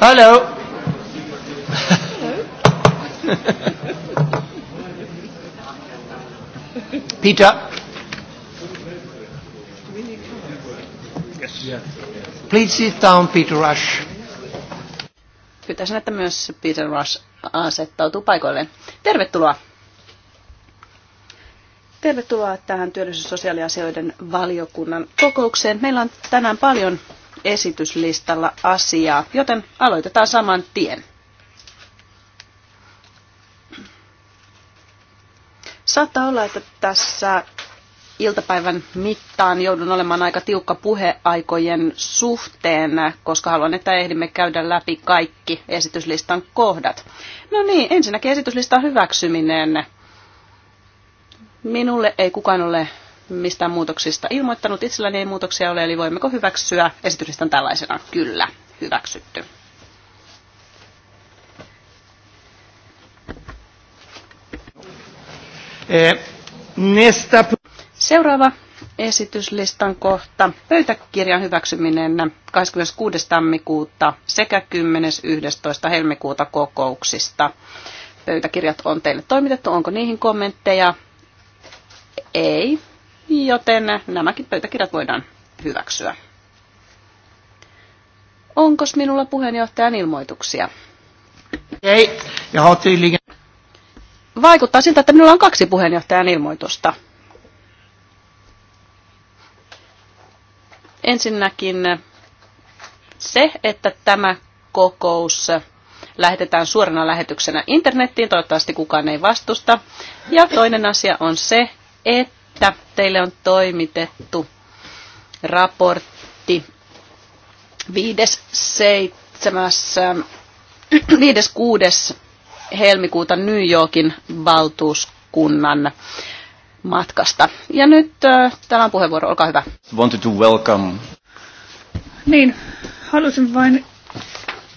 Hello. Peter. Please sit down, Peter Rush. Pyytäisin, että myös Peter Rush asettautuu paikoilleen. Tervetuloa. Tervetuloa tähän työllisyys- ja sosiaaliasioiden valiokunnan kokoukseen. Meillä on tänään paljon esityslistalla asiaa, joten aloitetaan saman tien. Saattaa olla, että tässä iltapäivän mittaan joudun olemaan aika tiukka puheaikojen suhteen, koska haluan, että ehdimme käydä läpi kaikki esityslistan kohdat. No niin, ensinnäkin esityslistan hyväksyminen. Minulle ei kukaan ole mistään muutoksista ilmoittanut. Itselläni ei muutoksia ole, eli voimmeko hyväksyä esityslistan tällaisena? Kyllä, hyväksytty. Eh, Seuraava esityslistan kohta. Pöytäkirjan hyväksyminen 26. tammikuuta sekä 10.11. helmikuuta kokouksista. Pöytäkirjat on teille toimitettu. Onko niihin kommentteja? Ei joten nämäkin pöytäkirjat voidaan hyväksyä. Onko minulla puheenjohtajan ilmoituksia? Ei, ja Vaikuttaa siltä, että minulla on kaksi puheenjohtajan ilmoitusta. Ensinnäkin se, että tämä kokous lähetetään suorana lähetyksenä internettiin, toivottavasti kukaan ei vastusta. Ja toinen asia on se, että että teille on toimitettu raportti 5.7. 5.6. helmikuuta New Yorkin valtuuskunnan matkasta. Ja nyt äh, tämä on puheenvuoro, olkaa hyvä. Wanted to welcome. Niin, halusin vain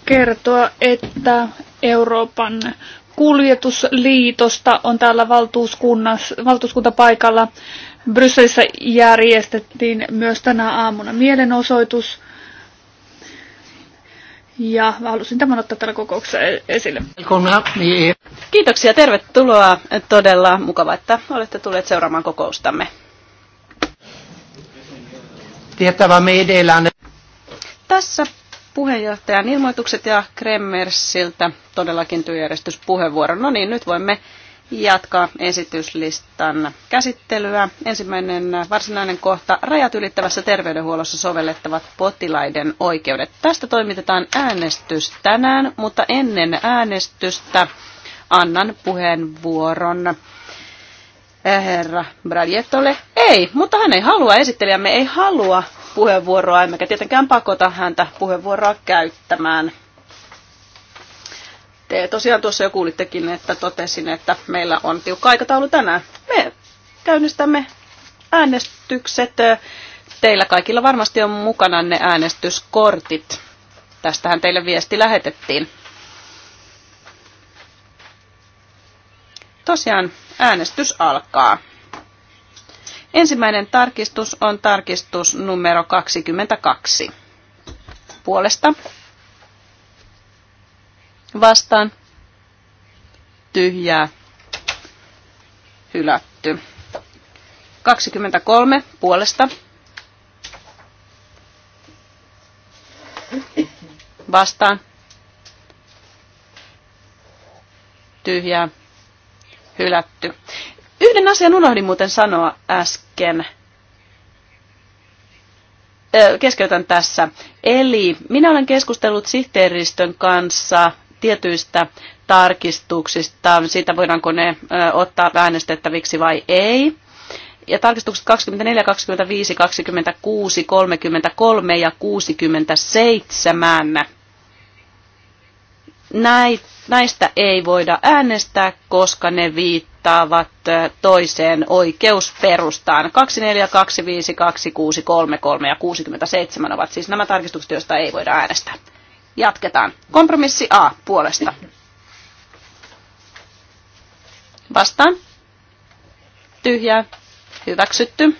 kertoa, että Euroopan kuljetusliitosta on täällä valtuuskuntapaikalla. Brysselissä järjestettiin myös tänä aamuna mielenosoitus. Ja halusin tämän ottaa täällä kokouksessa e- esille. Kiitoksia, tervetuloa. Todella mukava, että olette tulleet seuraamaan kokoustamme. Tietävä meidellään. Tässä puheenjohtajan ilmoitukset ja Kremmersiltä todellakin työjärjestyspuheenvuoro. No niin, nyt voimme jatkaa esityslistan käsittelyä. Ensimmäinen varsinainen kohta, rajat ylittävässä terveydenhuollossa sovellettavat potilaiden oikeudet. Tästä toimitetaan äänestys tänään, mutta ennen äänestystä annan puheenvuoron eh, herra Bradjetolle. Ei, mutta hän ei halua, esittelijämme ei halua puheenvuoroa, emmekä tietenkään pakota häntä puheenvuoroa käyttämään. Te tosiaan tuossa jo kuulittekin, että totesin, että meillä on tiukka aikataulu tänään. Me käynnistämme äänestykset. Teillä kaikilla varmasti on mukana ne äänestyskortit. Tästähän teille viesti lähetettiin. Tosiaan äänestys alkaa. Ensimmäinen tarkistus on tarkistus numero 22. Puolesta. Vastaan. Tyhjää. Hylätty. 23 puolesta. Vastaan. Tyhjää. Hylätty. Yhden asian unohdin muuten sanoa äsken. Keskeytän tässä. Eli minä olen keskustellut sihteeristön kanssa tietyistä tarkistuksista, siitä voidaanko ne ottaa äänestettäviksi vai ei. Ja tarkistukset 24, 25, 26, 33 ja 67. näistä ei voida äänestää, koska ne viittaa vastaavat toiseen oikeusperustaan. 2, 4, 2, 5, ja 67 ovat siis nämä tarkistukset, joista ei voida äänestää. Jatketaan. Kompromissi A puolesta. Vastaan. tyhjä Hyväksytty.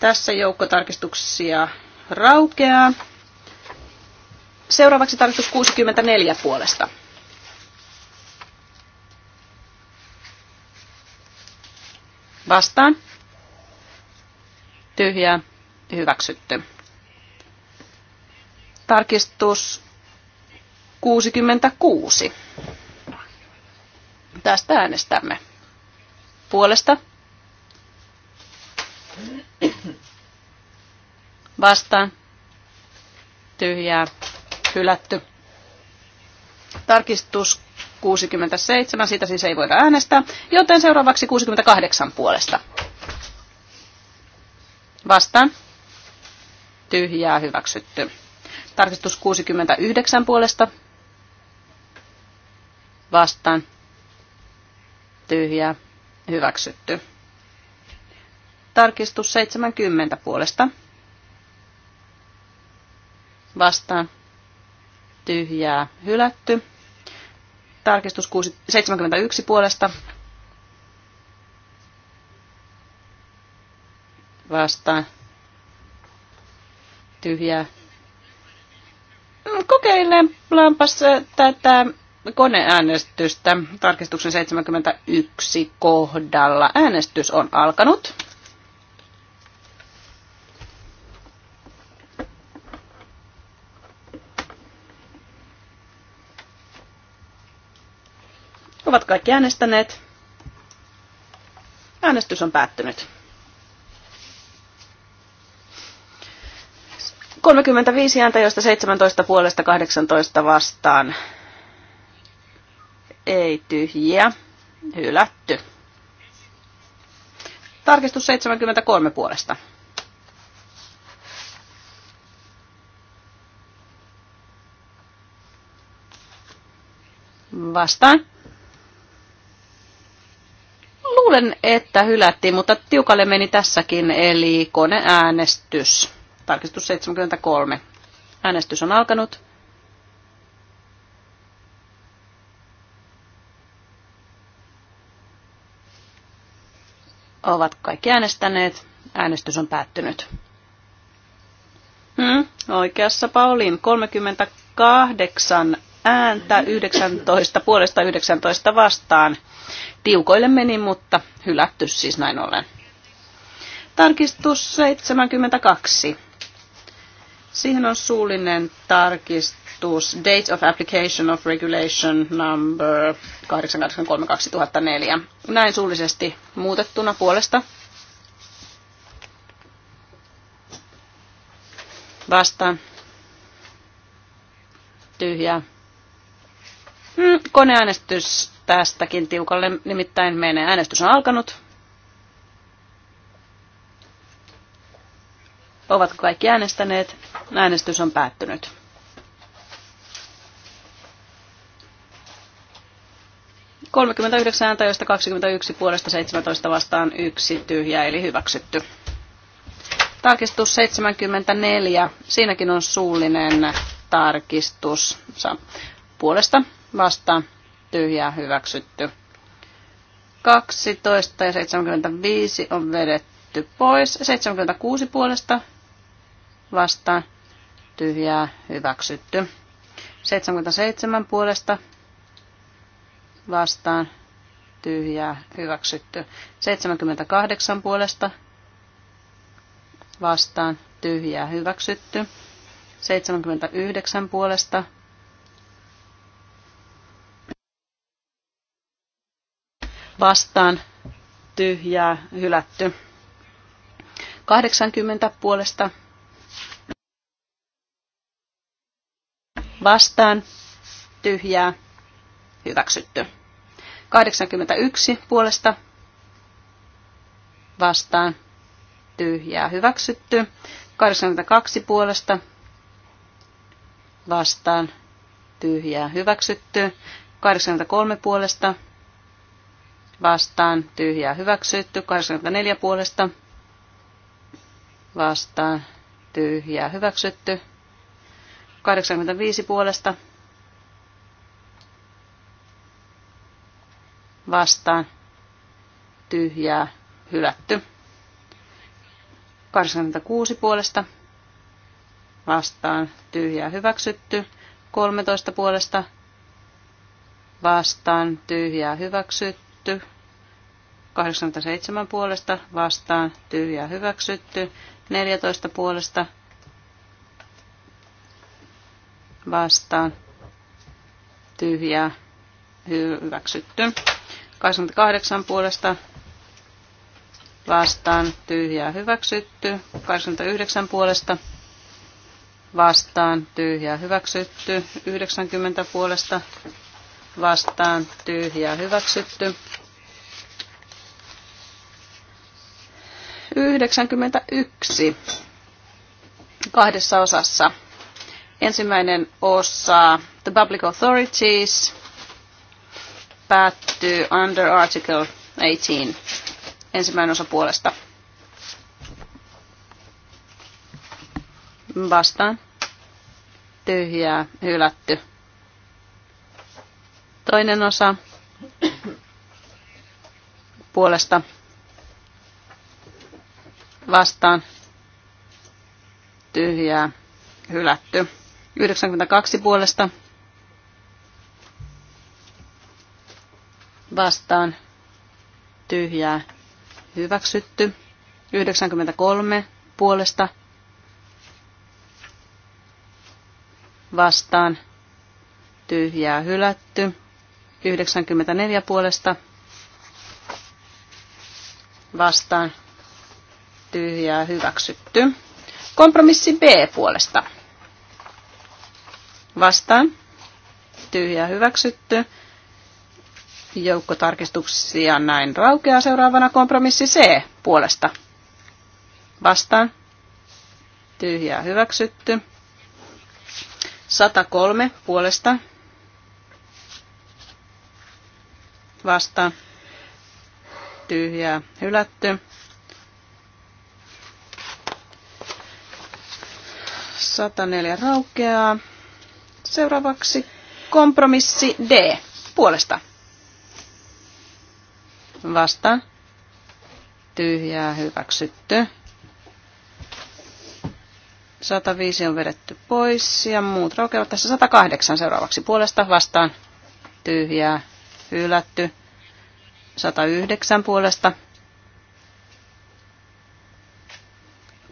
Tässä joukko tarkistuksia raukeaa. Seuraavaksi tarkistus 64 puolesta Vastaan. Tyhjää. Hyväksytty. Tarkistus 66. Tästä äänestämme. Puolesta. Vastaan. Tyhjää. Hylätty. Tarkistus 67, siitä siis ei voida äänestää, joten seuraavaksi 68 puolesta. Vastaan. Tyhjää hyväksytty. Tarkistus 69 puolesta. Vastaan. Tyhjää hyväksytty. Tarkistus 70 puolesta. Vastaan. Tyhjää hylätty. Tarkistus 71 puolesta. Vastaan. Tyhjää. Kokeilellaanpas äh, tätä koneäänestystä tarkistuksen 71 kohdalla. Äänestys on alkanut. Ovat kaikki äänestäneet. Äänestys on päättynyt. 35 ääntä, joista 17 puolesta 18 vastaan. Ei tyhjiä. Hylätty. Tarkistus 73 puolesta. Vastaan. Luulen, että hylättiin, mutta tiukalle meni tässäkin, eli koneäänestys. Tarkistus 73. Äänestys on alkanut. Ovat kaikki äänestäneet. Äänestys on päättynyt. Hmm, oikeassa Paulin 38 ääntä 19, puolesta 19 vastaan. Tiukoille meni, mutta hylätty siis näin ollen. Tarkistus 72. Siihen on suullinen tarkistus. Date of application of regulation number 883-2004. Näin suullisesti muutettuna puolesta. Vastaan. Tyhjää. Mm, koneäänestys tästäkin tiukalle nimittäin meidän Äänestys on alkanut. Ovatko kaikki äänestäneet? Äänestys on päättynyt. Kolmekymmentäyhdeksän ääntä, joista 21 puolesta 17 vastaan yksi tyhjä, eli hyväksytty. Tarkistus 74. Siinäkin on suullinen tarkistus puolesta vastaan tyhjää hyväksytty. 12 ja 75 on vedetty pois. 76 puolesta vastaan tyhjää hyväksytty. 77 puolesta vastaan tyhjää hyväksytty. 78 puolesta vastaan tyhjää hyväksytty. 79 puolesta vastaan, vastaan tyhjää hylätty. 80 puolesta vastaan tyhjää hyväksytty. 81 puolesta vastaan tyhjää hyväksytty. 82 puolesta vastaan tyhjää hyväksytty. 83 puolesta vastaan, tyhjää hyväksytty. 84 puolesta vastaan, tyhjää hyväksytty. 85 puolesta vastaan, tyhjää hylätty. 86 puolesta vastaan, tyhjää hyväksytty. 13 puolesta vastaan, tyhjää hyväksytty. 87 puolesta vastaan tyhjää hyväksytty. 14 puolesta vastaan tyhjää hyväksytty. 88 puolesta vastaan tyhjää hyväksytty. 89 puolesta vastaan tyhjää hyväksytty. 90 puolesta vastaan tyhjää hyväksytty. 91 kahdessa osassa. Ensimmäinen osa The Public Authorities päättyy under Article 18. Ensimmäinen osa puolesta. Vastaan. Tyhjää, hylätty. Toinen osa puolesta vastaan tyhjää hylätty. 92 puolesta vastaan tyhjää hyväksytty. 93 puolesta vastaan tyhjää hylätty. 94 puolesta vastaan tyhjää hyväksytty. Kompromissi B puolesta. Vastaan. Tyhjää hyväksytty. Joukkotarkistuksia näin raukeaa seuraavana kompromissi C puolesta. Vastaan. Tyhjää hyväksytty. 103 puolesta. Vastaan. Tyhjää hylätty. 104 raukeaa. Seuraavaksi kompromissi D puolesta. vasta Tyhjää hyväksytty. 105 on vedetty pois ja muut raukeavat tässä 108 seuraavaksi puolesta vastaan. Tyhjää hylätty. 109 puolesta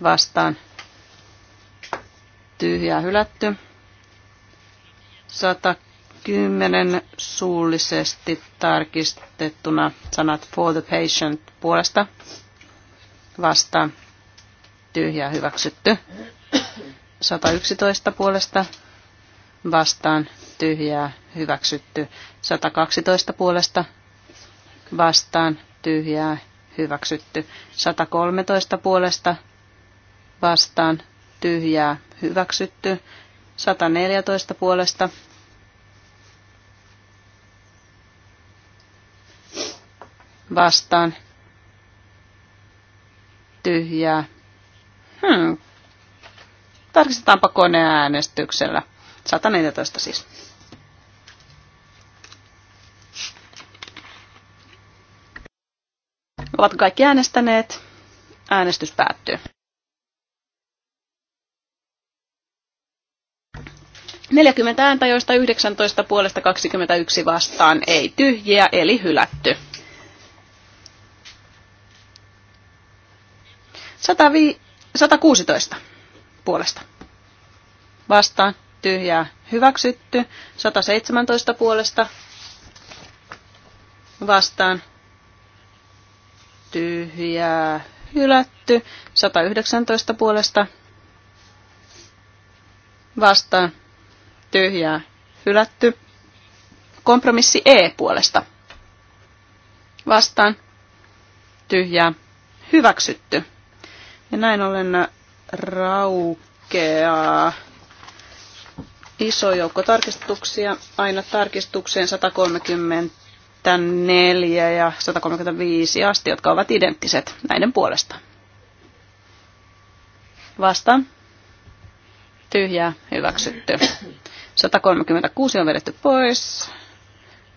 vastaan tyhjää hylätty. 110 suullisesti tarkistettuna sanat for the patient puolesta vastaan tyhjää hyväksytty. 111 puolesta vastaan tyhjää hyväksytty. 112 puolesta vastaan tyhjää hyväksytty. 113 puolesta vastaan tyhjää hyväksytty. 114 puolesta vastaan tyhjää. Hmm. Tarkistetaanpa koneäänestyksellä. 114 siis. Ovatko kaikki äänestäneet? Äänestys päättyy. 40 ääntä, joista 19 puolesta 21 vastaan ei tyhjiä, eli hylätty. 116 puolesta. Vastaan tyhjää hyväksytty. 117 puolesta vastaan tyhjää hylätty. 119 puolesta vastaan tyhjää hylätty. Kompromissi E puolesta. Vastaan tyhjää hyväksytty. Ja näin ollen raukeaa iso joukko tarkistuksia aina tarkistukseen 134 ja 135 asti, jotka ovat identtiset näiden puolesta. Vastaan. Tyhjää hyväksytty. 136 on vedetty pois.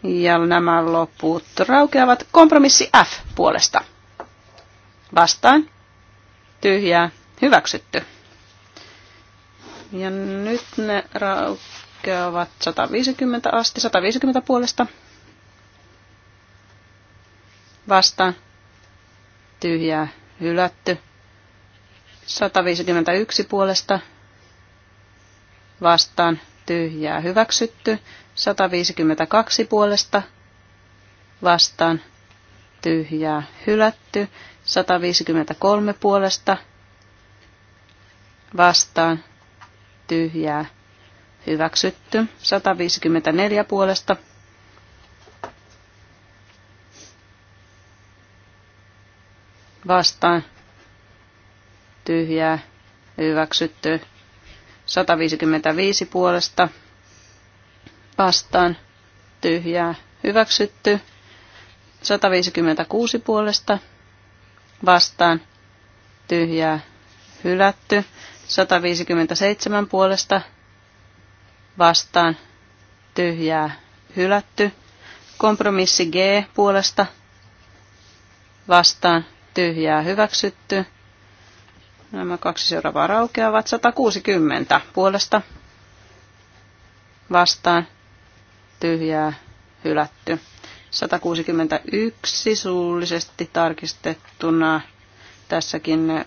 Ja nämä loput raukeavat. Kompromissi F puolesta. Vastaan. Tyhjää. Hyväksytty. Ja nyt ne raukeavat 150 asti. 150 puolesta. Vastaan. Tyhjää. Hylätty. 151 puolesta. Vastaan tyhjää hyväksytty. 152 puolesta vastaan tyhjää hylätty. 153 puolesta vastaan tyhjää hyväksytty. 154 puolesta vastaan tyhjää hyväksytty. 155 puolesta vastaan tyhjää hyväksytty. 156 puolesta vastaan tyhjää hylätty. 157 puolesta vastaan tyhjää hylätty. Kompromissi G puolesta vastaan tyhjää hyväksytty. Nämä kaksi seuraavaa raukeavat. 160 puolesta vastaan tyhjää hylätty. 161 suullisesti tarkistettuna. Tässäkin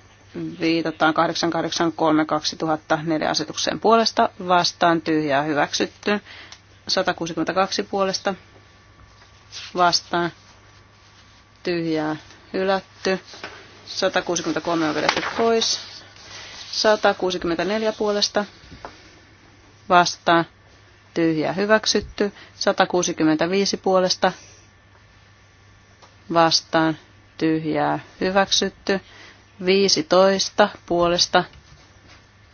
viitataan 8832004 asetukseen asetuksen puolesta vastaan tyhjää hyväksytty. 162 puolesta vastaan tyhjää hylätty. 163 on vedetty pois. 164 puolesta vastaan tyhjä hyväksytty. 165 puolesta vastaan tyhjää hyväksytty. 15 puolesta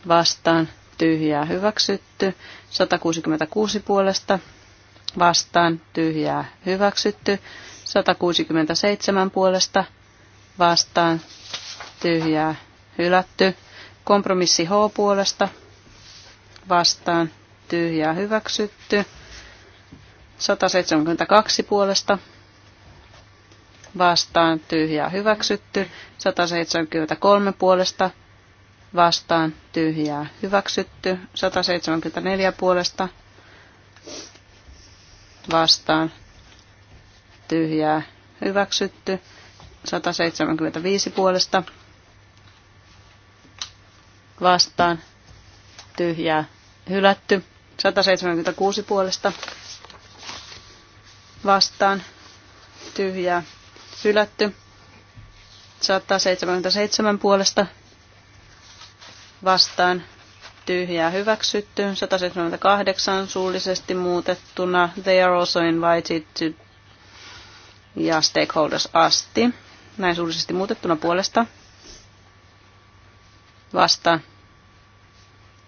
vastaan tyhjää hyväksytty. 166 puolesta vastaan tyhjää hyväksytty. 167 puolesta vastaan, vastaan tyhjää hylätty. Kompromissi H puolesta vastaan tyhjää hyväksytty. 172 puolesta vastaan tyhjää hyväksytty. 173 puolesta vastaan tyhjää hyväksytty. 174 puolesta vastaan tyhjää hyväksytty. 175 puolesta vastaan tyhjää hylätty. 176 puolesta vastaan tyhjää hylätty. 177 puolesta vastaan tyhjää hyväksytty. 178 suullisesti muutettuna. They are also invited to ja stakeholders asti näin suullisesti muutettuna puolesta. Vasta.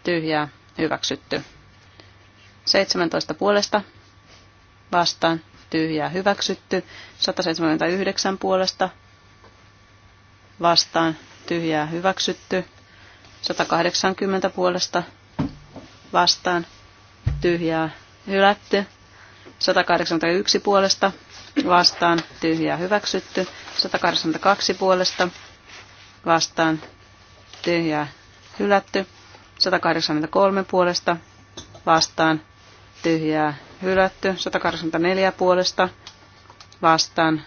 Tyhjää. Hyväksytty. 17 puolesta. Vastaan. Tyhjää. Hyväksytty. 179 puolesta. Vastaan. Tyhjää. Hyväksytty. 180 puolesta. Vastaan. Tyhjää. Hylätty. 181 puolesta vastaan tyhjää hyväksytty. 182 puolesta vastaan tyhjää hylätty. 183 puolesta vastaan tyhjää hylätty. 184 puolesta vastaan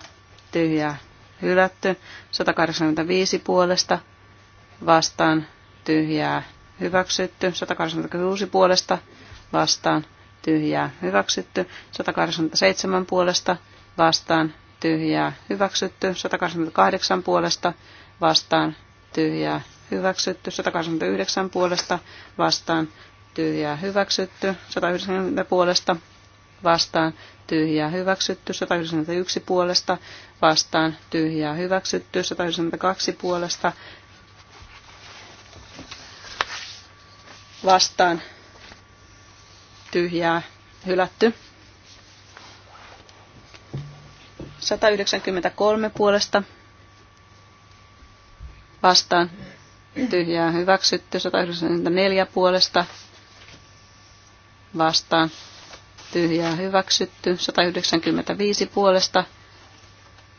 tyhjää hylätty. 185 puolesta vastaan tyhjää hyväksytty. 186 puolesta vastaan tyhjää hyväksytty. 187 puolesta vastaan tyhjää hyväksytty, 128 puolesta vastaan tyhjää hyväksytty, 189 puolesta vastaan tyhjää hyväksytty, 190 puolesta vastaan tyhjää hyväksytty, 191 puolesta vastaan tyhjää hyväksytty, 192 puolesta vastaan tyhjää hylätty. 193 puolesta vastaan tyhjää hyväksytty. 194 puolesta vastaan tyhjää hyväksytty. 195 puolesta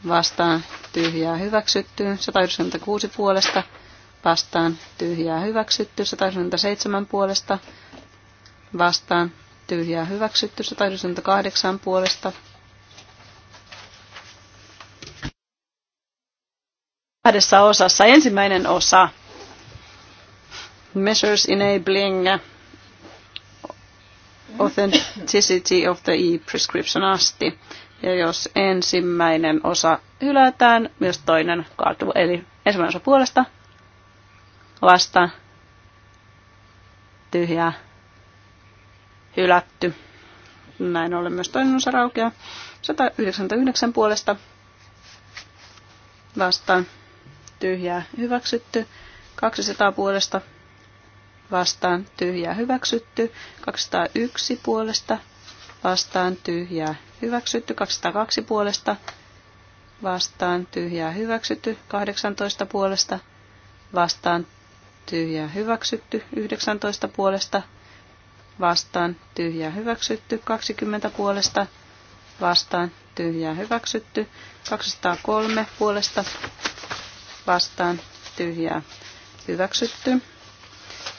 vastaan tyhjää hyväksytty. 196 puolesta vastaan tyhjää hyväksytty. 197 puolesta vastaan tyhjää hyväksytty. 198 puolesta vastaan, kahdessa osassa. Ensimmäinen osa, Measures Enabling Authenticity of the e-prescription asti. Ja jos ensimmäinen osa hylätään, myös toinen kaatuu. Eli ensimmäinen osa puolesta, vasta, tyhjää, hylätty. Näin ollen myös toinen osa raukeaa. 199 puolesta vastaan tyhjää hyväksytty. 200 puolesta vastaan tyhjää hyväksytty. 201 puolesta vastaan tyhjää hyväksytty. 202 puolesta vastaan tyhjää hyväksytty. 18 puolesta vastaan tyhjää hyväksytty. 19 puolesta vastaan tyhjää hyväksytty. 20 puolesta vastaan tyhjää hyväksytty. 203 puolesta vastaan tyhjää hyväksytty.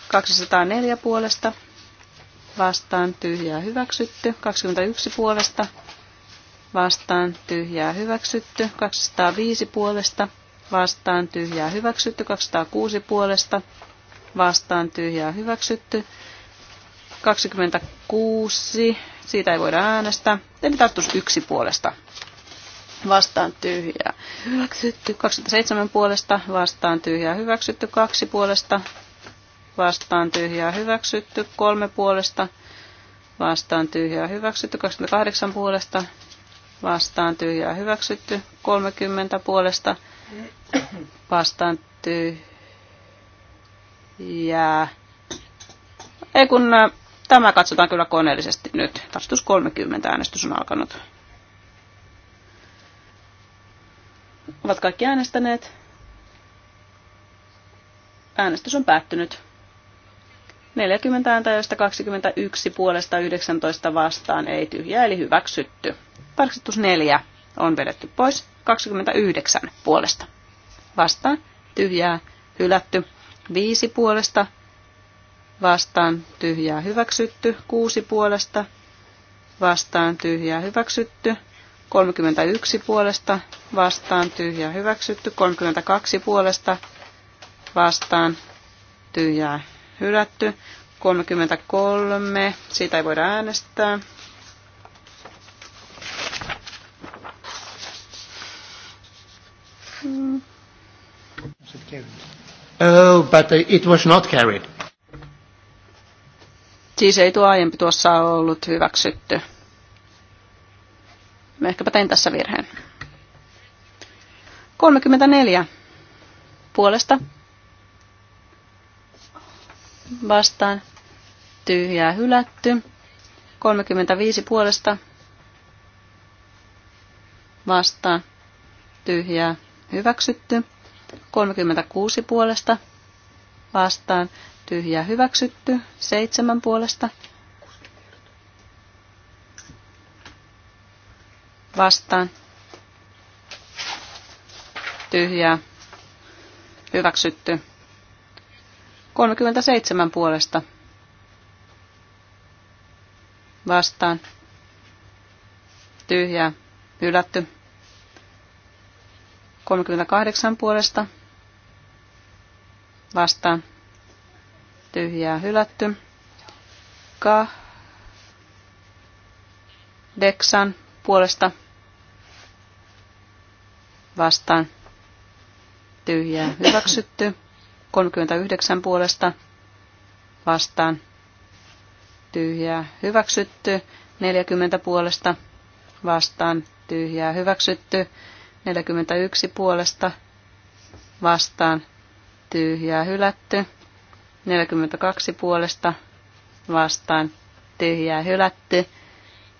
204 puolesta vastaan tyhjää hyväksytty. 21 puolesta vastaan tyhjää hyväksytty. 205 puolesta vastaan tyhjää hyväksytty. 206 puolesta vastaan tyhjää hyväksytty. 26, siitä ei voida äänestää. Eli tarttuisi yksi puolesta vastaan tyhjää. Hyväksytty 27 puolesta vastaan tyhjää. Hyväksytty 2 puolesta vastaan tyhjää. Hyväksytty 3 puolesta vastaan tyhjää. Hyväksytty 28 puolesta vastaan tyhjää. Hyväksytty 30 puolesta vastaan tyhjää. Ei kun äh, tämä katsotaan kyllä koneellisesti nyt. Vastus 30 äänestys on alkanut. Ovat kaikki äänestäneet. Äänestys on päättynyt. 40 ääntä, joista 21 puolesta 19 vastaan ei tyhjä, eli hyväksytty. Tarkistus 4 on vedetty pois, 29 puolesta. Vastaan, tyhjää, hylätty. 5 puolesta, vastaan, tyhjää, hyväksytty. 6 puolesta, vastaan, tyhjää, hyväksytty. 31 puolesta vastaan tyhjä hyväksytty. 32 puolesta vastaan tyhjää hylätty. 33, siitä ei voida äänestää. Oh, but it was not carried. Siis ei tuo aiempi tuossa ollut hyväksytty. Mä Ehkäpä tein tässä virheen. 34 puolesta vastaan tyhjää hylätty. 35 puolesta vastaan tyhjää hyväksytty. 36 puolesta vastaan tyhjää hyväksytty. 7 puolesta vastaan tyhjää hyväksytty. 37 puolesta vastaan tyhjää hylätty. 38 puolesta vastaan tyhjää hylätty. Ka deksan puolesta vastaan tyhjää hyväksytty. 39 puolesta vastaan tyhjää hyväksytty. 40 puolesta vastaan tyhjää hyväksytty. 41 puolesta vastaan tyhjää hylätty. 42 puolesta vastaan tyhjää hylätty.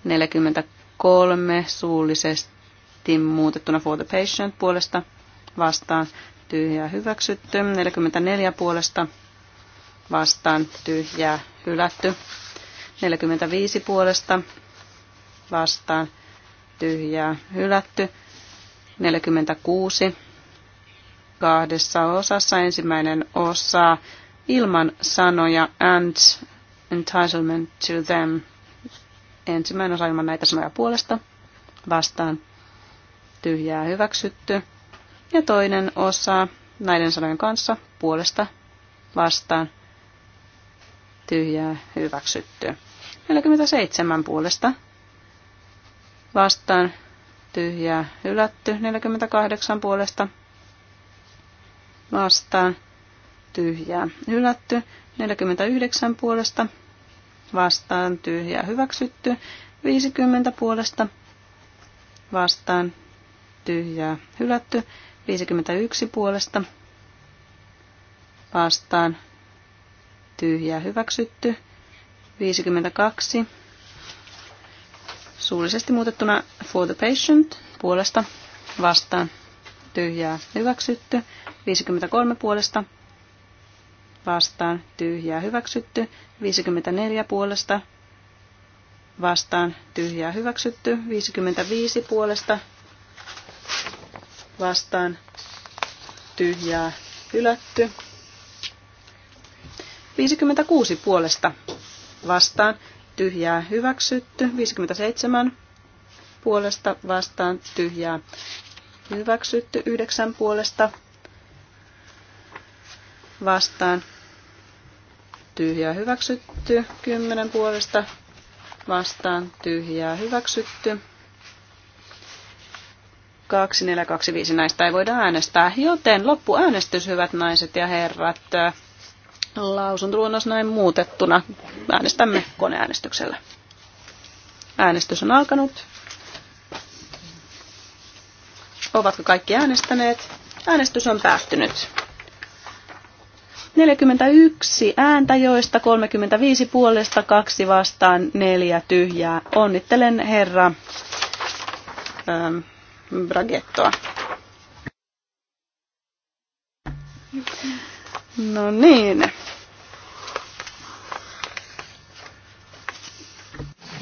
43 suullisesti teksti muutettuna for the patient puolesta vastaan tyhjää hyväksytty. 44 puolesta vastaan tyhjää hylätty. 45 puolesta vastaan tyhjää hylätty. 46 kahdessa osassa. Ensimmäinen osa ilman sanoja and entitlement to them. Ensimmäinen osa ilman näitä sanoja puolesta vastaan tyhjää hyväksytty. Ja toinen osa näiden sanojen kanssa puolesta vastaan tyhjää hyväksytty. 47 puolesta vastaan tyhjää hylätty. 48 puolesta vastaan tyhjää hylätty. 49 puolesta vastaan tyhjää hyväksytty. 50 puolesta vastaan tyhjää hylätty. 51 puolesta vastaan tyhjää hyväksytty. 52 suullisesti muutettuna for the patient puolesta vastaan tyhjää hyväksytty. 53 puolesta vastaan tyhjää hyväksytty. 54 puolesta vastaan tyhjää hyväksytty. 55 puolesta vastaan tyhjää hylätty. 56 puolesta vastaan tyhjää hyväksytty. 57 puolesta vastaan tyhjää hyväksytty. 9 puolesta vastaan tyhjää hyväksytty. 10 puolesta vastaan tyhjää hyväksytty. Kaksi 4, 2, näistä ei voida äänestää. Joten loppuäänestys, hyvät naiset ja herrat, lausuntoluonnos näin muutettuna. Äänestämme koneäänestyksellä. Äänestys on alkanut. Ovatko kaikki äänestäneet? Äänestys on päättynyt. 41 ääntä, joista 35 puolesta, kaksi vastaan, neljä tyhjää. Onnittelen herra ähm, Bragettoa. No niin.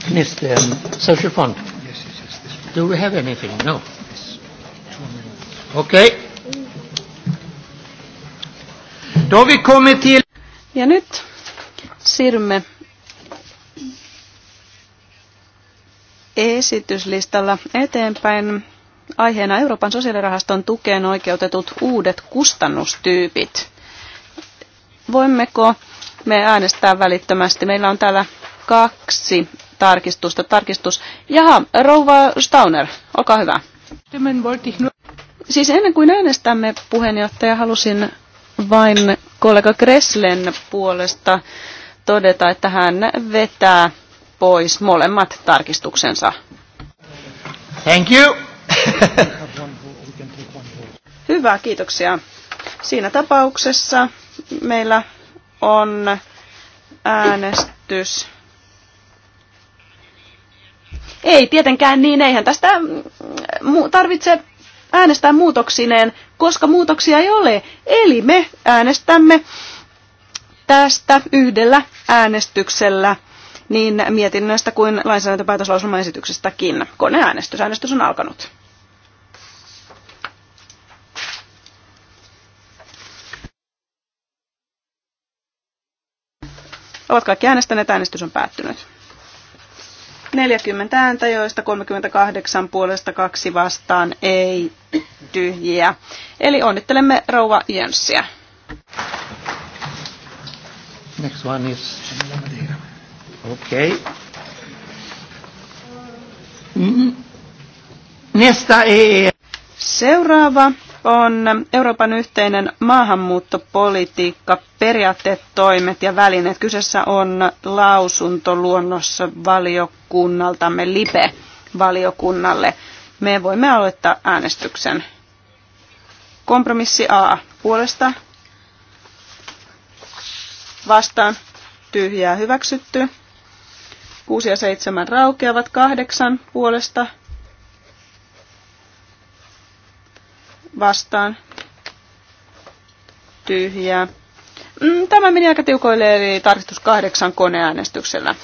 Minister um, social fund. Yes, yes, yes, Do we have anything? No. Yes. Okei. Okay. Då har vi kommit till... Ja nyt Sirme. esityslistalla eteenpäin aiheena Euroopan sosiaalirahaston tukeen oikeutetut uudet kustannustyypit. Voimmeko me äänestää välittömästi? Meillä on täällä kaksi tarkistusta. Tarkistus. Jaha, rouva Stauner, olkaa hyvä. Siis ennen kuin äänestämme puheenjohtaja, halusin vain kollega Kresslen puolesta todeta, että hän vetää pois molemmat tarkistuksensa. Thank you. Hyvä, kiitoksia. Siinä tapauksessa meillä on äänestys. Ei tietenkään niin, eihän tästä mm, tarvitse äänestää muutoksineen, koska muutoksia ei ole. Eli me äänestämme tästä yhdellä äänestyksellä niin mietinnöstä kuin lainsäädäntöpäätöslauselmaesityksestäkin. Koneäänestys, äänestys on alkanut. Ovat kaikki äänestäneet, äänestys on päättynyt. 40 ääntä, joista 38 puolesta kaksi vastaan ei tyhjiä. Eli onnittelemme rouva Jönssiä. Next one is Okay. Mm-hmm. Nesta ei. E. Seuraava on Euroopan yhteinen maahanmuuttopolitiikka, periaatteet, toimet ja välineet. Kyseessä on lausunto luonnossa valiokunnaltamme lipe valiokunnalle Me voimme aloittaa äänestyksen. Kompromissi A puolesta. Vastaan tyhjää hyväksytty. 6 ja 7 raukeavat 8 puolesta vastaan tyhjää. Mm, tämä meni aika tiukoille, eli tarkistus kahdeksan koneäänestyksellä.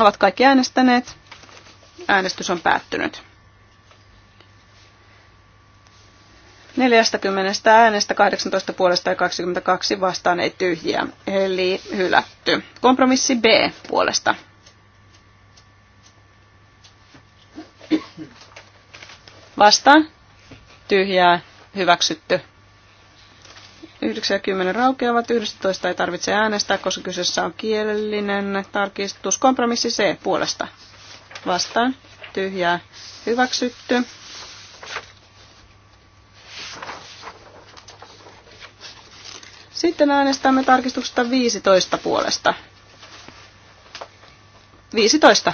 Ovat kaikki äänestäneet. Äänestys on päättynyt. 40 äänestä 18 puolesta ja 22 vastaan ei tyhjiä, eli hylätty. Kompromissi B puolesta Vastaan. Tyhjää. Hyväksytty. 90 raukeavat, 11 ei tarvitse äänestää, koska kyseessä on kielellinen tarkistus. Kompromissi C puolesta. Vastaan. Tyhjää. Hyväksytty. Sitten äänestämme tarkistuksesta 15 puolesta. 15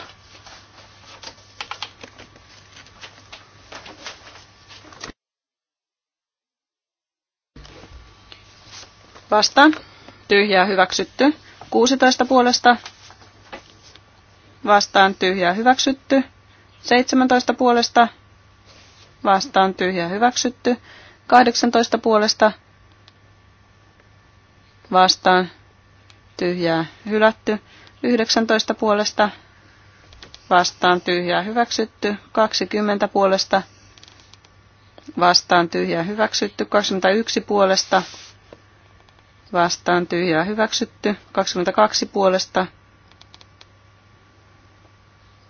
Vastaan. Tyhjää hyväksytty. 16 puolesta. Vastaan tyhjää hyväksytty. 17 puolesta. Vastaan tyhjää hyväksytty. 18 puolesta. Vastaan tyhjää hylätty. 19 puolesta. Vastaan tyhjää hyväksytty. 20 puolesta. Vastaan tyhjää hyväksytty. 21 puolesta vastaan tyhjää hyväksytty. 22 puolesta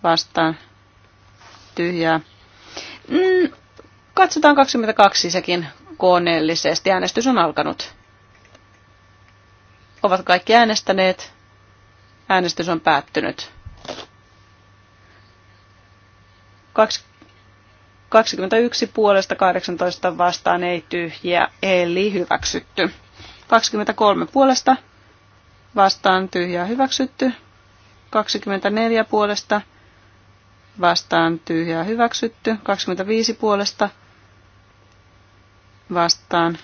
vastaan tyhjää. Mm, katsotaan 22 sekin koneellisesti. Äänestys on alkanut. Ovat kaikki äänestäneet. Äänestys on päättynyt. 21 puolesta 18 vastaan ei tyhjä, eli hyväksytty. 23 puolesta vastaan tyhjää hyväksytty. 24 puolesta vastaan tyhjää hyväksytty. 25 puolesta vastaan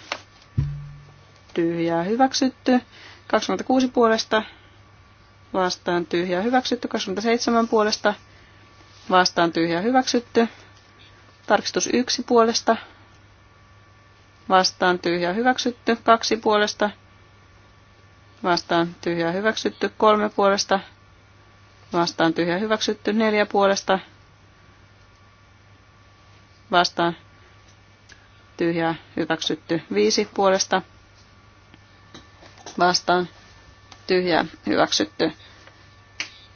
tyhjää hyväksytty. 26 puolesta vastaan tyhjää hyväksytty. 27 puolesta vastaan tyhjää hyväksytty. Tarkistus 1 puolesta vastaan tyhjä hyväksytty, kaksi puolesta vastaan tyhjä hyväksytty, kolme puolesta vastaan tyhjä hyväksytty, neljä puolesta vastaan tyhjä hyväksytty, viisi puolesta vastaan tyhjä hyväksytty.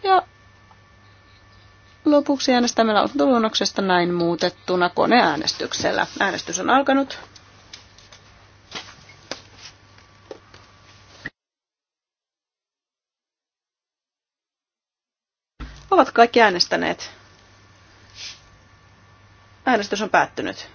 Ja lopuksi äänestämme lausuntoluonnoksesta näin muutettuna koneäänestyksellä. Äänestys on alkanut. kaikki äänestäneet? Äänestys on päättynyt.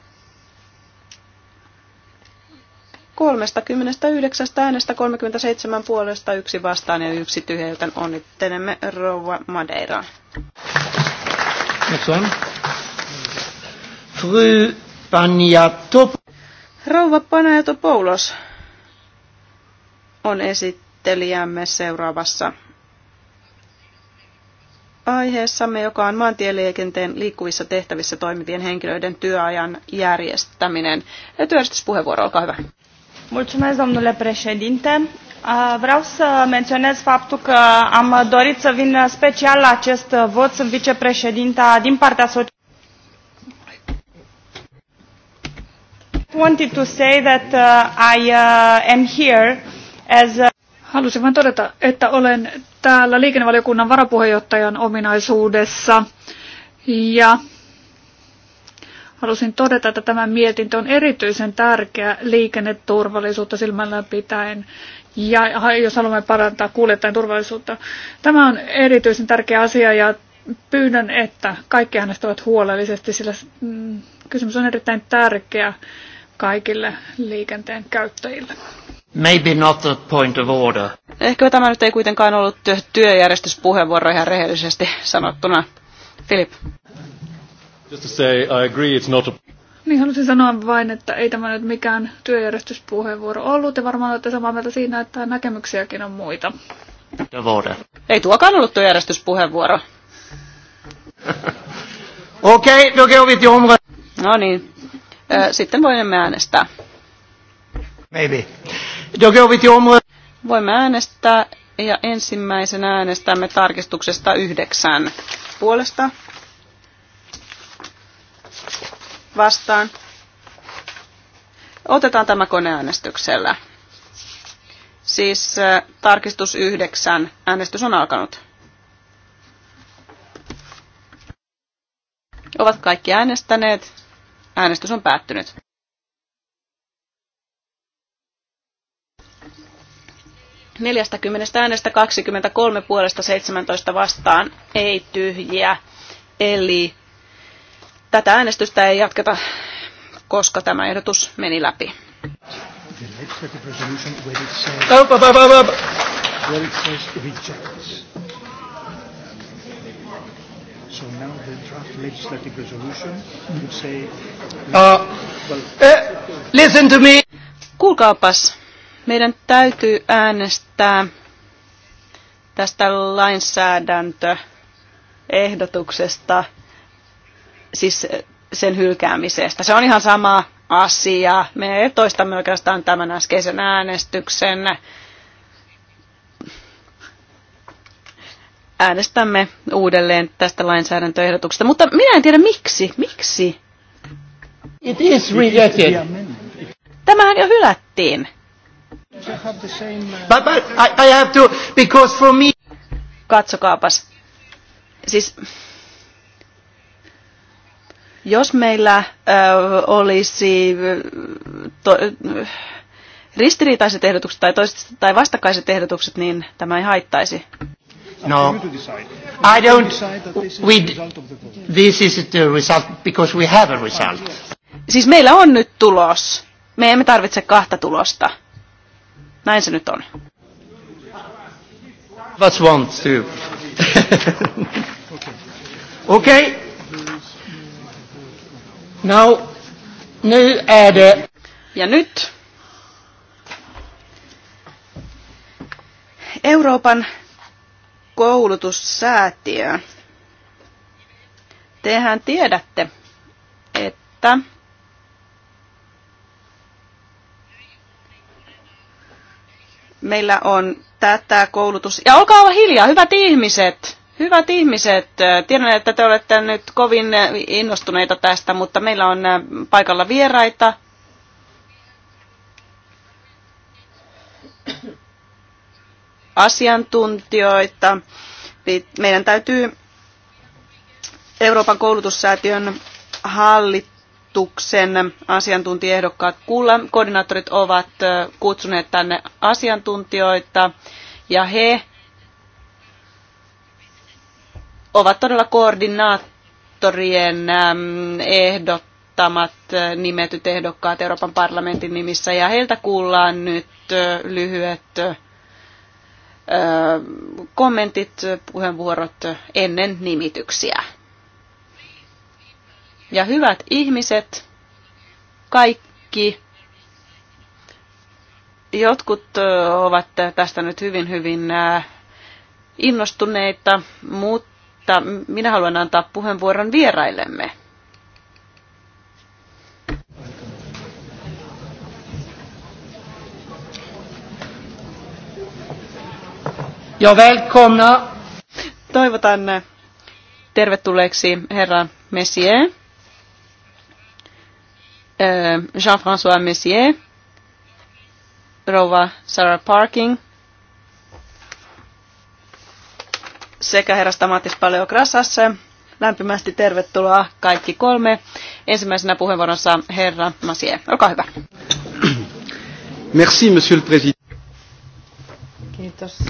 39 äänestä 37 puolesta, yksi vastaan ja yksi tyhjä, joten onnittelemme rouva Madeira. Rouva Panajato Poulos on esittelijämme seuraavassa aiheessamme, joka on maantieliikenteen liikkuvissa tehtävissä toimivien henkilöiden työajan järjestäminen. Työjärjestyspuheenvuoro, olkaa hyvä. Mulțumesc, domnule președinte. Vreau să menționez faptul că am dorit să vin special la acest vot. Sunt vicepreședinta din partea socială. wanted to say that uh, I uh, am here as a uh, Halusin vain todeta, että olen täällä liikennevaliokunnan varapuheenjohtajan ominaisuudessa ja halusin todeta, että tämä mietintö on erityisen tärkeä liikenneturvallisuutta silmällä pitäen ja jos haluamme parantaa kuljettajan turvallisuutta. Tämä on erityisen tärkeä asia ja pyydän, että kaikki äänestävät huolellisesti, sillä mm, kysymys on erittäin tärkeä kaikille liikenteen käyttäjille. Maybe not the point of order. Ehkä tämä nyt ei kuitenkaan ollut työ, työjärjestyspuheenvuoro ihan rehellisesti sanottuna. Philip. Just to say, I agree it's not a... Niin haluaisin sanoa vain, että ei tämä nyt mikään työjärjestyspuheenvuoro ollut ja varmaan olette samaa mieltä siinä, että näkemyksiäkin on muita. Devote. Ei tuokaan ollut työjärjestyspuheenvuoro. Okei, okay, no okay, vi No niin, sitten voimme äänestää. Maybe. Voimme äänestää ja ensimmäisenä äänestämme tarkistuksesta yhdeksän puolesta. Vastaan. Otetaan tämä koneäänestyksellä. Siis äh, tarkistus yhdeksän. Äänestys on alkanut. Ovat kaikki äänestäneet. Äänestys on päättynyt. 40 äänestä 23 puolesta 17 vastaan ei tyhjiä. Eli tätä äänestystä ei jatketa, koska tämä ehdotus meni läpi. Kuulkaapas meidän täytyy äänestää tästä lainsäädäntöehdotuksesta, siis sen hylkäämisestä. Se on ihan sama asia. Me toistamme oikeastaan tämän äskeisen äänestyksen. Äänestämme uudelleen tästä lainsäädäntöehdotuksesta, mutta minä en tiedä miksi. Miksi? It is rejected. Tämähän jo hylättiin. But, but I, I have to, because for me... Katsokaapas. Siis jos meillä ö, olisi to, ristiriitaiset ehdotukset tai, toiset, tai vastakkaiset ehdotukset, niin tämä ei haittaisi. No, I don't, we, this is the result because we have a result. Siis meillä on nyt tulos. Me emme tarvitse kahta tulosta. Näin se nyt on. That's one, two. okay. Now, nu är det... Ja nyt Euroopan koulutussäätiö. Tehän tiedätte, että Meillä on tätä koulutus. Ja olkaa hiljaa, hyvät ihmiset! Hyvät ihmiset, äh, tiedän, että te olette nyt kovin äh, innostuneita tästä, mutta meillä on äh, paikalla vieraita. asiantuntijoita. Meidän täytyy Euroopan koulutussäätiön hallit hallituksen asiantuntijaehdokkaat kuulla. Koordinaattorit ovat kutsuneet tänne asiantuntijoita ja he ovat todella koordinaattorien ehdottamat nimetyt ehdokkaat Euroopan parlamentin nimissä ja heiltä kuullaan nyt lyhyet kommentit, puheenvuorot ennen nimityksiä. Ja hyvät ihmiset, kaikki, jotkut ovat tästä nyt hyvin, hyvin innostuneita, mutta minä haluan antaa puheenvuoron vieraillemme. Ja välkomna! Toivotan tervetulleeksi herra Messier. Jean-François Messier, rouva Sarah Parking sekä herra Stamatis Paleokrasas. Lämpimästi tervetuloa kaikki kolme. Ensimmäisenä puheenvuorossa herra Masie. Olkaa hyvä. Merci, monsieur le président. Kiitos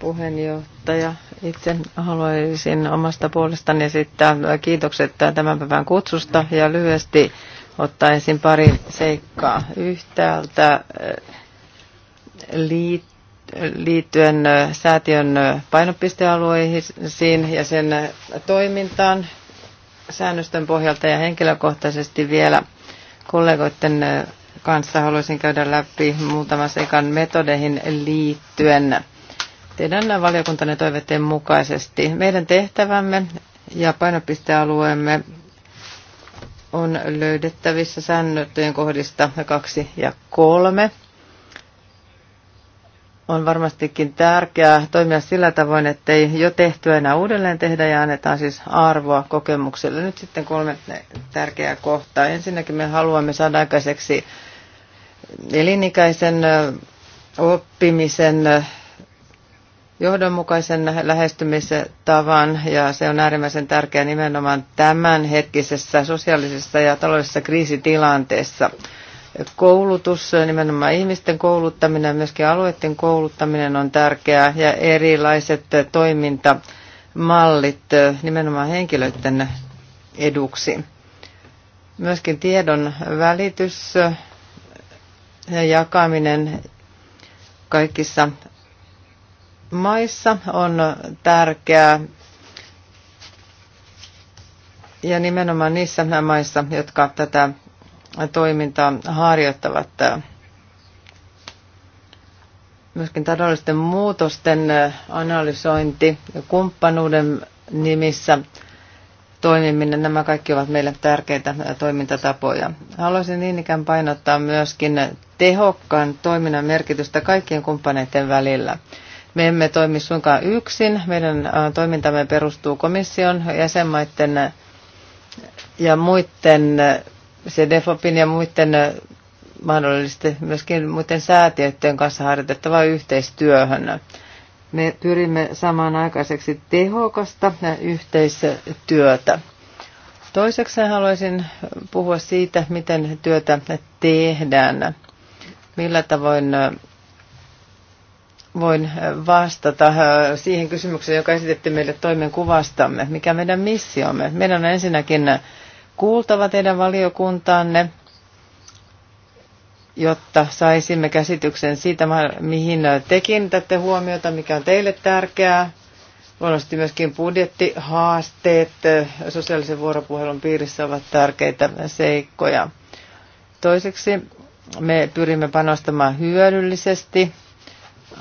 puheenjohtaja. Itse haluaisin omasta puolestani esittää kiitokset tämän päivän kutsusta ja lyhyesti ottaisin pari seikkaa yhtäältä eh, liittyen eh, säätiön eh, painopistealueisiin ja sen toimintaan säännöstön pohjalta ja henkilökohtaisesti vielä kollegoiden kanssa haluaisin käydä läpi muutaman seikan metodeihin liittyen teidän valiokuntanne toiveiden mukaisesti. Meidän tehtävämme ja painopistealueemme on löydettävissä säännöttöjen kohdista 2 ja 3. On varmastikin tärkeää toimia sillä tavoin, ettei jo tehtyä enää uudelleen tehdä ja annetaan siis arvoa kokemukselle. Nyt sitten kolme tärkeää kohtaa. Ensinnäkin me haluamme saada aikaiseksi elinikäisen oppimisen johdonmukaisen lähestymistavan ja se on äärimmäisen tärkeää nimenomaan tämänhetkisessä sosiaalisessa ja taloudellisessa kriisitilanteessa. Koulutus, nimenomaan ihmisten kouluttaminen ja myöskin alueiden kouluttaminen on tärkeää ja erilaiset toimintamallit nimenomaan henkilöiden eduksi. Myöskin tiedon välitys ja jakaminen kaikissa maissa on tärkeää ja nimenomaan niissä maissa, jotka tätä toimintaa harjoittavat. Myöskin taloudellisten muutosten analysointi ja kumppanuuden nimissä toimiminen, nämä kaikki ovat meille tärkeitä toimintatapoja. Haluaisin niin ikään painottaa myöskin tehokkaan toiminnan merkitystä kaikkien kumppaneiden välillä. Me emme toimi suinkaan yksin. Meidän toimintamme perustuu komission, jäsenmaiden ja muiden, CDFOPin ja muiden mahdollisesti myöskin muiden säätiöiden kanssa harjoitettavaan yhteistyöhön. Me pyrimme samaan aikaiseksi tehokasta yhteistyötä. Toiseksi haluaisin puhua siitä, miten työtä tehdään, millä tavoin voin äh, vastata äh, siihen kysymykseen, joka esitettiin meille toimen kuvastamme. Mikä meidän missiomme? Meidän on ensinnäkin kuultava teidän valiokuntaanne, jotta saisimme käsityksen siitä, mihin tekin tätte huomiota, mikä on teille tärkeää. Luonnollisesti myöskin budjettihaasteet äh, sosiaalisen vuoropuhelun piirissä ovat tärkeitä seikkoja. Toiseksi me pyrimme panostamaan hyödyllisesti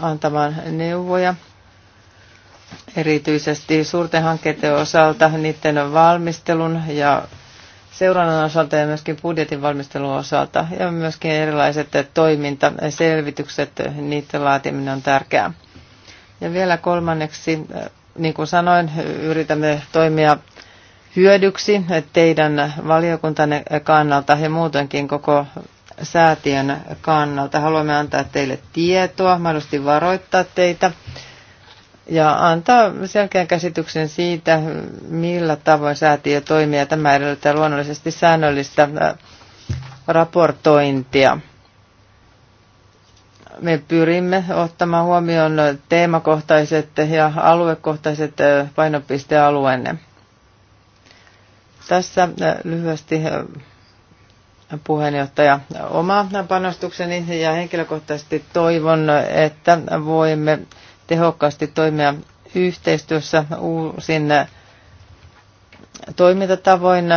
antamaan neuvoja. Erityisesti suurten hankkeiden osalta, niiden valmistelun ja seurannan osalta ja myöskin budjetin valmistelun osalta ja myöskin erilaiset toimintaselvitykset, niiden laatiminen on tärkeää. Ja vielä kolmanneksi, niin kuin sanoin, yritämme toimia hyödyksi teidän valiokuntanne kannalta ja muutenkin koko säätiön kannalta. Haluamme antaa teille tietoa, mahdollisesti varoittaa teitä ja antaa selkeän käsityksen siitä, millä tavoin säätiö toimii. Tämä edellyttää luonnollisesti säännöllistä äh, raportointia. Me pyrimme ottamaan huomioon teemakohtaiset ja aluekohtaiset äh, painopistealueenne. Tässä äh, lyhyesti puheenjohtaja oma panostukseni ja henkilökohtaisesti toivon, että voimme tehokkaasti toimia yhteistyössä uusin toimintatavoin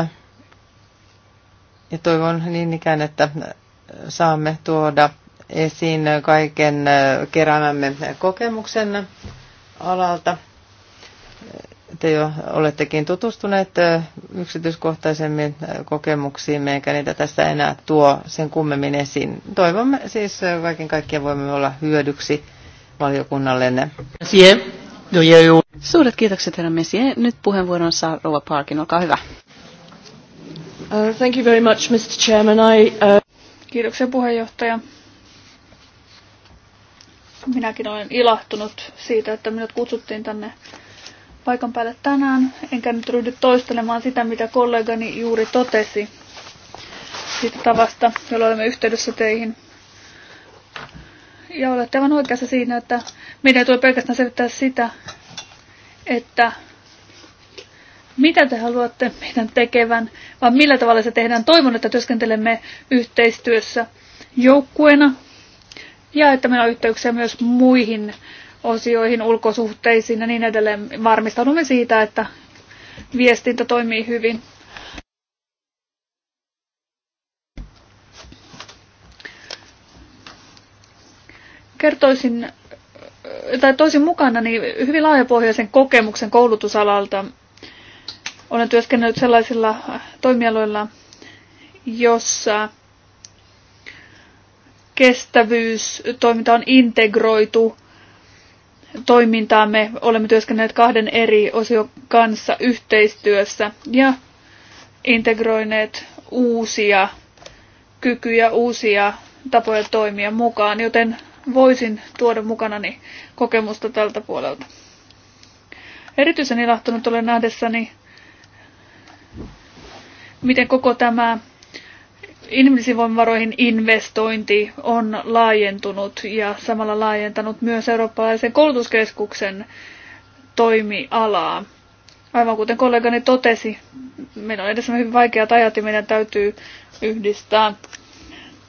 ja toivon niin ikään, että saamme tuoda esiin kaiken keräämämme kokemuksen alalta te jo olettekin tutustuneet yksityiskohtaisemmin kokemuksiin, eikä niitä tässä enää tuo sen kummemmin esiin. Toivomme siis kaiken kaikkiaan voimme olla hyödyksi valiokunnallenne. Suuret kiitokset herra Messie. Nyt puheenvuoron saa Rova Parkin, olkaa hyvä. Uh, thank you very much, Mr. Chairman. I, uh... Kiitoksia puheenjohtaja. Minäkin olen ilahtunut siitä, että minut kutsuttiin tänne paikan päälle tänään, enkä nyt ryhdy toistelemaan sitä, mitä kollegani juuri totesi siitä tavasta, jolla olemme yhteydessä teihin. Ja olette aivan oikeassa siinä, että meidän tulee pelkästään selvittää sitä, että mitä te haluatte meidän tekevän, vaan millä tavalla se tehdään. Toivon, että työskentelemme yhteistyössä joukkueena ja että meillä on yhteyksiä myös muihin osioihin, ulkosuhteisiin ja niin edelleen. Varmistaudumme siitä, että viestintä toimii hyvin. Kertoisin, tai toisin mukana niin hyvin laajapohjaisen kokemuksen koulutusalalta. Olen työskennellyt sellaisilla toimialoilla, jossa kestävyystoiminta on integroitu toimintaamme. Olemme työskennelleet kahden eri osion kanssa yhteistyössä ja integroineet uusia kykyjä, uusia tapoja toimia mukaan, joten voisin tuoda mukanani kokemusta tältä puolelta. Erityisen ilahtunut olen nähdessäni, miten koko tämä inhimillisiin voimavaroihin investointi on laajentunut ja samalla laajentanut myös eurooppalaisen koulutuskeskuksen toimialaa. Aivan kuten kollegani totesi, meillä on edessä hyvin vaikeat ajat ja meidän täytyy yhdistää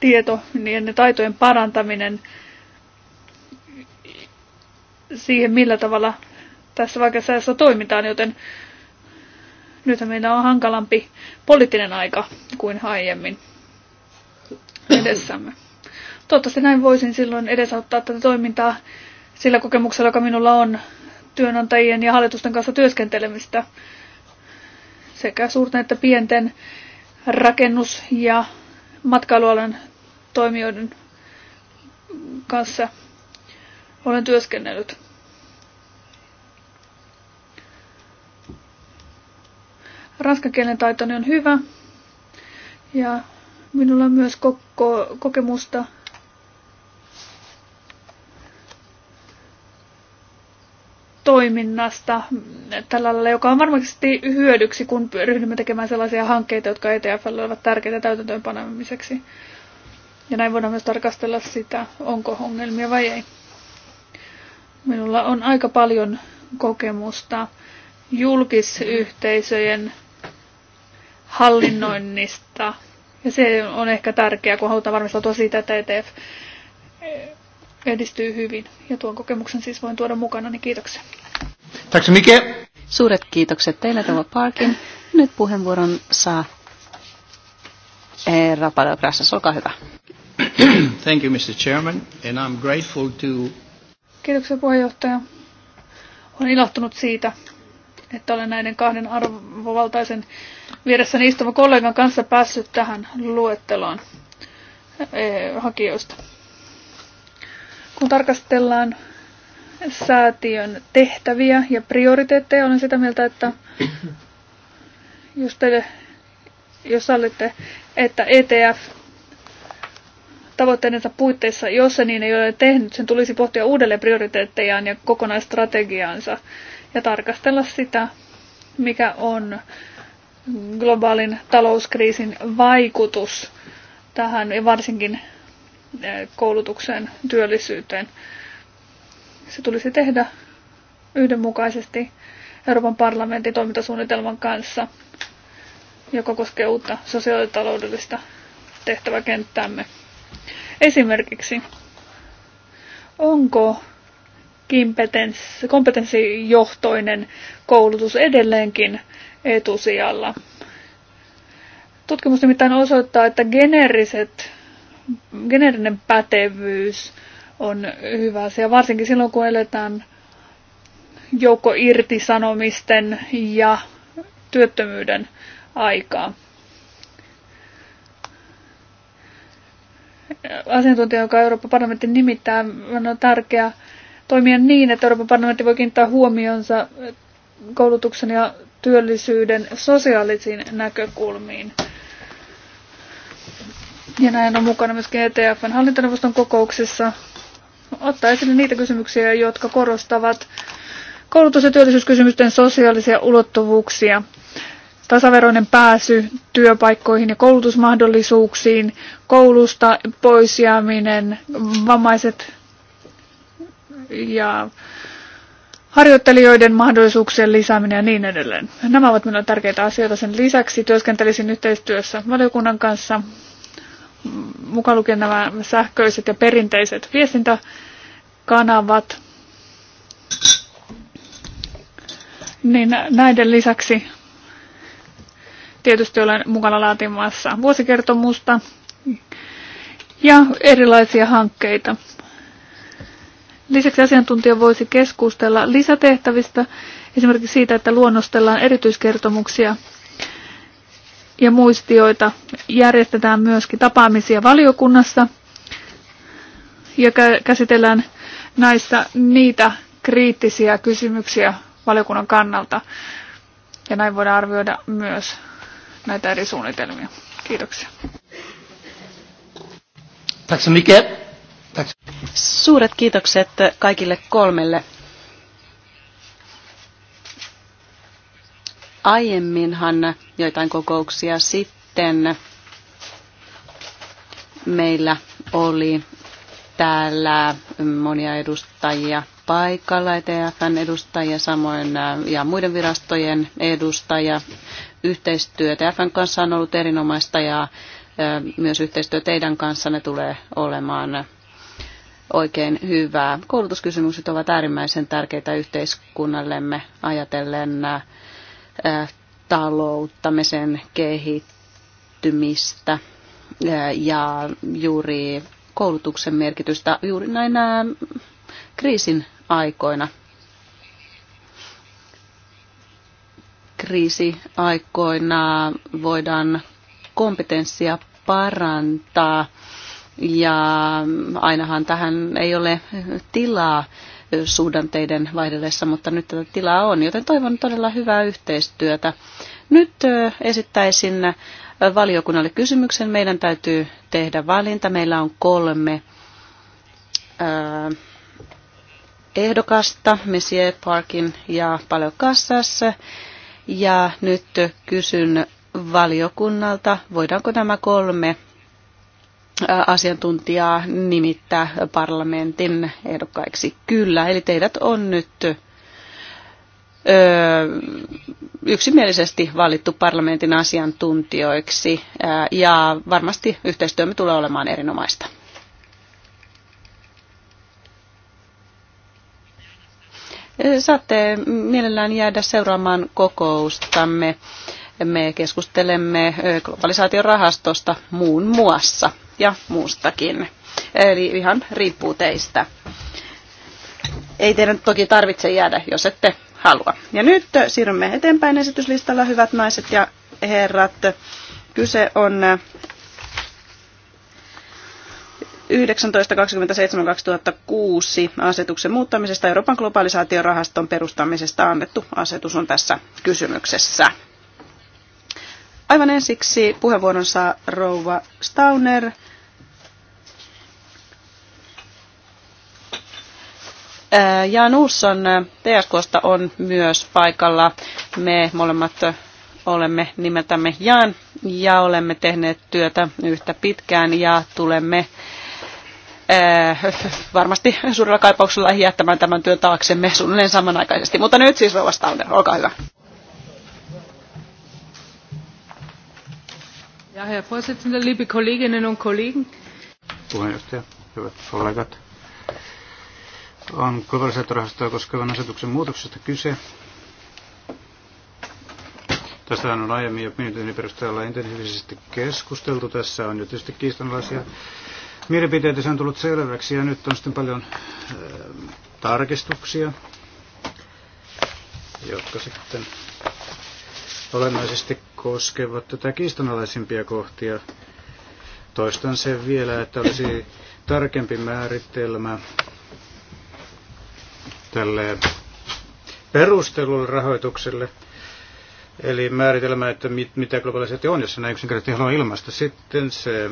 tieto ja niin taitojen parantaminen siihen, millä tavalla tässä vaikeassa ajassa toimitaan, joten nythän meillä on hankalampi poliittinen aika kuin aiemmin edessämme. Toivottavasti näin voisin silloin edesauttaa tätä toimintaa sillä kokemuksella, joka minulla on työnantajien ja hallitusten kanssa työskentelemistä sekä suurten että pienten rakennus- ja matkailualan toimijoiden kanssa olen työskennellyt. Ranskan kielen taitoni on hyvä ja Minulla on myös kokko, kokemusta toiminnasta tällä lailla, joka on varmasti hyödyksi, kun ryhdymme tekemään sellaisia hankkeita, jotka ETFL ovat tärkeitä täytäntöön panemiseksi. Ja näin voidaan myös tarkastella sitä, onko ongelmia vai ei. Minulla on aika paljon kokemusta julkisyhteisöjen hallinnoinnista ja se on ehkä tärkeää, kun halutaan varmistautua siitä, että ETF edistyy hyvin. Ja tuon kokemuksen siis voin tuoda mukana, niin kiitoksia. Tack Mike. Suuret kiitokset teille, Tova Parkin. Nyt puheenvuoron saa herra eh, Palabrasas, olkaa hyvä. Thank you, Mr. Chairman, and I'm grateful to... Kiitoksia puheenjohtaja. Olen ilahtunut siitä, että olen näiden kahden arvovaltaisen vieressäni istuva kollegan kanssa päässyt tähän luetteloon eh, hakijoista. Kun tarkastellaan säätiön tehtäviä ja prioriteetteja, olen sitä mieltä, että jos, teille, jos sallitte, että ETF tavoitteidensa puitteissa, jos se niin ei ole tehnyt, sen tulisi pohtia uudelleen prioriteettejaan ja kokonaistrategiaansa ja tarkastella sitä, mikä on globaalin talouskriisin vaikutus tähän ja varsinkin eh, koulutukseen, työllisyyteen. Se tulisi tehdä yhdenmukaisesti Euroopan parlamentin toimintasuunnitelman kanssa, joka koskee uutta sosiaalitaloudellista tehtäväkenttäämme. Esimerkiksi, onko kompetenssijohtoinen koulutus edelleenkin etusijalla. Tutkimus nimittäin osoittaa, että geneeriset, geneerinen pätevyys on hyvä asia, varsinkin silloin kun eletään joukko irtisanomisten ja työttömyyden aikaa. Asiantuntija, joka Euroopan parlamentin nimittää, on tärkeää toimia niin, että Euroopan parlamentti voi kiinnittää huomionsa koulutuksen ja työllisyyden sosiaalisiin näkökulmiin. Ja näin on mukana myöskin ETFn hallintoneuvoston kokouksessa ottaa esille niitä kysymyksiä, jotka korostavat koulutus- ja työllisyyskysymysten sosiaalisia ulottuvuuksia, tasaveroinen pääsy työpaikkoihin ja koulutusmahdollisuuksiin, koulusta poisjääminen, vammaiset ja harjoittelijoiden mahdollisuuksien lisääminen ja niin edelleen. Nämä ovat minulle tärkeitä asioita. Sen lisäksi työskentelisin yhteistyössä valiokunnan kanssa, mukaan lukien nämä sähköiset ja perinteiset viestintäkanavat. Niin näiden lisäksi tietysti olen mukana laatimassa vuosikertomusta ja erilaisia hankkeita. Lisäksi asiantuntija voisi keskustella lisätehtävistä, esimerkiksi siitä, että luonnostellaan erityiskertomuksia ja muistioita. Järjestetään myöskin tapaamisia valiokunnassa ja käsitellään näissä niitä kriittisiä kysymyksiä valiokunnan kannalta. Ja näin voidaan arvioida myös näitä eri suunnitelmia. Kiitoksia. Tack så mycket. Suuret kiitokset kaikille kolmelle. Aiemminhan joitain kokouksia sitten meillä oli täällä monia edustajia paikalla, ETFn edustajia, samoin ja muiden virastojen edustajia. Yhteistyö ETFn kanssa on ollut erinomaista ja myös yhteistyö teidän ne tulee olemaan oikein hyvää. Koulutuskysymykset ovat äärimmäisen tärkeitä yhteiskunnallemme ajatellen talouttamme, äh, äh, talouttamisen kehittymistä äh, ja juuri koulutuksen merkitystä juuri näinä kriisin aikoina. Kriisiaikoina voidaan kompetenssia parantaa ja ainahan tähän ei ole tilaa suhdanteiden vaihdellessa, mutta nyt tätä tilaa on, joten toivon todella hyvää yhteistyötä. Nyt esittäisin valiokunnalle kysymyksen. Meidän täytyy tehdä valinta. Meillä on kolme ehdokasta, Messier Parkin ja Paleo Kassas. Ja nyt kysyn valiokunnalta, voidaanko nämä kolme asiantuntijaa nimittää parlamentin ehdokkaiksi. Kyllä, eli teidät on nyt öö, yksimielisesti valittu parlamentin asiantuntijoiksi ja varmasti yhteistyömme tulee olemaan erinomaista. Saatte mielellään jäädä seuraamaan kokoustamme. Me keskustelemme globalisaation rahastosta muun muassa ja muustakin. Eli ihan riippuu teistä. Ei teidän toki tarvitse jäädä, jos ette halua. Ja nyt siirrymme eteenpäin esityslistalla, hyvät naiset ja herrat. Kyse on 19.27.2006 asetuksen muuttamisesta Euroopan globalisaatiorahaston perustamisesta annettu asetus on tässä kysymyksessä. Aivan ensiksi puheenvuoron saa rouva Stauner. Äh, Jan Usson äh, TSKsta on myös paikalla. Me molemmat olemme nimeltämme Jan ja olemme tehneet työtä yhtä pitkään ja tulemme ää, äh, varmasti suurella kaipauksella jättämään tämän työn taaksemme suunnilleen samanaikaisesti. Mutta nyt siis Rouva Stauner, olkaa hyvä. Ja herr Vorsitzender, liebe Kolleginnen und Kollegen. Puheenjohtaja, hyvät kollegat. On globalisaatiorahastoa koskevan asetuksen muutoksesta kyse. Tästähän on aiemmin jo mietintöjen perusteella intensiivisesti keskusteltu. Tässä on jo tietysti kiistanalaisia mielipiteitä, se on tullut selväksi ja nyt on sitten paljon äh, tarkistuksia, jotka sitten olennaisesti koskevat tätä kiistanalaisimpia kohtia. Toistan sen vielä, että olisi tarkempi määritelmä tälle perustelulle rahoitukselle, eli määritelmä, että mit, mitä globalisaatio on, jos näin yksinkertaisesti haluaa ilmaista. Sitten se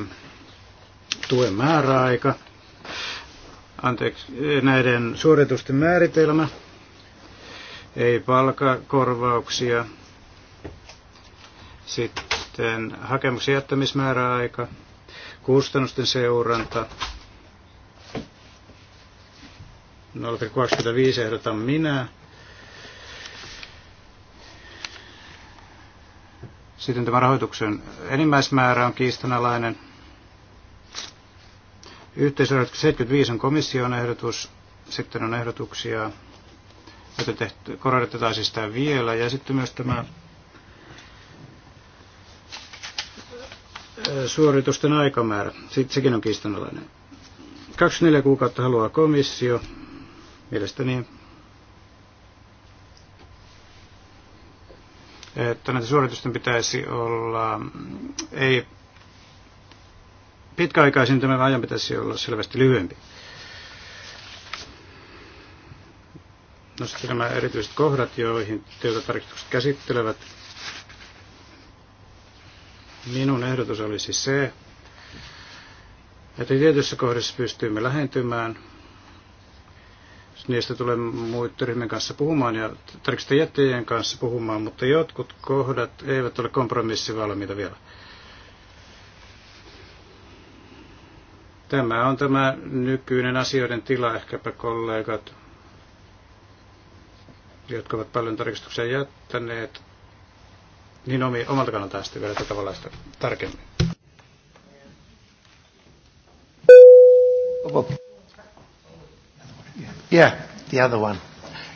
tuen määräaika, anteeksi, näiden suoritusten määritelmä, ei palkakorvauksia, sitten hakemuksen jättämismääräaika, kustannusten seuranta, 0,25 ehdotan minä. Sitten tämä rahoituksen enimmäismäärä on kiistanalainen. Yhteisrahoitus 75 on komission ehdotus. Sitten on ehdotuksia, joita korotetaan siis vielä. Ja sitten myös tämä suoritusten aikamäärä. Sitten sekin on kiistanalainen. 24 kuukautta haluaa komissio. Mielestäni että näitä suoritusten pitäisi olla, ei pitkäaikaisin tämä ajan pitäisi olla selvästi lyhyempi. No sitten nämä erityiset kohdat, joihin työtarkistukset käsittelevät. Minun ehdotus olisi siis se, että tietyissä kohdissa pystyimme lähentymään. Niistä tulee muiden ryhmien kanssa puhumaan ja tarkistajien jättäjien kanssa puhumaan, mutta jotkut kohdat eivät ole kompromissivalmiita vielä. Tämä on tämä nykyinen asioiden tila, ehkäpä kollegat, jotka ovat paljon tarkistuksia jättäneet, niin omi omalta kannaltaan sitten vielä tätä tavallaan sitä tarkemmin. Yeah, the other one.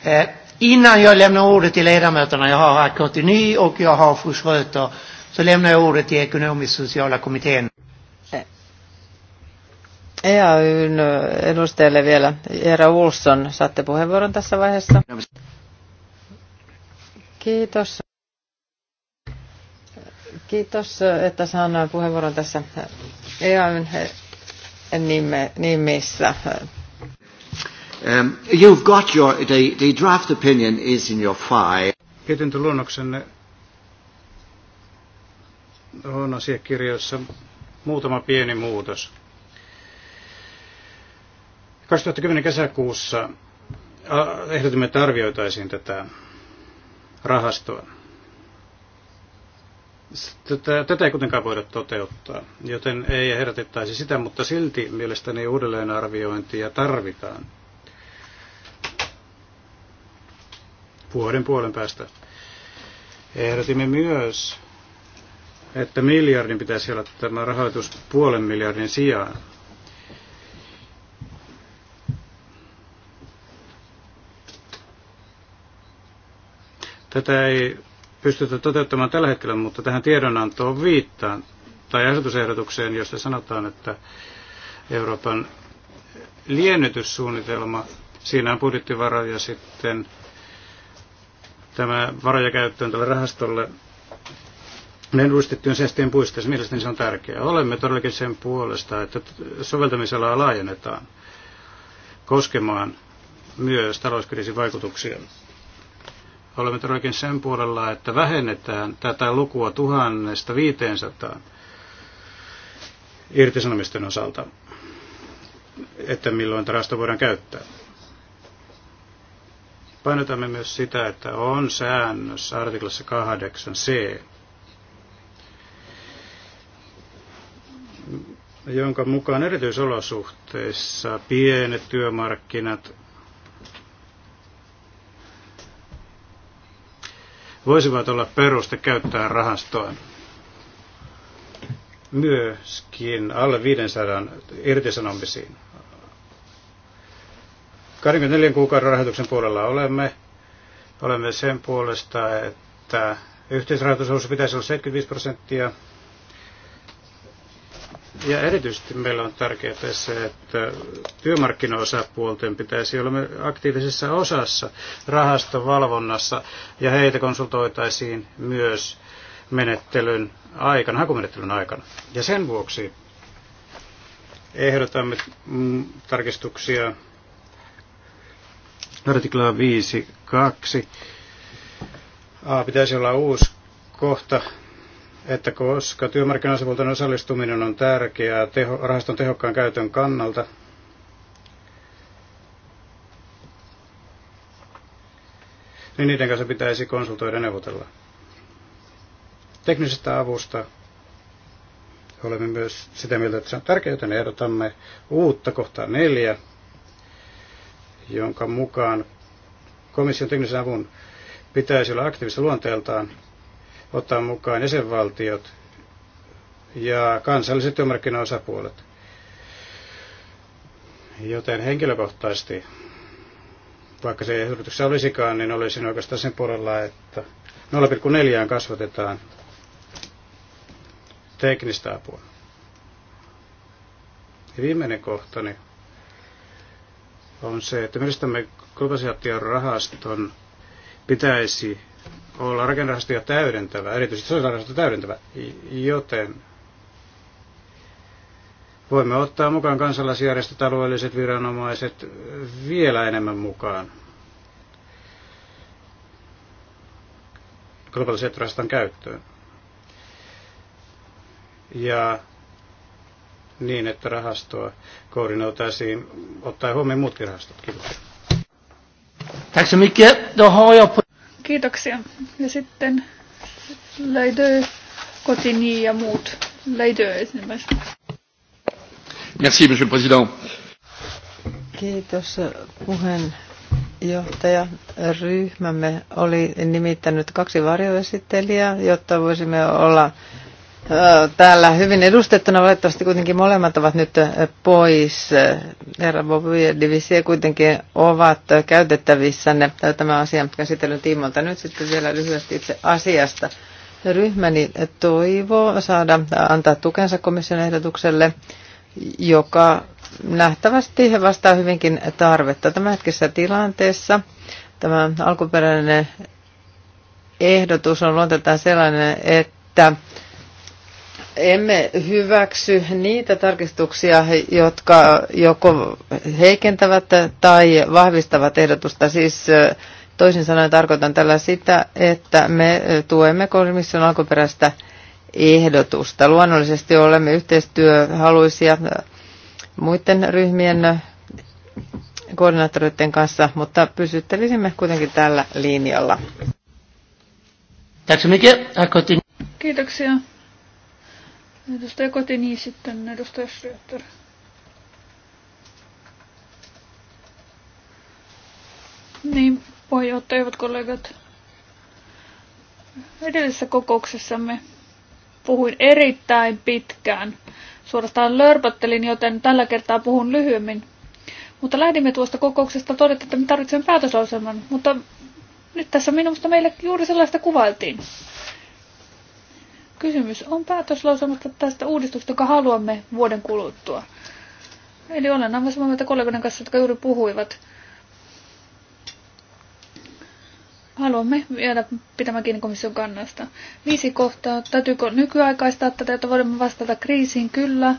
Eh, innan jag lämnar ordet till ledamöterna, jag niin har Akoteny och jag har Forsröter, så lämnar jag ordet till ekonomisk sociala kommittén. EAYn e edustajalle vielä, Eera Ulsson, saatte puheenvuoron tässä vaiheessa. Kiitos. Kiitos, että saan puheenvuoron tässä EAYn nimissä. Um, you've got your, the, the draft opinion is in your file. Mietintöluonnoksenne on asiakirjoissa muutama pieni muutos. 2010 kesäkuussa äh, ehdotimme, että arvioitaisiin tätä rahastoa. Tätä, tätä ei kuitenkaan voida toteuttaa, joten ei herätettäisi sitä, mutta silti mielestäni uudelleenarviointia tarvitaan vuoden puolen päästä. Ehdotimme myös, että miljardin pitäisi olla tämä rahoitus puolen miljardin sijaan. Tätä ei pystytä toteuttamaan tällä hetkellä, mutta tähän tiedonantoon viittaan tai asetusehdotukseen, jossa sanotaan, että Euroopan liennytyssuunnitelma, siinä on budjettivaroja sitten tämä varoja käyttöön tälle rahastolle edustettujen sestien puistossa, mielestäni se on tärkeää. Olemme todellakin sen puolesta, että soveltamisalaa laajennetaan koskemaan myös talouskriisin vaikutuksia Olemme todellakin sen puolella, että vähennetään tätä lukua tuhannesta viiteensataan irtisanomisten osalta, että milloin tarasta voidaan käyttää. Painotamme myös sitä, että on säännös artiklassa 8c, jonka mukaan erityisolosuhteissa pienet työmarkkinat voisivat olla peruste käyttää rahastoa myöskin alle 500 irtisanomisiin. 24 kuukauden rahoituksen puolella olemme. Olemme sen puolesta, että yhteisrahoitusosuus pitäisi olla 75 prosenttia ja erityisesti meillä on tärkeää se, että työmarkkinaosapuolten pitäisi olla aktiivisessa osassa rahastovalvonnassa valvonnassa ja heitä konsultoitaisiin myös menettelyn aikana, hakumenettelyn aikana. Ja sen vuoksi ehdotamme mm, tarkistuksia artiklaa 5.2. A pitäisi olla uusi kohta että koska työmarkkinasivuilton osallistuminen on tärkeää teho, rahaston tehokkaan käytön kannalta, niin niiden kanssa pitäisi konsultoida ja neuvotella. Teknisestä avusta olemme myös sitä mieltä, että se on tärkeää, joten ehdotamme uutta kohtaa neljä, jonka mukaan komission teknisen avun pitäisi olla aktiivista luonteeltaan ottaa mukaan jäsenvaltiot ja kansalliset työmarkkinaosapuolet. Joten henkilökohtaisesti, vaikka se ehdotuksessa olisikaan, niin olisin oikeastaan sen puolella, että 0,4 kasvatetaan teknistä apua. Ja viimeinen kohtani on se, että mielestämme globalisaation rahaston pitäisi olla rakennerahastoja täydentävä, erityisesti sosiaalirahasto täydentävä, joten voimme ottaa mukaan kansalaisjärjestöt, alueelliset viranomaiset vielä enemmän mukaan globaliseettorahaston käyttöön. Ja niin, että rahastoa koordinoitaisiin ottaen huomioon muutkin rahastot. Kiitos. Tack så mycket. Då har jag på... Kiitoksia. Ja sitten Leidö, Kotini ja muut. Leidö esimerkiksi. Merci, monsieur le président. Kiitos puheenjohtaja. Ryhmämme oli nimittänyt kaksi varjoesittelijää, jotta voisimme olla täällä hyvin edustettuna. Valitettavasti kuitenkin molemmat ovat nyt pois. Herra Bobby Divisie kuitenkin ovat käytettävissä tämä asia käsitellyn tiimolta. Nyt sitten vielä lyhyesti itse asiasta. Ryhmäni toivoo saada antaa tukensa komission ehdotukselle, joka nähtävästi vastaa hyvinkin tarvetta hetkessä tilanteessa. Tämä alkuperäinen ehdotus on luonteeltaan sellainen, että emme hyväksy niitä tarkistuksia, jotka joko heikentävät tai vahvistavat ehdotusta. Siis toisin sanoen tarkoitan tällä sitä, että me tuemme komission alkuperäistä ehdotusta. Luonnollisesti olemme yhteistyöhaluisia muiden ryhmien koordinaattoreiden kanssa, mutta pysyttelisimme kuitenkin tällä linjalla. Kiitoksia. Edustaja Kotini niin sitten edustaja Schröter. Niin, puheenjohtajat kollegat. Edellisessä kokouksessamme puhuin erittäin pitkään. Suorastaan lörpöttelin, joten tällä kertaa puhun lyhyemmin. Mutta lähdimme tuosta kokouksesta todeta, että me tarvitsemme päätöslauselman. Mutta nyt tässä minusta meille juuri sellaista kuvailtiin. Kysymys on päätöslausumasta tästä uudistuksesta, joka haluamme vuoden kuluttua. Eli olen aivan samaa mieltä kollegoiden kanssa, jotka juuri puhuivat. Haluamme jäädä pitämään kiinni komission kannasta. Viisi kohtaa. Täytyykö nykyaikaistaa tätä, jotta voimme vastata kriisiin? Kyllä.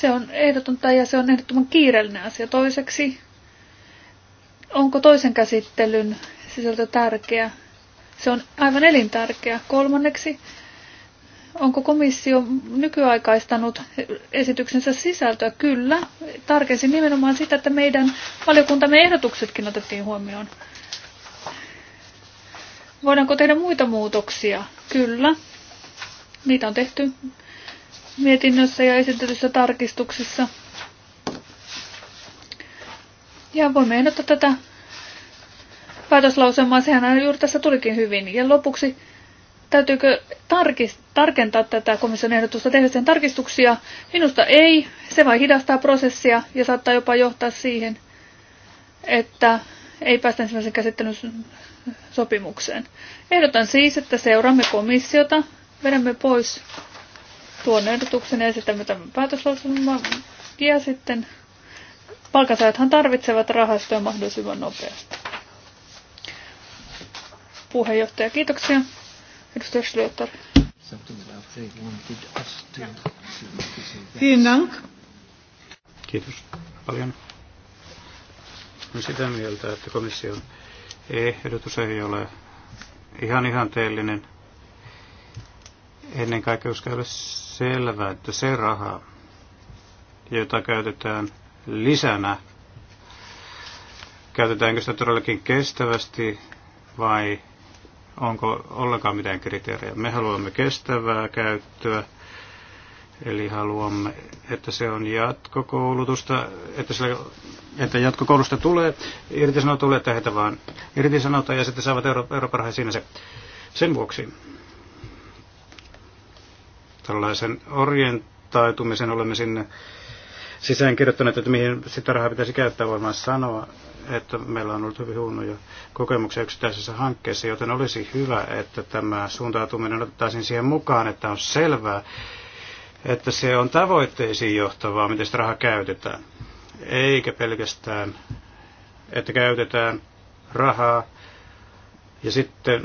Se on ehdotonta ja se on ehdottoman kiireellinen asia. Toiseksi, onko toisen käsittelyn sisältö tärkeä? Se on aivan elintärkeä. Kolmanneksi, onko komissio nykyaikaistanut esityksensä sisältöä? Kyllä. Tarkensin nimenomaan sitä, että meidän valiokuntamme ehdotuksetkin otettiin huomioon. Voidaanko tehdä muita muutoksia? Kyllä. Niitä on tehty mietinnössä ja esitetyssä tarkistuksissa. Ja voimme ehdottaa tätä päätöslausemaa. Sehän juuri tässä tulikin hyvin. Ja lopuksi Täytyykö tarkist, tarkentaa tätä komission ehdotusta, tehdä sen tarkistuksia? Minusta ei. Se vain hidastaa prosessia ja saattaa jopa johtaa siihen, että ei päästä ensimmäisen käsittelyn sopimukseen. Ehdotan siis, että seuraamme komissiota, vedämme pois tuon ehdotuksen ja esitämme tämän päätöslauselman ja sitten palkansaajathan tarvitsevat rahastoja mahdollisimman nopeasti. Puheenjohtaja, kiitoksia. Edustaja Schlöter. Kiitos paljon. Olen sitä mieltä, että komission ehdotus ei ole ihan ihanteellinen. Ennen kaikkea, koska ei ole selvää, että se raha, jota käytetään lisänä, käytetäänkö sitä todellakin kestävästi vai onko ollenkaan mitään kriteerejä. Me haluamme kestävää käyttöä, eli haluamme, että se on jatkokoulutusta, että, sillä, että jatkokoulusta tulee, irtisanotulle, että heitä vaan irtisanotaan ja sitten saavat euro, europarhaa siinä se. Sen vuoksi tällaisen orientaitumisen olemme sinne sisään kirjoittaneet, että mihin sitä rahaa pitäisi käyttää, voin sanoa, että meillä on ollut hyvin huonoja kokemuksia yksittäisessä hankkeessa, joten olisi hyvä, että tämä suuntautuminen otettaisiin siihen mukaan, että on selvää, että se on tavoitteisiin johtavaa, miten sitä rahaa käytetään, eikä pelkästään, että käytetään rahaa ja sitten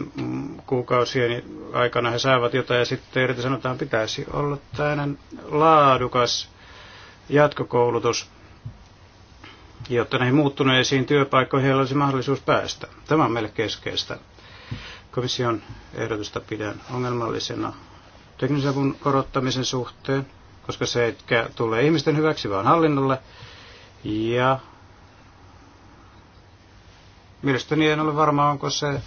kuukausien aikana he saavat jotain ja sitten irti sanotaan, pitäisi olla tämmöinen laadukas jatkokoulutus, jotta näihin muuttuneisiin työpaikkoihin olisi mahdollisuus päästä. Tämä on meille keskeistä. Komission ehdotusta pidän ongelmallisena teknisen avun korottamisen suhteen, koska se ei tule ihmisten hyväksi, vaan hallinnolle. Ja mielestäni en ole varma, onko se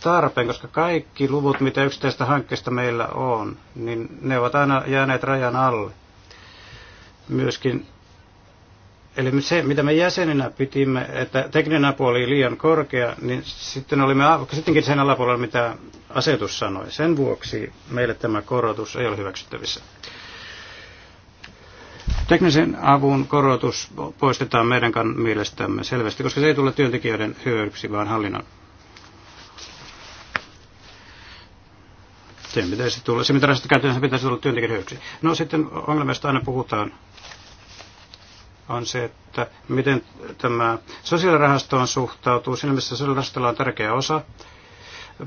tarpeen, koska kaikki luvut, mitä yksittäistä hankkeesta meillä on, niin ne ovat aina jääneet rajan alle myöskin Eli se, mitä me jäseninä pitimme, että tekninen apu oli liian korkea, niin sitten olimme sittenkin sen alapuolella, mitä asetus sanoi. Sen vuoksi meille tämä korotus ei ole hyväksyttävissä. Teknisen avun korotus poistetaan meidän mielestämme selvästi, koska se ei tule työntekijöiden hyödyksi, vaan hallinnon. Sen pitäisi tulla, se mitä rahoitusta käytetään, pitäisi tulla työntekijöiden hyödyksi. No sitten ongelmista aina puhutaan on se, että miten tämä sosiaalirahastoon suhtautuu. Siinä missä sosiaalirahastolla on tärkeä osa,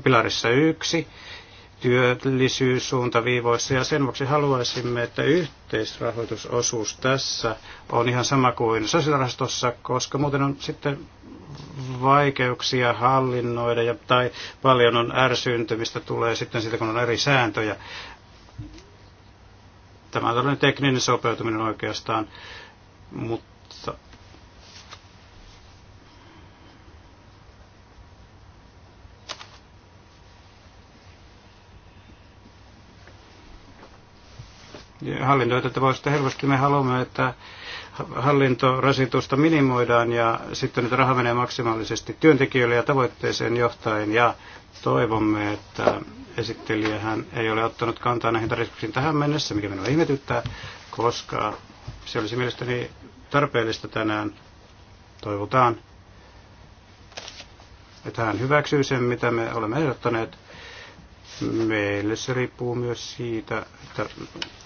pilarissa yksi, työllisyyssuuntaviivoissa, ja sen vuoksi haluaisimme, että yhteisrahoitusosuus tässä on ihan sama kuin sosiaalirahastossa, koska muuten on sitten vaikeuksia hallinnoida ja, tai paljon on ärsyyntymistä tulee sitten siitä, kun on eri sääntöjä. Tämä on tällainen tekninen sopeutuminen oikeastaan mutta hallinnoita, että voisi helposti me haluamme, että hallintorasitusta minimoidaan ja sitten nyt raha menee maksimaalisesti työntekijöille ja tavoitteeseen johtajien ja toivomme, että esittelijähän ei ole ottanut kantaa näihin tarjouksiin tähän mennessä, mikä minua ihmetyttää, koska se olisi mielestäni tarpeellista tänään. Toivotaan, että hän hyväksyy sen, mitä me olemme ehdottaneet. Meille se riippuu myös siitä, että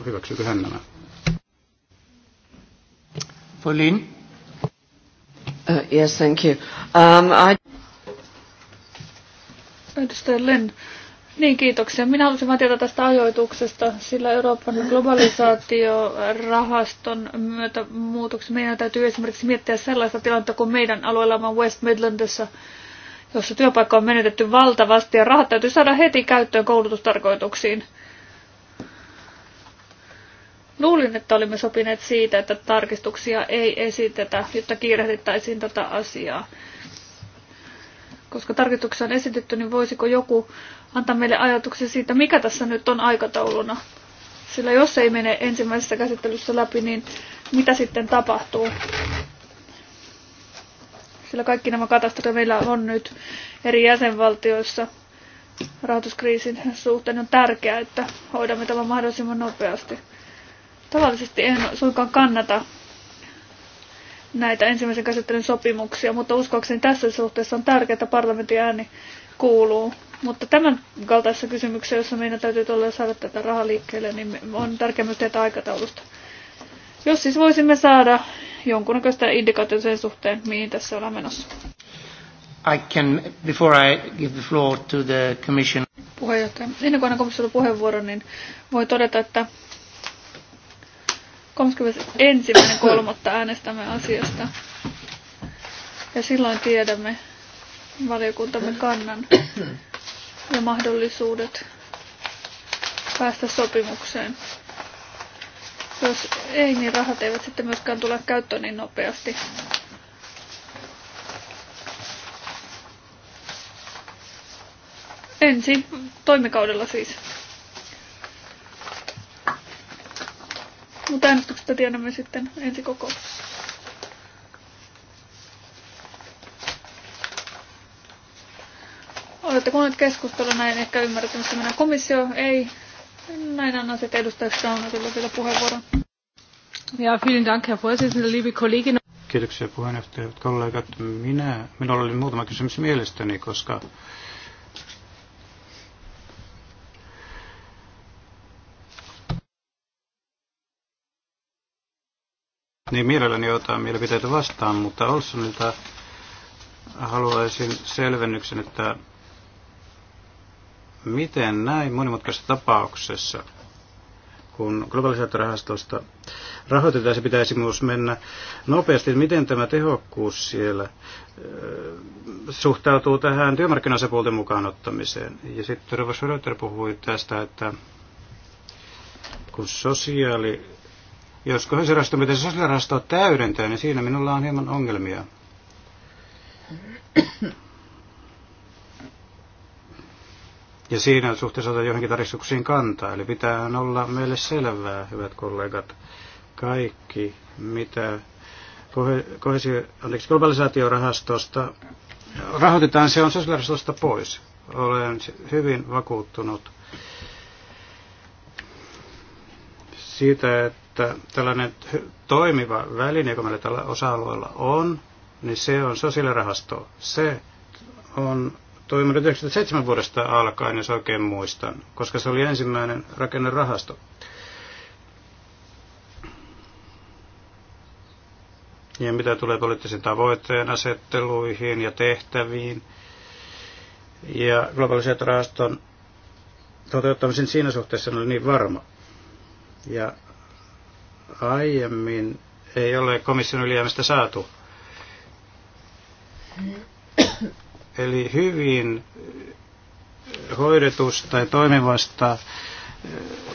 hyväksyykö hän nämä. Pauline. Uh, yes, thank you. Um, I... Edustaja Lynn. Niin, kiitoksia. Minä haluaisin vain tietää tästä ajoituksesta, sillä Euroopan globalisaatiorahaston myötä muutoksia meidän täytyy esimerkiksi miettiä sellaista tilannetta kuin meidän on West Midlandissa, jossa työpaikka on menetetty valtavasti ja rahat täytyy saada heti käyttöön koulutustarkoituksiin. Luulin, että olimme sopineet siitä, että tarkistuksia ei esitetä, jotta kiirehdittäisiin tätä asiaa koska tarkoituksia on esitetty, niin voisiko joku antaa meille ajatuksen siitä, mikä tässä nyt on aikatauluna? Sillä jos ei mene ensimmäisessä käsittelyssä läpi, niin mitä sitten tapahtuu? Sillä kaikki nämä katastrofit meillä on nyt eri jäsenvaltioissa rahoituskriisin suhteen on tärkeää, että hoidamme tämän mahdollisimman nopeasti. Tavallisesti en suinkaan kannata näitä ensimmäisen käsittelyn sopimuksia, mutta uskoakseni tässä suhteessa on tärkeää, että parlamentin ääni kuuluu. Mutta tämän kaltaisessa kysymyksessä, jossa meidän täytyy tulla saada tätä rahaa liikkeelle, niin on tärkeää myös tietää aikataulusta. Jos siis voisimme saada jonkunnäköistä indikaatiota sen suhteen, mihin tässä ollaan menossa. I can, before I give the floor to the commission. Puheenjohtaja, ennen kuin annan komissiolle puheenvuoron, niin voi todeta, että kolmatta äänestämme asiasta. Ja silloin tiedämme valiokuntamme kannan ja mahdollisuudet päästä sopimukseen. Jos ei, niin rahat eivät sitten myöskään tule käyttöön niin nopeasti. Ensi toimikaudella siis. Mutta äänestyksestä tiedämme sitten ensi kokouksessa. Olette nyt keskustella näin, ehkä ymmärrätte, missä mennään komissio. Ei, näin annan sitten edustaja Saunatilla vielä puheenvuoron. Ja, vielen Dank, Herr Vorsitzender, liebe Kollegin. Kiitoksia puheenjohtajat kollegat. Minä, minulla oli muutama kysymys mielestäni, koska niin mielelläni otan mielipiteitä vastaan, mutta Olssonilta haluaisin selvennyksen, että miten näin monimutkaisessa tapauksessa, kun globalisaatiorahastosta rahoitetaan, se pitäisi myös mennä nopeasti, miten tämä tehokkuus siellä suhtautuu tähän työmarkkinasapuolten mukaan ottamiseen. Ja sitten Rova puhui tästä, että kun sosiaali jos kohesirasto pitäisi sosiaalirastoa täydentää, niin siinä minulla on hieman ongelmia. Ja siinä suhteessa otan johonkin tarkistuksiin kantaa. Eli pitää olla meille selvää, hyvät kollegat, kaikki, mitä kohesi, anteeksi, globalisaatiorahastosta rahoitetaan, se on sosiaalirastosta pois. Olen hyvin vakuuttunut siitä, että että tällainen toimiva väline, joka meillä tällä osa-alueella on, niin se on sosiaalirahasto. Se on toiminut 97 vuodesta alkaen, jos oikein muistan, koska se oli ensimmäinen rakennerahasto. Ja mitä tulee poliittisiin tavoitteen asetteluihin ja tehtäviin ja rahaston toteuttamisen siinä suhteessa oli niin varma. Ja aiemmin ei ole komission ylijäämistä saatu. Eli hyvin hoidetusta tai toimivasta,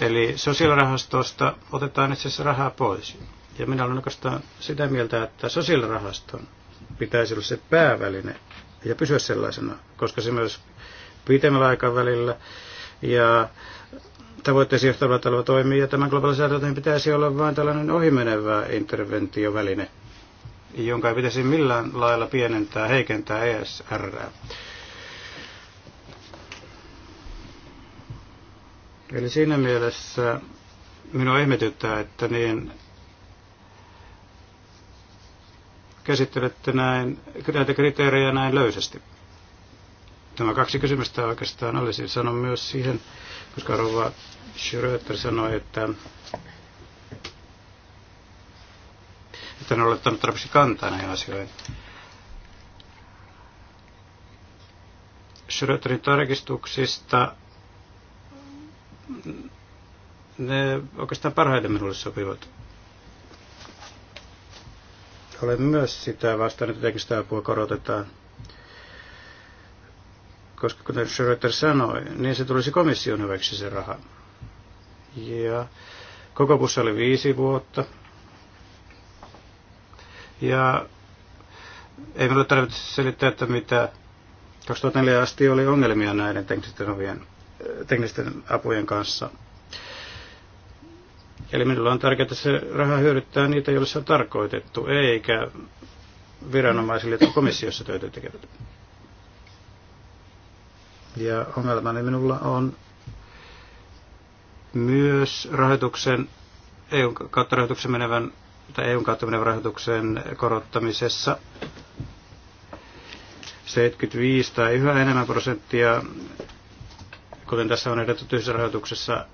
eli sosiaalirahastosta otetaan itse asiassa rahaa pois. Ja minä olen oikeastaan sitä mieltä, että sosiaalirahaston pitäisi olla se pääväline ja pysyä sellaisena, koska se myös pitemmällä aikavälillä ja tavoitteisiin johtava talo toimii, ja tämän globalisaatioiden pitäisi olla vain tällainen ohimenevä interventioväline, jonka ei pitäisi millään lailla pienentää, heikentää ESR. Eli siinä mielessä minua ihmetyttää, että niin käsittelette näin, näitä kriteerejä näin löysästi. Tämä kaksi kysymystä oikeastaan olisin sanonut myös siihen koska Rova Schröter sanoi, että, että en ole ottanut tarpeeksi kantaa näihin asioihin. Schröterin tarkistuksista ne oikeastaan parhaiten minulle sopivat. Olen myös sitä vastaan, että apua korotetaan – koska kuten Schröter sanoi, niin se tulisi komission hyväksi se raha. Ja koko bussa oli viisi vuotta. Ja ei minulle tarvitse selittää, että mitä 2004 asti oli ongelmia näiden teknisten, ovien, teknisten apujen kanssa. Eli minulla on tärkeää, että se raha hyödyttää niitä, joille se on tarkoitettu, eikä viranomaisille, jotka komissiossa töitä tekevät. Ja ongelmani minulla on myös rahoituksen, EUn kautta rahoituksen menevän, tai EUn kautta menevän rahoituksen korottamisessa 75 tai yhä enemmän prosenttia, kuten tässä on ehdotettu rahoituksessa,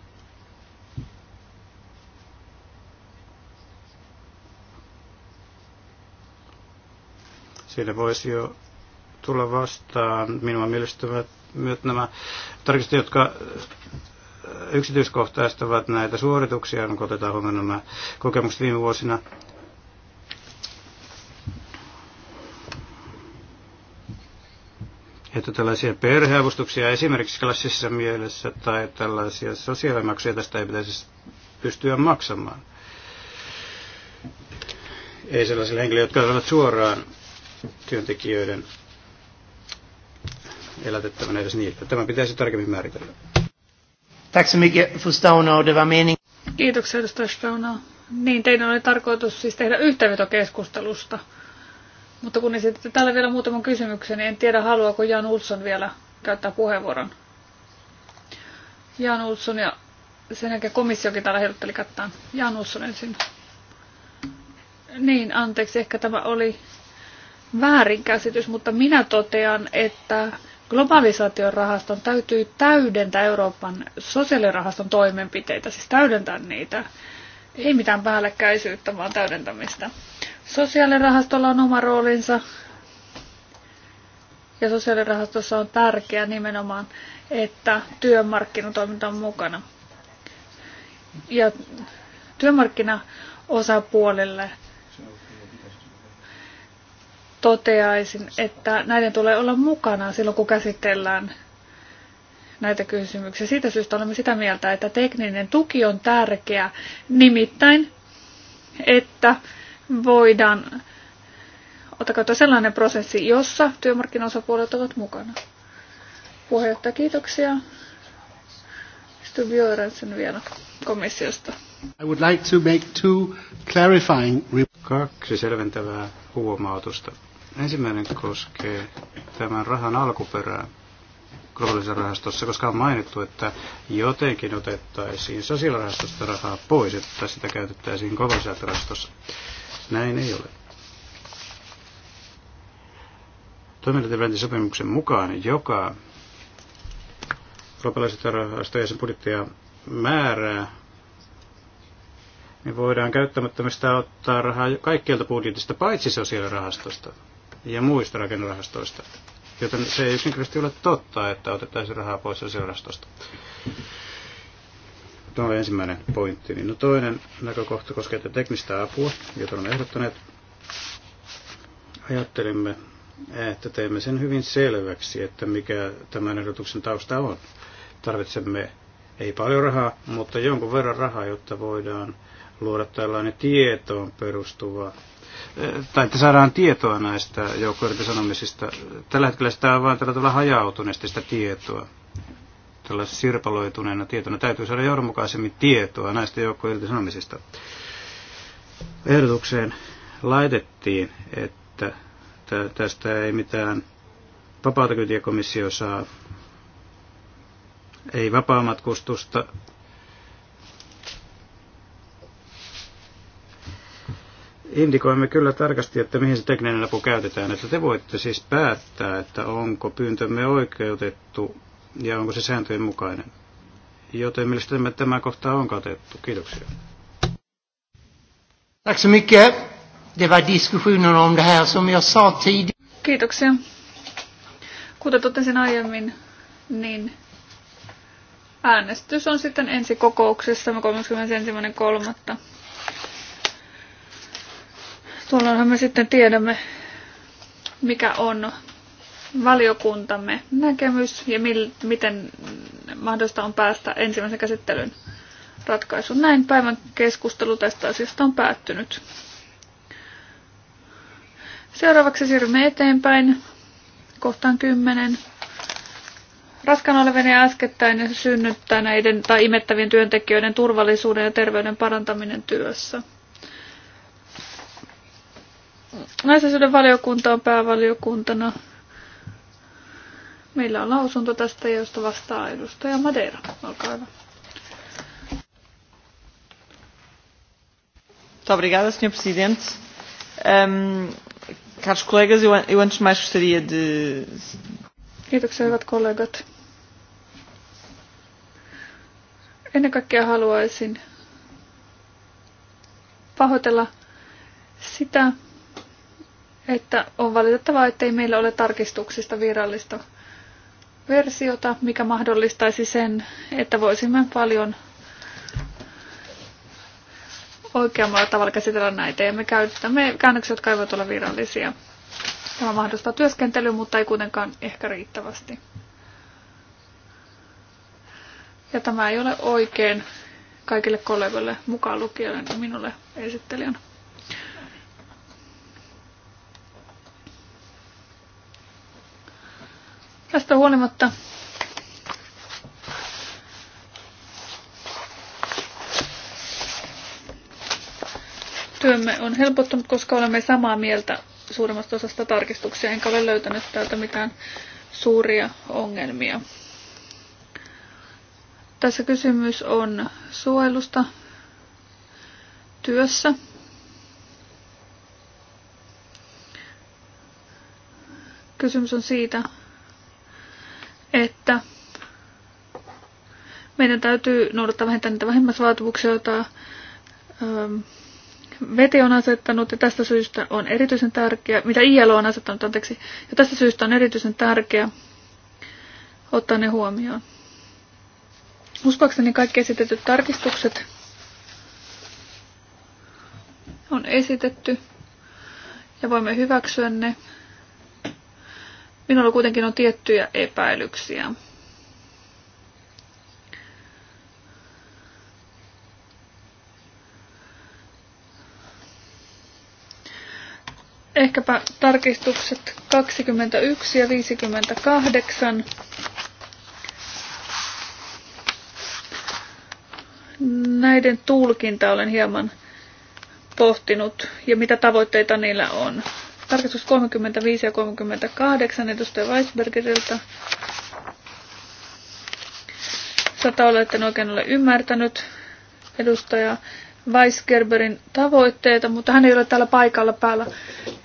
siinä voisi jo tulla vastaan minua mielestäni myös nämä tarkistukset, jotka äh, yksityiskohtaistavat näitä suorituksia, kun otetaan huomioon nämä kokemukset viime vuosina. Että tällaisia perheavustuksia esimerkiksi klassisessa mielessä tai tällaisia sosiaalimaksuja tästä ei pitäisi pystyä maksamaan. Ei sellaisille henkilöille, jotka ovat suoraan työntekijöiden elätettävänä, edes niitä. Tämä pitäisi tarkemmin määritellä. Tack så mycket för Staunau, det var meningen. Kiitoksia edustaja Stauna. Niin, teidän oli tarkoitus siis tehdä yhteenveto Mutta kun esititte täällä vielä muutaman kysymyksen, niin en tiedä haluaako Jan Ulsson vielä käyttää puheenvuoron. Jan Ulsson ja sen jälkeen komissiokin täällä heilutteli kättään. Jan Ulsson ensin. Niin, anteeksi, ehkä tämä oli väärinkäsitys, mutta minä totean, että globalisaation rahaston täytyy täydentää Euroopan sosiaalirahaston toimenpiteitä, siis täydentää niitä. Ei mitään päällekkäisyyttä, vaan täydentämistä. Sosiaalirahastolla on oma roolinsa. Ja sosiaalirahastossa on tärkeää nimenomaan, että työmarkkinatoiminta on mukana. Ja työmarkkinaosapuolille toteaisin, että näiden tulee olla mukana silloin, kun käsitellään näitä kysymyksiä. Siitä syystä olemme sitä mieltä, että tekninen tuki on tärkeä, nimittäin, että voidaan ottaa sellainen prosessi, jossa työmarkkinaosapuolet ovat mukana. Puheenjohtaja, kiitoksia. Stubioirensen vielä komissiosta. I would like to make two clarifying... Kaksi selventävää huomautusta. Ensimmäinen koskee tämän rahan alkuperää rahastossa, koska on mainittu, että jotenkin otettaisiin sosiaalirahastosta rahaa pois, että sitä käytettäisiin rahastossa. Näin ei ole. sopimuksen mukaan, joka globalisaatiorahasto ja sen budjettia määrää, niin voidaan käyttämättömistä ottaa rahaa kaikkialta budjetista, paitsi sosiaalirahastosta ja muista rakennerahastoista. Joten se ei yksinkertaisesti ole totta, että otettaisiin rahaa pois sosiaalirahastosta. Tuo on ensimmäinen pointti. Niin no toinen näkökohta koskee tätä teknistä apua, jota olemme ehdottaneet. Ajattelimme, että teemme sen hyvin selväksi, että mikä tämän ehdotuksen tausta on. Tarvitsemme ei paljon rahaa, mutta jonkun verran rahaa, jotta voidaan luoda tällainen tietoon perustuva tai että saadaan tietoa näistä joukkoirtisanomisista. Tällä hetkellä sitä on vain tällä tavalla sitä tietoa. Tällä sirpaloituneena tietona täytyy saada johdonmukaisemmin tietoa näistä joukkoirtisanomisista. Ehdotukseen laitettiin, että tästä ei mitään vapaatakyytiä saa, ei vapaamatkustusta indikoimme kyllä tarkasti, että mihin se tekninen apu käytetään. Että te voitte siis päättää, että onko pyyntömme oikeutettu ja onko se sääntöjen mukainen. Joten mielestäni tämä kohta on katettu. Kiitoksia. Tack så mycket. Det var diskussionen om det här som jag sa tidigare. Kiitoksia. Kuten totesin aiemmin, niin äänestys on sitten ensi kokouksessa 31.3. Tuollahan me sitten tiedämme, mikä on valiokuntamme näkemys ja mil, miten mahdollista on päästä ensimmäisen käsittelyn ratkaisuun. Näin päivän keskustelu tästä asiasta on päättynyt. Seuraavaksi siirrymme eteenpäin kohtaan 10. Raskan olevien ja äskettäin synnyttäneiden tai imettävien työntekijöiden turvallisuuden ja terveyden parantaminen työssä naisasioiden valiokunta on päävaliokuntana. Meillä on lausunto tästä, josta vastaa edustaja Madeira. Olkaa hyvä. Muito obrigada, Sr. Presidente. Um, caros colegas, eu, eu antes de mais gostaria de. Kiitoksia, hyvät kollegat. Ennen kaikkea haluaisin pahoitella sitä, että on valitettavaa, ei meillä ole tarkistuksista virallista versiota, mikä mahdollistaisi sen, että voisimme paljon oikeammalla tavalla käsitellä näitä. Ja me käytämme käännöksiä, jotka eivät ole virallisia. Tämä mahdollistaa työskentelyä, mutta ei kuitenkaan ehkä riittävästi. Ja tämä ei ole oikein kaikille kollegoille mukaan lukijoille minulle esittelijänä. Tästä huolimatta työmme on helpottunut, koska olemme samaa mieltä suurimmasta osasta tarkistuksia, enkä ole löytänyt täältä mitään suuria ongelmia. Tässä kysymys on suojelusta työssä. Kysymys on siitä, että meidän täytyy noudattaa vähintään niitä vähimmäisvaatimuksia, joita ähm, veti on asettanut ja tästä syystä on erityisen tärkeä, mitä ILO on asettanut, anteeksi, ja tästä syystä on erityisen tärkeä ottaa ne huomioon. Uskoakseni kaikki esitetyt tarkistukset on esitetty ja voimme hyväksyä ne Minulla kuitenkin on tiettyjä epäilyksiä. ehkäpä tarkistukset 21 ja 58. Näiden tulkinta olen hieman pohtinut ja mitä tavoitteita niillä on. Tarkistus 35 ja 38 edustaja Weisbergerilta. Sata en oikein ole ymmärtänyt edustaja Weisgerberin tavoitteita, mutta hän ei ole täällä paikalla päällä,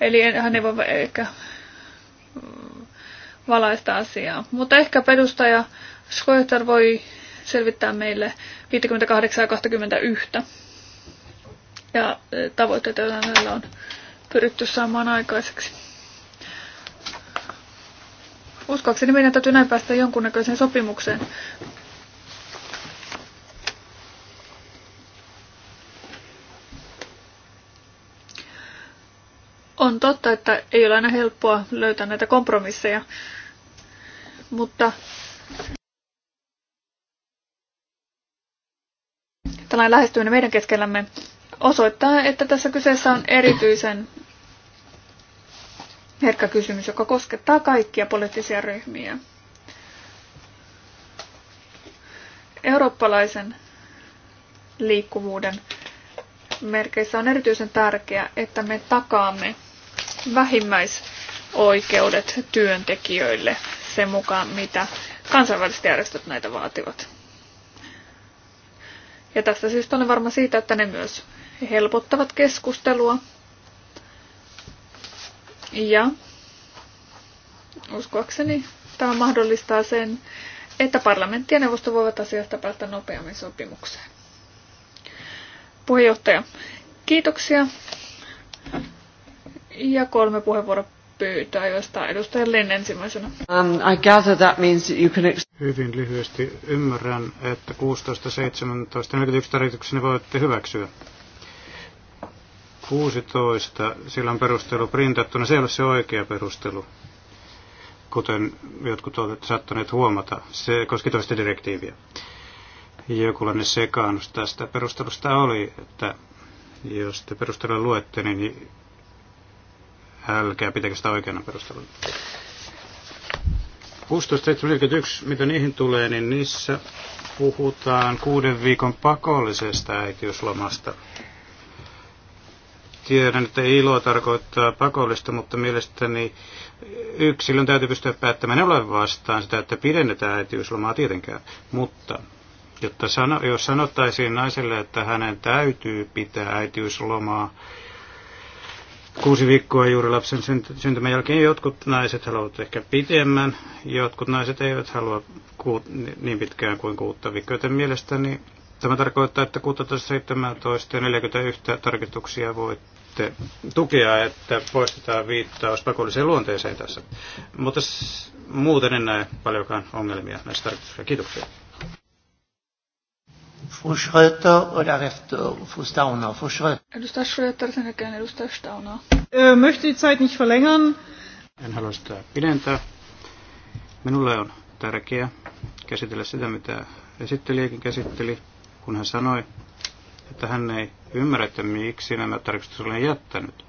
eli hän ei voi ehkä valaista asiaa. Mutta ehkä edustaja Schoeter voi selvittää meille 58 ja 21 ja e, tavoitteita, joita hänellä on pyritty saamaan aikaiseksi. Uskoakseni meidän täytyy näin päästä jonkunnäköiseen sopimukseen. On totta, että ei ole aina helppoa löytää näitä kompromisseja, mutta tällainen lähestyminen meidän keskellämme osoittaa, että tässä kyseessä on erityisen herkkä kysymys, joka koskettaa kaikkia poliittisia ryhmiä. Eurooppalaisen liikkuvuuden merkeissä on erityisen tärkeää, että me takaamme vähimmäisoikeudet työntekijöille sen mukaan, mitä kansainväliset järjestöt näitä vaativat. Ja tästä syystä olen varma siitä, että ne myös helpottavat keskustelua ja uskoakseni tämä mahdollistaa sen, että parlamentti ja neuvosto voivat asiasta päästä nopeammin sopimukseen. Puheenjohtaja, kiitoksia. Ja kolme puheenvuoropyyntöä, joista edustaja Linn ensimmäisenä. Um, I gather that means that you can... Hyvin lyhyesti ymmärrän, että 16, 17 ja 41 voitte hyväksyä. 16, sillä on perustelu printattuna. Se ei ole se oikea perustelu, kuten jotkut ovat saattaneet huomata. Se koski toista direktiiviä. Jokulainen sekaannus tästä perustelusta oli, että jos te perustelua luette, niin älkää pitäkö sitä oikeana perusteluna. 16.41, mitä niihin tulee, niin niissä puhutaan kuuden viikon pakollisesta äitiyslomasta. Tiedän, että ilo tarkoittaa pakollista, mutta mielestäni yksilön täytyy pystyä päättämään. ole vastaan sitä, että pidennetään äitiyslomaa tietenkään, mutta jotta sano, jos sanottaisiin naiselle, että hänen täytyy pitää äitiyslomaa kuusi viikkoa juuri lapsen syntymän jälkeen, jotkut naiset haluavat ehkä pitemmän, jotkut naiset eivät halua kuut, niin pitkään kuin kuutta viikkoa, joten mielestäni Tämä tarkoittaa, että 16, 17 ja 41 tarkistuksia voi sitten tukea, että poistetaan viittaus pakolliseen luonteeseen tässä. Mutta muuten en näe paljonkaan ongelmia näissä tarkoituksissa. Kiitoksia. Fru Schröter Edustaja Schröter, sen jälkeen edustaja Staunaa. Möchte die Zeit nicht verlängern. En halua sitä pidentää. Minulle on tärkeää käsitellä sitä, mitä esittelijäkin käsitteli, kun hän sanoi, että hän ei Ymmärrätte, miksi nämä tarkistukset olen jättänyt.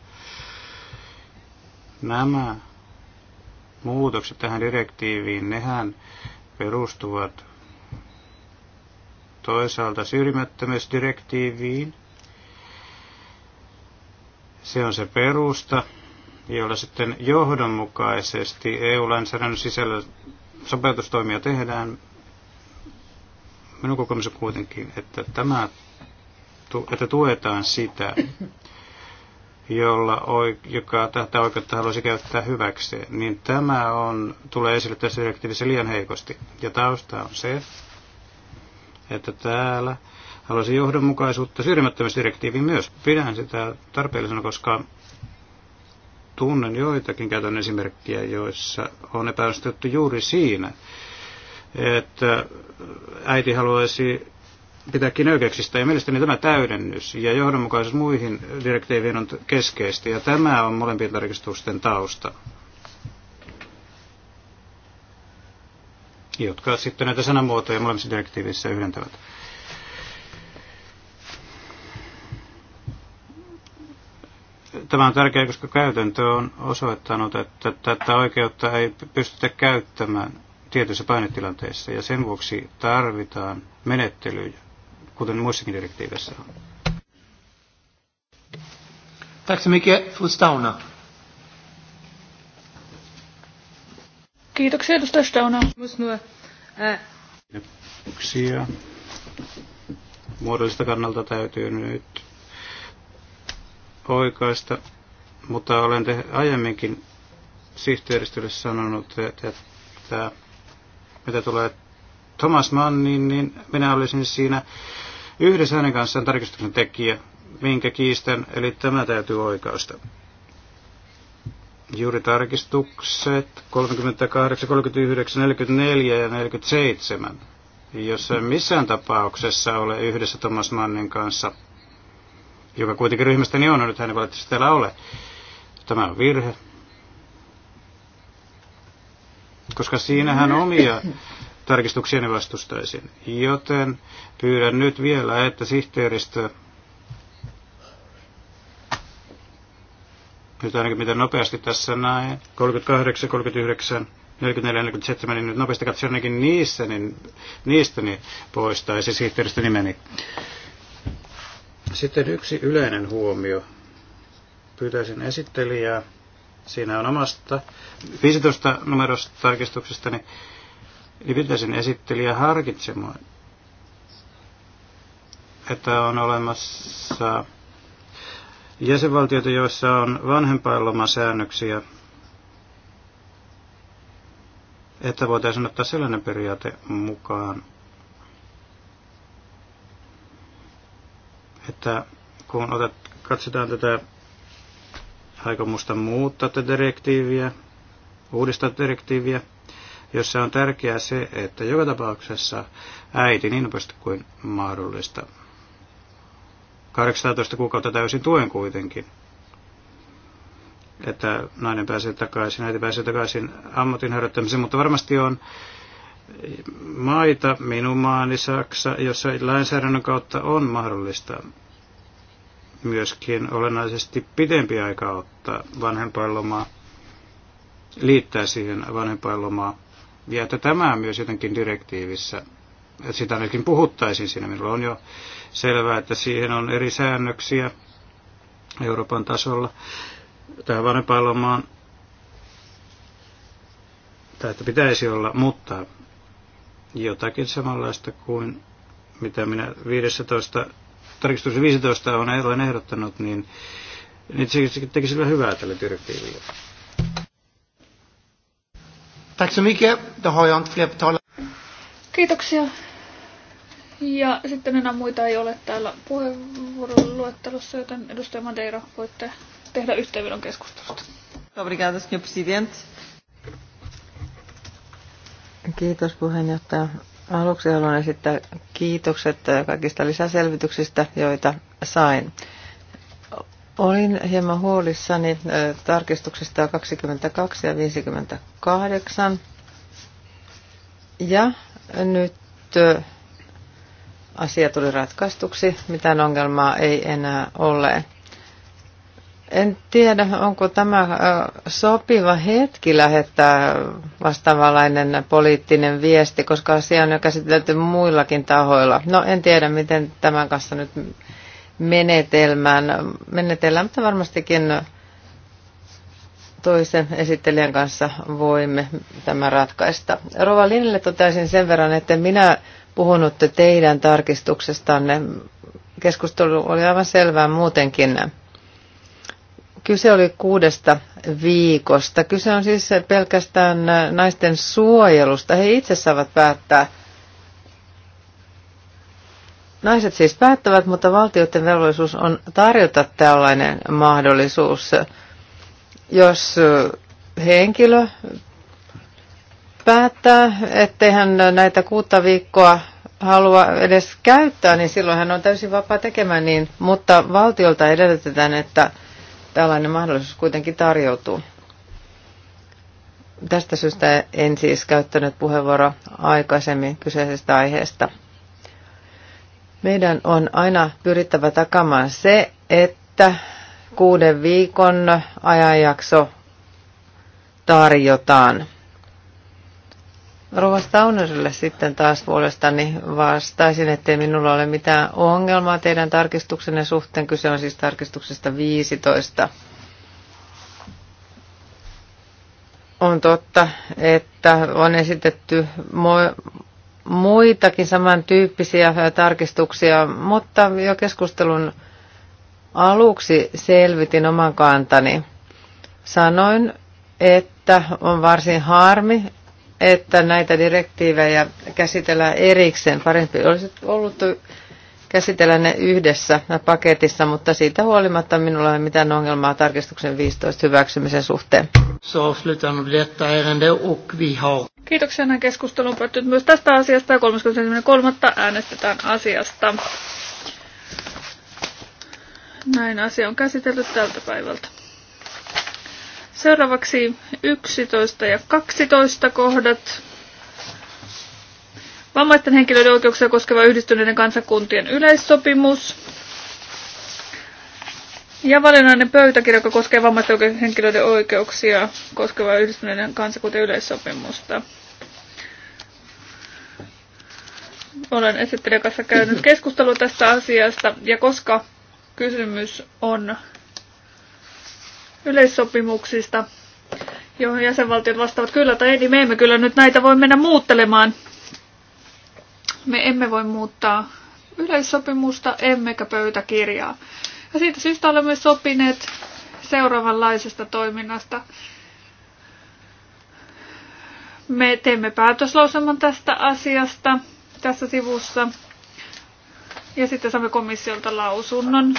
Nämä muutokset tähän direktiiviin, nehän perustuvat toisaalta syrjimättömyysdirektiiviin. Se on se perusta, jolla sitten johdonmukaisesti EU-lainsäädännön sisällä sopeutustoimia tehdään. Minun kokemus on kuitenkin, että tämä että tuetaan sitä, jolla, joka tätä oikeutta haluaisi käyttää hyväkseen, niin tämä on, tulee esille tässä direktiivissä liian heikosti. Ja tausta on se, että täällä haluaisi johdonmukaisuutta syrjimättömyysdirektiiviin myös. Pidän sitä tarpeellisena, koska tunnen joitakin käytännön esimerkkiä, joissa on epäonnistuttu juuri siinä, että äiti haluaisi pitääkin oikeuksista. Ja mielestäni tämä täydennys ja johdonmukaisuus muihin direktiiviin on keskeistä. Ja tämä on molempien tarkistusten tausta. jotka sitten näitä sanamuotoja molemmissa direktiivissä yhdentävät. Tämä on tärkeää, koska käytäntö on osoittanut, että tätä oikeutta ei pystytä käyttämään tietyissä painetilanteissa, ja sen vuoksi tarvitaan menettelyjä, kuten muissakin direktiiveissä on. Tack så mycket, Kiitoksia, edustaja Stauna. Kiitoksia. Muodollista kannalta täytyy nyt oikaista, mutta olen te aiemminkin sihteeristölle sanonut, että mitä tulee Thomas Mannin, niin, niin minä olisin siinä yhdessä hänen kanssaan tarkistuksen tekijä, minkä kiistän, eli tämä täytyy oikaista. Juuri tarkistukset 38, 39, 44 ja 47, jossa missään tapauksessa ole yhdessä Thomas Mannin kanssa, joka kuitenkin ryhmästäni on, nyt hän valitettavasti täällä ole. Tämä on virhe, koska siinähän omia Tarkistuksien vastustaisin. Joten pyydän nyt vielä, että sihteeristö nyt ainakin miten nopeasti tässä näin, 38, 39, 44, 47, niin nyt nopeasti katsoin ainakin niissä, niin niistä niin poistaisi sihteeristä nimeni. Sitten yksi yleinen huomio. Pyytäisin esittelijää. Siinä on omasta 15 numerosta tarkistuksesta, niin Viltaisen esittelijä harkitsemaan, että on olemassa jäsenvaltioita, joissa on vanhempainlomasäännöksiä, että voitaisiin ottaa sellainen periaate mukaan, että kun otat, katsotaan tätä aikomusta muuttaa tätä direktiiviä, uudistaa direktiiviä, jossa on tärkeää se, että joka tapauksessa äiti niin nopeasti kuin mahdollista. 18 kuukautta täysin tuen kuitenkin, että nainen pääsee takaisin, äiti pääsee takaisin ammatin harjoittamiseen, mutta varmasti on maita, minun maani Saksa, jossa lainsäädännön kautta on mahdollista myöskin olennaisesti pidempi aika ottaa vanhempainlomaa, liittää siihen vanhempainlomaa ja että tämä on myös jotenkin direktiivissä, että sitä ainakin puhuttaisiin siinä. Minulla on jo selvää, että siihen on eri säännöksiä Euroopan tasolla tähän vanhempailomaan, tai että pitäisi olla, mutta jotakin samanlaista kuin mitä minä 15, tarkistus 15 on, olen ehdottanut, niin niin se tekisi hyvää tälle direktiiville. Tack så mycket. Då har jag inte fler Kiitoksia. Ja sitten enää muita ei ole täällä puheenvuoron luettelossa, joten edustaja Madeira, voitte tehdä yhteenvedon keskustelusta. Obrigada, senhor presidente. Kiitos puheenjohtaja. Aluksi haluan esittää kiitokset kaikista lisäselvityksistä, joita sain. Olin hieman huolissani tarkistuksista 22 ja 58. Ja nyt asia tuli ratkaistuksi. Mitään ongelmaa ei enää ole. En tiedä, onko tämä sopiva hetki lähettää vastaavanlainen poliittinen viesti, koska asia on jo käsitelty muillakin tahoilla. No en tiedä, miten tämän kanssa nyt menetelmään, menetelmään mutta varmastikin toisen esittelijän kanssa voimme tämä ratkaista. Rova Linnille toteaisin sen verran, että minä puhunut teidän tarkistuksestanne. Keskustelu oli aivan selvää muutenkin. Kyse oli kuudesta viikosta. Kyse on siis pelkästään naisten suojelusta. He itse saavat päättää – Naiset siis päättävät, mutta valtioiden velvollisuus on tarjota tällainen mahdollisuus. Jos henkilö päättää, ettei hän näitä kuutta viikkoa halua edes käyttää, niin silloin hän on täysin vapaa tekemään niin, mutta valtiolta edellytetään, että tällainen mahdollisuus kuitenkin tarjoutuu. Tästä syystä en siis käyttänyt puheenvuoroa aikaisemmin kyseisestä aiheesta. Meidän on aina pyrittävä takamaan se, että kuuden viikon ajanjakso tarjotaan. Rova Staunerille sitten taas puolestani vastaisin, ettei minulla ole mitään ongelmaa teidän tarkistuksenne suhteen. Kyse on siis tarkistuksesta 15. On totta, että on esitetty muitakin samantyyppisiä tarkistuksia, mutta jo keskustelun aluksi selvitin oman kantani. Sanoin, että on varsin harmi, että näitä direktiivejä käsitellään erikseen. Parempi olisi ollut käsitellä ne yhdessä paketissa, mutta siitä huolimatta minulla ei ole mitään ongelmaa tarkistuksen 15 hyväksymisen suhteen. Kiitoksia näin keskustelun päättynyt myös tästä asiasta ja 33. äänestetään asiasta. Näin asia on käsitelty tältä päivältä. Seuraavaksi 11 ja 12 kohdat. Vammaisten henkilöiden oikeuksia koskeva yhdistyneiden kansakuntien yleissopimus. Ja valinnainen pöytäkirja, joka koskee vammaisten henkilöiden oikeuksia koskeva yhdistyneiden kansakuntien yleissopimusta. Olen esittelijä kanssa käynyt keskustelua tästä asiasta ja koska kysymys on yleissopimuksista, johon jäsenvaltiot vastaavat kyllä tai ei, niin me emme kyllä nyt näitä voi mennä muuttelemaan me emme voi muuttaa yleissopimusta emmekä pöytäkirjaa. Ja siitä syystä olemme sopineet seuraavanlaisesta toiminnasta. Me teemme päätöslauselman tästä asiasta tässä sivussa. Ja sitten saamme komissiolta lausunnon.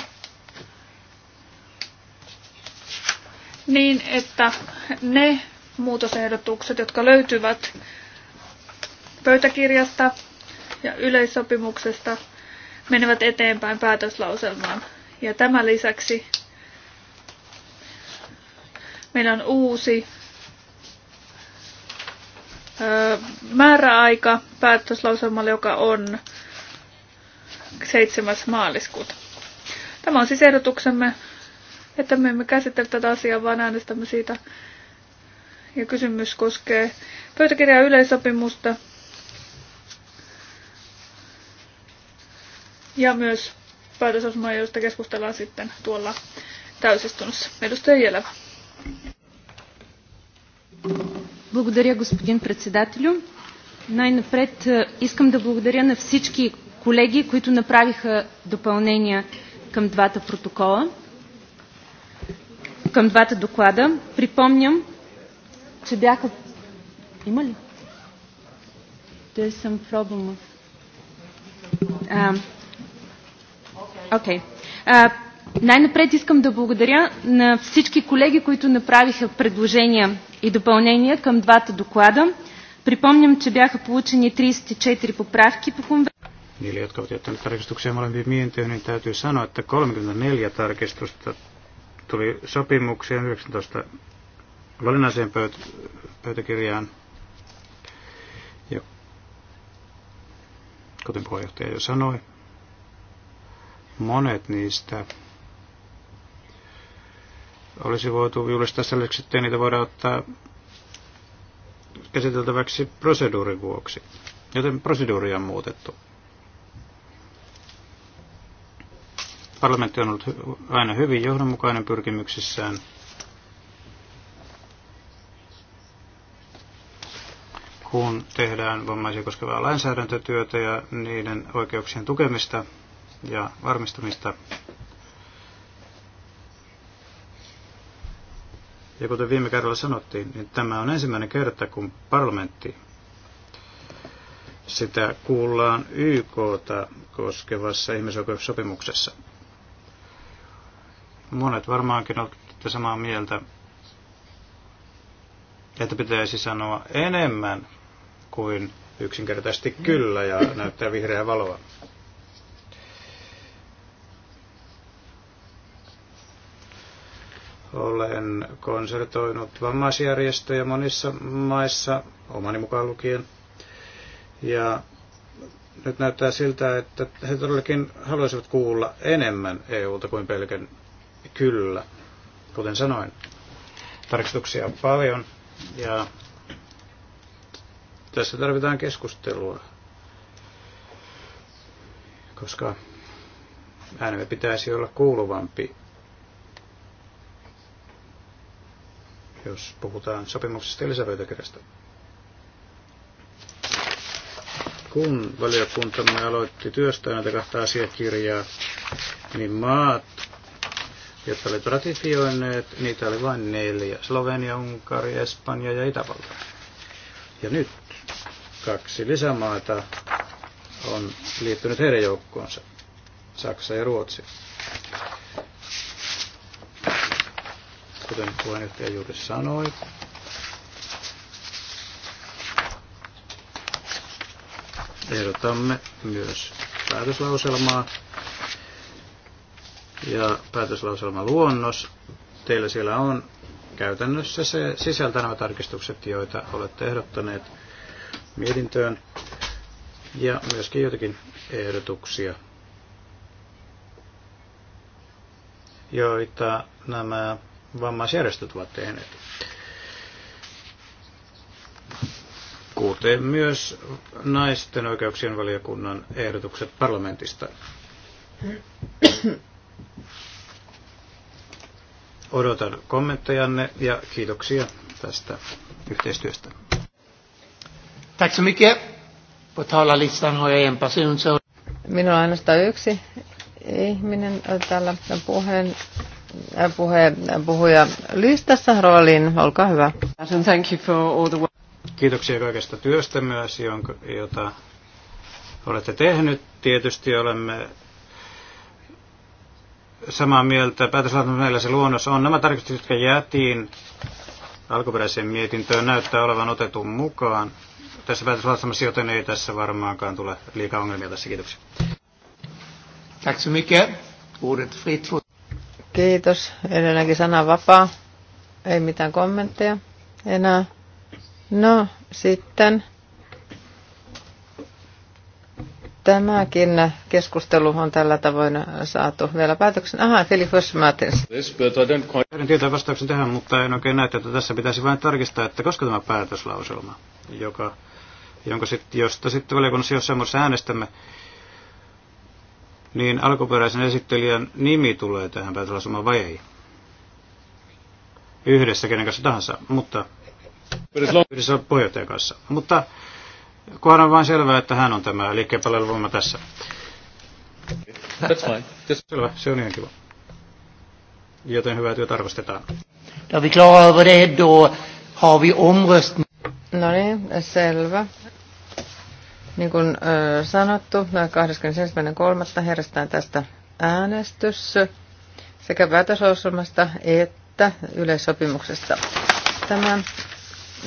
Niin, että ne muutosehdotukset, jotka löytyvät pöytäkirjasta, ja yleissopimuksesta menevät eteenpäin päätöslauselmaan. Ja tämän lisäksi meillä on uusi ö, määräaika päätöslauselmalle, joka on 7. maaliskuuta. Tämä on siis ehdotuksemme, että me emme käsittele tätä asiaa, vaan äänestämme siitä. Ja kysymys koskee pöytäkirjaa yleissopimusta Ja myös päätösosuma, josta keskustellaan sitten tuolla täysistunnossa. Edustaja Jelevä. Благодаря, господин председателю. Най-напред искам да благодаря на всички колеги, които направиха допълнения към двата протокола, към двата доклада. Припомням, че бяха... Има ли? There's some problem. Uh, Окей. Okay. Uh, най-напред искам да благодаря на всички колеги, които направиха предложения и допълнения към двата доклада. Припомням, че бяха получени 34 поправки по конвенцията. Niille, jotka ovat jättäneet tarkistuksia molempiin mietintöihin, niin täytyy sanoa, että 34 tarkistusta tuli sopimukseen 19 valinnaiseen pöyt- pöytäkirjaan. Ja kuten puheenjohtaja jo sanoi, monet niistä olisi voitu julistaa selleksi, että niitä voidaan ottaa käsiteltäväksi proseduurin vuoksi. Joten proseduuria on muutettu. Parlamentti on ollut aina hyvin johdonmukainen pyrkimyksissään kun tehdään vammaisia koskevaa lainsäädäntötyötä ja niiden oikeuksien tukemista ja varmistumista. Ja kuten viime kerralla sanottiin, niin tämä on ensimmäinen kerta, kun parlamentti sitä kuullaan YKta koskevassa ihmisoikeussopimuksessa. Monet varmaankin olette samaa mieltä, että pitäisi sanoa enemmän kuin yksinkertaisesti kyllä ja näyttää vihreää valoa. Olen konsertoinut vammaisjärjestöjä monissa maissa, omani mukaan lukien. Ja nyt näyttää siltä, että he todellakin haluaisivat kuulla enemmän EUlta kuin pelkän kyllä. Kuten sanoin, tarkistuksia on paljon ja tässä tarvitaan keskustelua, koska äänemme pitäisi olla kuuluvampi jos puhutaan sopimuksesta ja lisäpöytäkirjasta. Kun valiokuntamme aloitti työstä näitä kahta asiakirjaa, niin maat, jotka olivat ratifioineet, niitä oli vain neljä. Slovenia, Unkari, Espanja ja Itävalta. Ja nyt kaksi lisämaata on liittynyt heidän joukkoonsa, Saksa ja Ruotsi kuten puheenjohtaja juuri sanoi. Ehdotamme myös päätöslauselmaa ja päätöslauselma luonnos. Teillä siellä on käytännössä se sisältä nämä tarkistukset, joita olette ehdottaneet mietintöön ja myöskin joitakin ehdotuksia, joita nämä vammaisjärjestöt ovat tehneet. Kuuteen myös naisten oikeuksien valiokunnan ehdotukset parlamentista. Odotan kommenttejanne ja kiitoksia tästä yhteistyöstä. Tack så mycket. På talarlistan har jag en person. Minulla on ainoastaan yksi ihminen tällä puheen puhe, puhuja listassa. Roolin, olkaa hyvä. Kiitoksia kaikesta työstä myös, jonka, jota olette tehnyt. Tietysti olemme samaa mieltä. Päätöslautunut meillä se luonnos on. Nämä tarkistukset, jotka jäätiin alkuperäiseen mietintöön, näyttää olevan otetun mukaan. Tässä päätöslautunut, joten ei tässä varmaankaan tule liikaa ongelmia tässä. Kiitoksia. Tack så mycket. Ordet fritt Kiitos. Edelleenkin sana vapaa. Ei mitään kommentteja enää. No sitten tämäkin keskustelu on tällä tavoin saatu vielä päätöksen. Aha, Philip Martins. En tietää vastauksen tähän, mutta en oikein näe, että tässä pitäisi vain tarkistaa, että koska tämä päätöslauselma, joka, jonka sit, josta sitten valiokunnassa jossain muodossa äänestämme, niin alkuperäisen esittelijän nimi tulee tähän päätelasumaan vai ei? Yhdessä kenen kanssa tahansa, mutta yhdessä puheenjohtajan kanssa. Mutta kunhan on vain selvää, että hän on tämä liikkeen palveluvoima tässä. That's fine. Selvä, se on ihan kiva. Joten hyvää työtä arvostetaan. Då er vi klarar över det, då har vi omröstning. No niin, selvä. Niin kuin sanottu, 21.3. järjestetään tästä äänestys sekä päätösohjelmasta että yleissopimuksesta. Tämä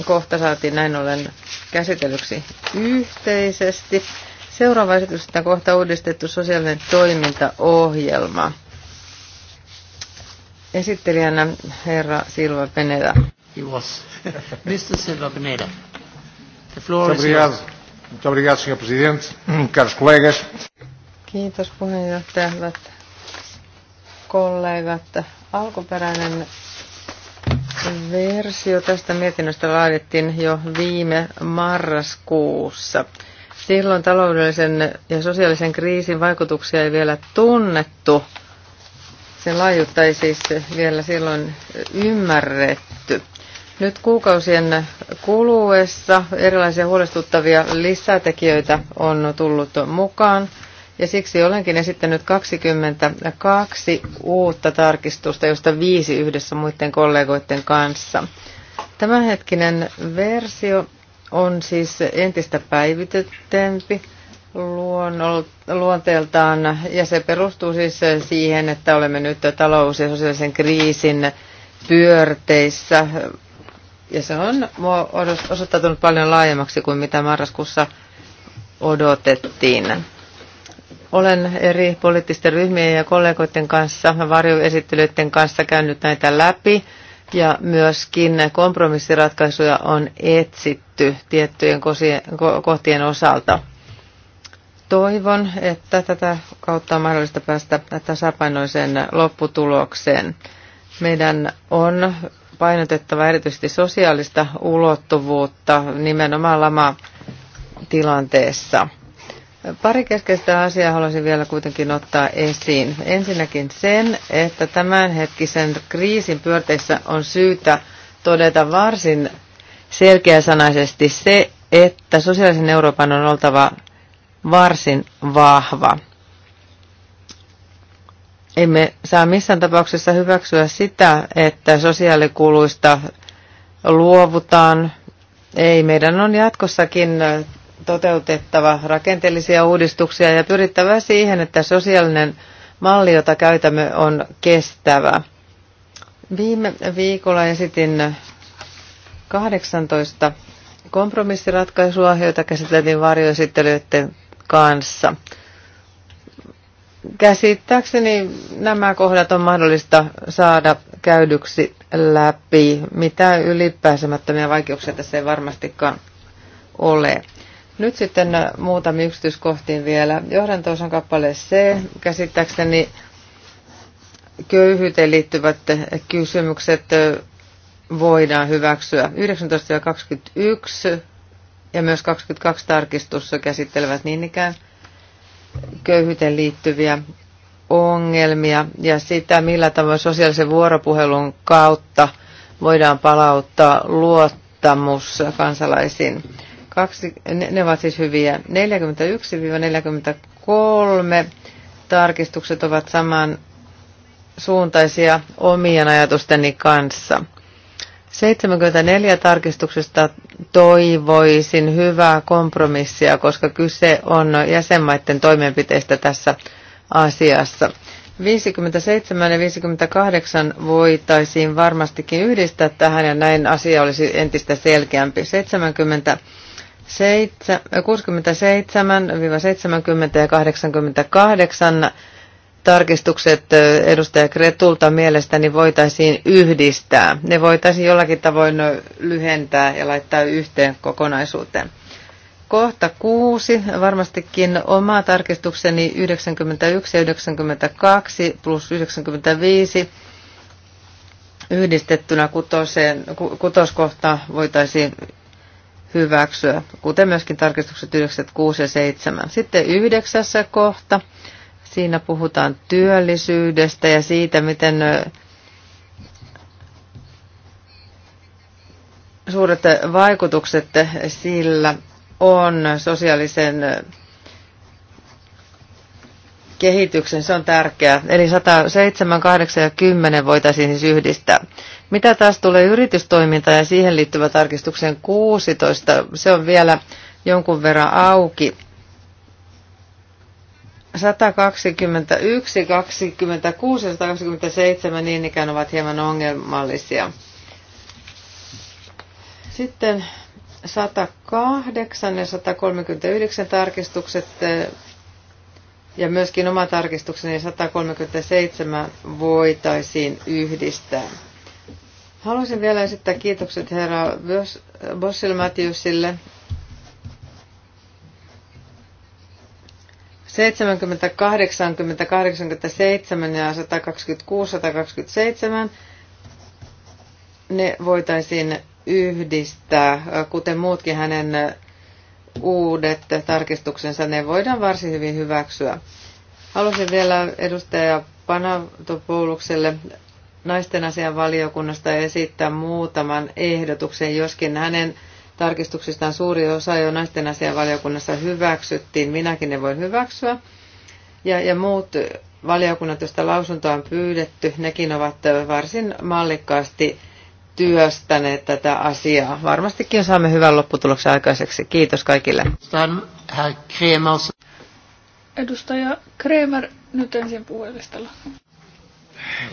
kohta saatiin näin ollen käsitellyksi yhteisesti. Seuraava esitys on kohta uudistettu sosiaalinen toimintaohjelma. Esittelijänä herra Silva Peneda. He was. Mr. Silva Peneda. The floor is yours. Muito obrigado, Sr. Presidente. Caros colegas. Kiitos puheenjohtaja, hyvät kollegat. Alkuperäinen versio tästä mietinnöstä laadittiin jo viime marraskuussa. Silloin taloudellisen ja sosiaalisen kriisin vaikutuksia ei vielä tunnettu. Sen laajuutta ei siis vielä silloin ymmärretty. Nyt kuukausien kuluessa erilaisia huolestuttavia lisätekijöitä on tullut mukaan. Ja siksi olenkin esittänyt 22 uutta tarkistusta, josta viisi yhdessä muiden kollegoiden kanssa. Tämänhetkinen versio on siis entistä päivitettempi luonteeltaan ja se perustuu siis siihen, että olemme nyt talous- ja sosiaalisen kriisin pyörteissä ja se on osoittautunut paljon laajemmaksi kuin mitä marraskuussa odotettiin. Olen eri poliittisten ryhmien ja kollegoiden kanssa, varjoesittelyiden kanssa käynyt näitä läpi ja myöskin kompromissiratkaisuja on etsitty tiettyjen kohtien osalta. Toivon, että tätä kautta on mahdollista päästä tasapainoiseen lopputulokseen. Meidän on painotettava erityisesti sosiaalista ulottuvuutta nimenomaan lama tilanteessa. Pari keskeistä asiaa haluaisin vielä kuitenkin ottaa esiin. Ensinnäkin sen, että tämänhetkisen kriisin pyörteissä on syytä todeta varsin selkeäsanaisesti se, että sosiaalisen Euroopan on oltava varsin vahva. Emme saa missään tapauksessa hyväksyä sitä, että sosiaalikuluista luovutaan. Ei, meidän on jatkossakin toteutettava rakenteellisia uudistuksia ja pyrittävä siihen, että sosiaalinen malli, jota käytämme, on kestävä. Viime viikolla esitin 18 kompromissiratkaisua, joita käsiteltiin varjoesittelijöiden kanssa. Käsittääkseni nämä kohdat on mahdollista saada käydyksi läpi. Mitä ylipääsemättömiä vaikeuksia tässä ei varmastikaan ole. Nyt sitten muutamia yksityiskohtiin vielä. johdantoosan on kappale C. Käsittääkseni köyhyyteen liittyvät kysymykset voidaan hyväksyä. 19 ja 21 ja myös 22 tarkistus käsittelevät niin ikään – köyhyyteen liittyviä ongelmia ja sitä, millä tavoin sosiaalisen vuoropuhelun kautta voidaan palauttaa luottamus kansalaisiin. Kaksi, ne, ne ovat siis hyviä. 41-43 tarkistukset ovat saman suuntaisia omien ajatusteni kanssa. 74 tarkistuksesta toivoisin hyvää kompromissia, koska kyse on jäsenmaiden toimenpiteistä tässä asiassa. 57 ja 58 voitaisiin varmastikin yhdistää tähän ja näin asia olisi entistä selkeämpi. 70 67-70 ja 88 tarkistukset edustaja Kretulta mielestäni voitaisiin yhdistää. Ne voitaisiin jollakin tavoin lyhentää ja laittaa yhteen kokonaisuuteen. Kohta kuusi, varmastikin oma tarkistukseni 91 ja 92 plus 95 yhdistettynä kutoseen, kutoskohta voitaisiin hyväksyä, kuten myöskin tarkistukset 96 ja 7. Sitten yhdeksässä kohta – Siinä puhutaan työllisyydestä ja siitä, miten suuret vaikutukset sillä on sosiaalisen kehityksen, se on tärkeää. Eli 107, 8 ja 10 voitaisiin siis yhdistää. Mitä taas tulee yritystoimintaan ja siihen liittyvä tarkistuksen 16, se on vielä jonkun verran auki. 121, 26 ja 127 niin ikään ovat hieman ongelmallisia. Sitten 108 ja 139 tarkistukset eh, ja myöskin oma tarkistukseni 137 voitaisiin yhdistää. Haluaisin vielä esittää kiitokset herra Bossil Matiusille 70, 80, 87 ja 126, 127, ne voitaisiin yhdistää, kuten muutkin hänen uudet tarkistuksensa, ne voidaan varsin hyvin hyväksyä. Haluaisin vielä edustaja Panatopoulukselle naisten asian valiokunnasta esittää muutaman ehdotuksen, joskin hänen tarkistuksistaan suuri osa jo naisten valiokunnassa hyväksyttiin. Minäkin ne voin hyväksyä. Ja, ja muut valiokunnat, joista lausuntoa on pyydetty, nekin ovat varsin mallikkaasti työstäneet tätä asiaa. Varmastikin saamme hyvän lopputuloksen aikaiseksi. Kiitos kaikille. Edustaja Kremer nyt ensin puhelistalla.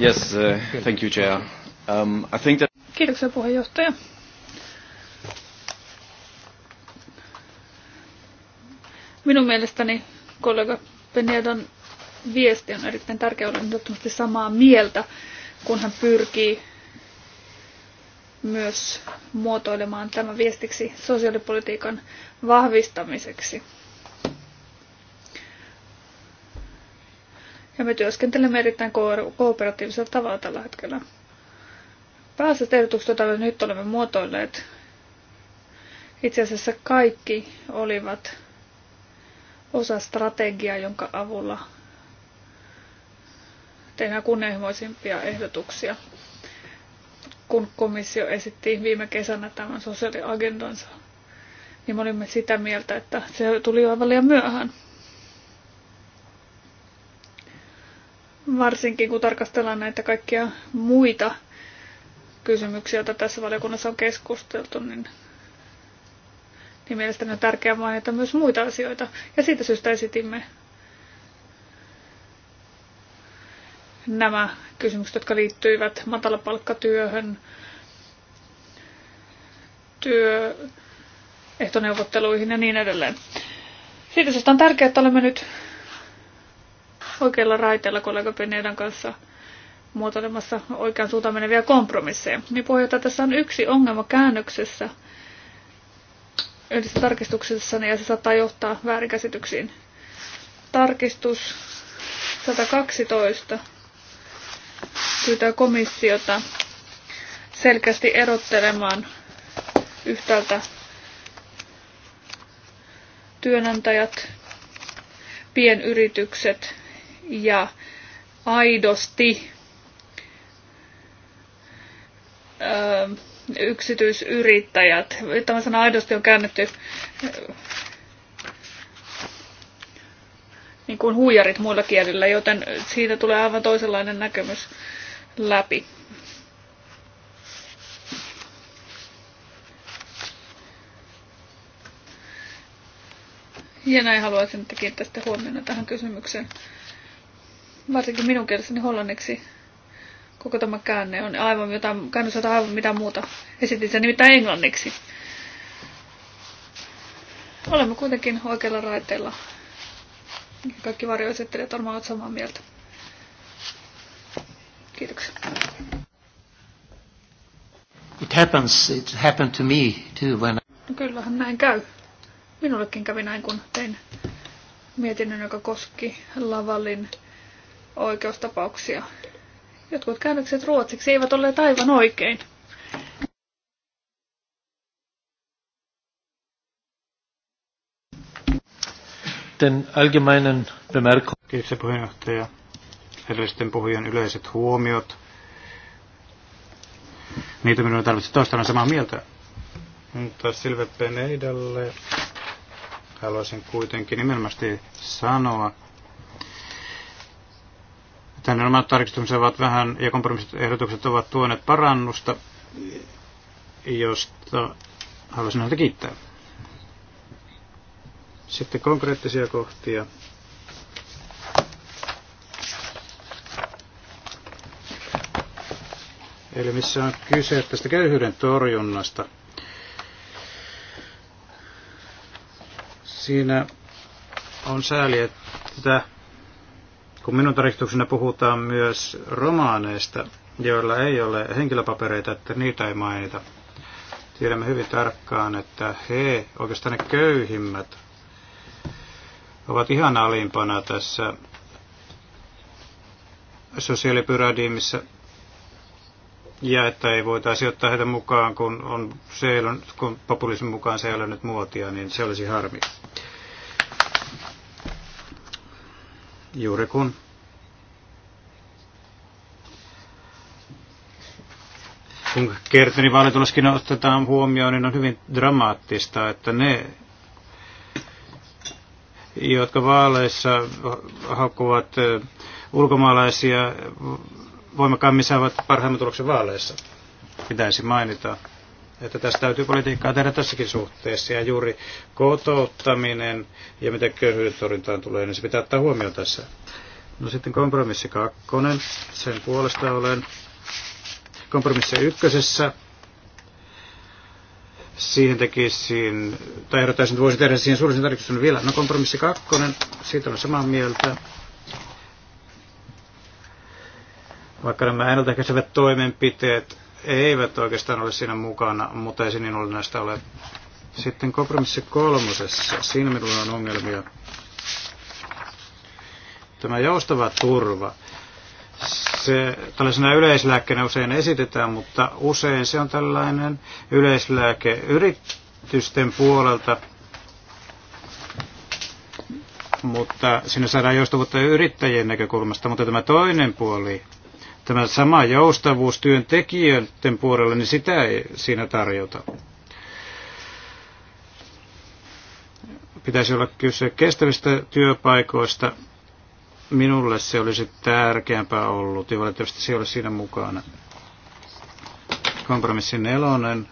Yes, uh, thank you, Chair. Um, I think that... Kiitoksia puheenjohtaja. Minun mielestäni kollega Penedon viesti on erittäin tärkeä. olla ehdottomasti samaa mieltä, kun hän pyrkii myös muotoilemaan tämä viestiksi sosiaalipolitiikan vahvistamiseksi. Ja me työskentelemme erittäin ko- kooperatiivisella tavalla tällä hetkellä. Pääasiassa ehdotukset, joita me nyt olemme muotoilleet, itse asiassa kaikki olivat osa strategiaa, jonka avulla tehdään kunnianhimoisimpia ehdotuksia, kun komissio esitti viime kesänä tämän sosiaaliagendansa niin me olimme sitä mieltä, että se tuli aivan liian myöhään. Varsinkin kun tarkastellaan näitä kaikkia muita kysymyksiä, joita tässä valiokunnassa on keskusteltu, niin niin mielestäni on tärkeää mainita myös muita asioita. Ja siitä syystä esitimme nämä kysymykset, jotka liittyivät matalapalkkatyöhön, työehtoneuvotteluihin ja niin edelleen. Siitä syystä on tärkeää, että olemme nyt oikealla raiteella kollega Penedan kanssa muotoilemassa oikean suuntaan meneviä kompromisseja. Niin puheenjohtaja, tässä on yksi ongelma käännöksessä – yhdessä tarkistuksessa niin ja se saattaa johtaa väärinkäsityksiin. Tarkistus 112 pyytää komissiota selkeästi erottelemaan yhtäältä työnantajat, pienyritykset ja aidosti öö, yksityisyrittäjät. Tämä sana aidosti on käännetty äh, niin kuin huijarit muilla kielillä, joten siitä tulee aivan toisenlainen näkemys läpi. Ja näin haluaisin, että kiinnittäisitte huomiota tähän kysymykseen. Varsinkin minun kielessäni hollanniksi koko tämä käänne on aivan jotain, käännös on aivan mitä muuta. Esitin sen nimittäin englanniksi. Olemme kuitenkin oikealla raiteella. Kaikki varjoisettelijat varmaan ovat samaa mieltä. Kiitoksia. It happens, it happened to me too when... No kyllähän näin käy. Minullekin kävi näin, kun tein mietinnön, joka koski Lavalin oikeustapauksia Jotkut käännökset ruotsiksi eivät ole aivan oikein. Den allgemeinen Bemerkung. Kiitoksia puheenjohtaja. Edellisten puhujan yleiset huomiot. Niitä minun ei tarvitse toistaa, samaa mieltä. Mutta Silve Peneidalle haluaisin kuitenkin nimenomaan sanoa, Tänne omat tarkistumiset ovat vähän, ja ehdotukset ovat tuoneet parannusta, josta haluaisin häntä kiittää. Sitten konkreettisia kohtia. Eli missä on kyse tästä köyhyyden torjunnasta. Siinä on sääli, että kun minun tarkistuksena puhutaan myös romaaneista, joilla ei ole henkilöpapereita, että niitä ei mainita. Tiedämme hyvin tarkkaan, että he, oikeastaan ne köyhimmät, ovat ihan alimpana tässä sosiaalipyradiimissa ja että ei voitaisi ottaa heitä mukaan, kun, on, se ei ole, kun populismin mukaan se ei ole nyt muotia, niin se olisi harmi. juuri kun kun Kertinin vaalituloskin otetaan huomioon, niin on hyvin dramaattista, että ne, jotka vaaleissa hakuvat ulkomaalaisia, voimakkaammin saavat parhaimman tuloksen vaaleissa. Pitäisi mainita että tästä täytyy politiikkaa tehdä tässäkin suhteessa. Ja juuri kotouttaminen ja miten köyhyyden tulee, niin se pitää ottaa huomioon tässä. No sitten kompromissi kakkonen, sen puolesta olen. Kompromissi ykkösessä, siihen tekisin, tai ehdottaisin, että voisin tehdä siihen suurisen tarkistuksen vielä. No kompromissi kakkonen, siitä olen samaa mieltä. Vaikka nämä ennaltaehkäisevät toimenpiteet eivät oikeastaan ole siinä mukana, mutta ei se niin näistä ole. Sitten kompromissi kolmosessa, siinä minulla on ongelmia. Tämä joustava turva, se tällaisena yleislääkkeenä usein esitetään, mutta usein se on tällainen yleislääke yritysten puolelta, mutta siinä saadaan joustavuutta yrittäjien näkökulmasta, mutta tämä toinen puoli, tämä sama joustavuus työntekijöiden puolella, niin sitä ei siinä tarjota. Pitäisi olla kyse kestävistä työpaikoista. Minulle se olisi tärkeämpää ollut, ja valitettavasti se oli siinä mukana. Kompromissi nelonen.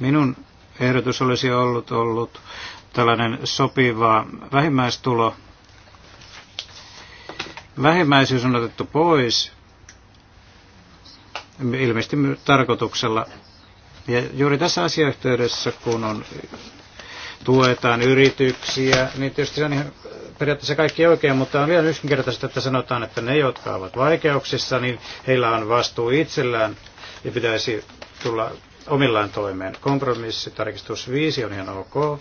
Minun ehdotus olisi ollut, ollut tällainen sopiva vähimmäistulo – Vähimmäisyys on otettu pois ilmeisesti tarkoituksella. Ja juuri tässä asiayhteydessä, kun on, tuetaan yrityksiä, niin tietysti se on ihan periaatteessa kaikki oikein, mutta on vielä yksinkertaisesti, että sanotaan, että ne, jotka ovat vaikeuksissa, niin heillä on vastuu itsellään ja pitäisi tulla omillaan toimeen. Kompromissi, tarkistus 5 on ihan ok.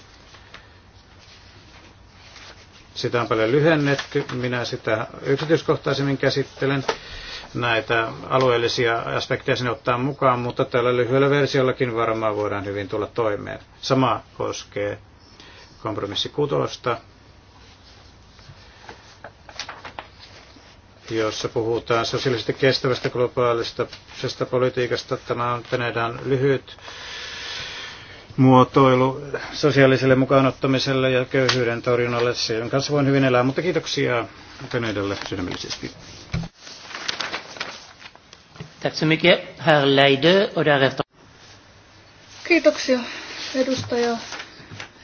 Sitä on paljon lyhennetty. Minä sitä yksityiskohtaisemmin käsittelen. Näitä alueellisia aspekteja sinne ottaa mukaan, mutta tällä lyhyellä versiollakin varmaan voidaan hyvin tulla toimeen. Sama koskee kompromissi kutosta, jossa puhutaan sosiaalisesti kestävästä globaalista politiikasta. Tämä on tänään lyhyt muotoilu sosiaaliselle mukaanottamiselle ja köyhyyden torjunnalle. Sen kanssa voin hyvin elää, mutta kiitoksia Peneidelle sydämellisesti. herr Kiitoksia, edustaja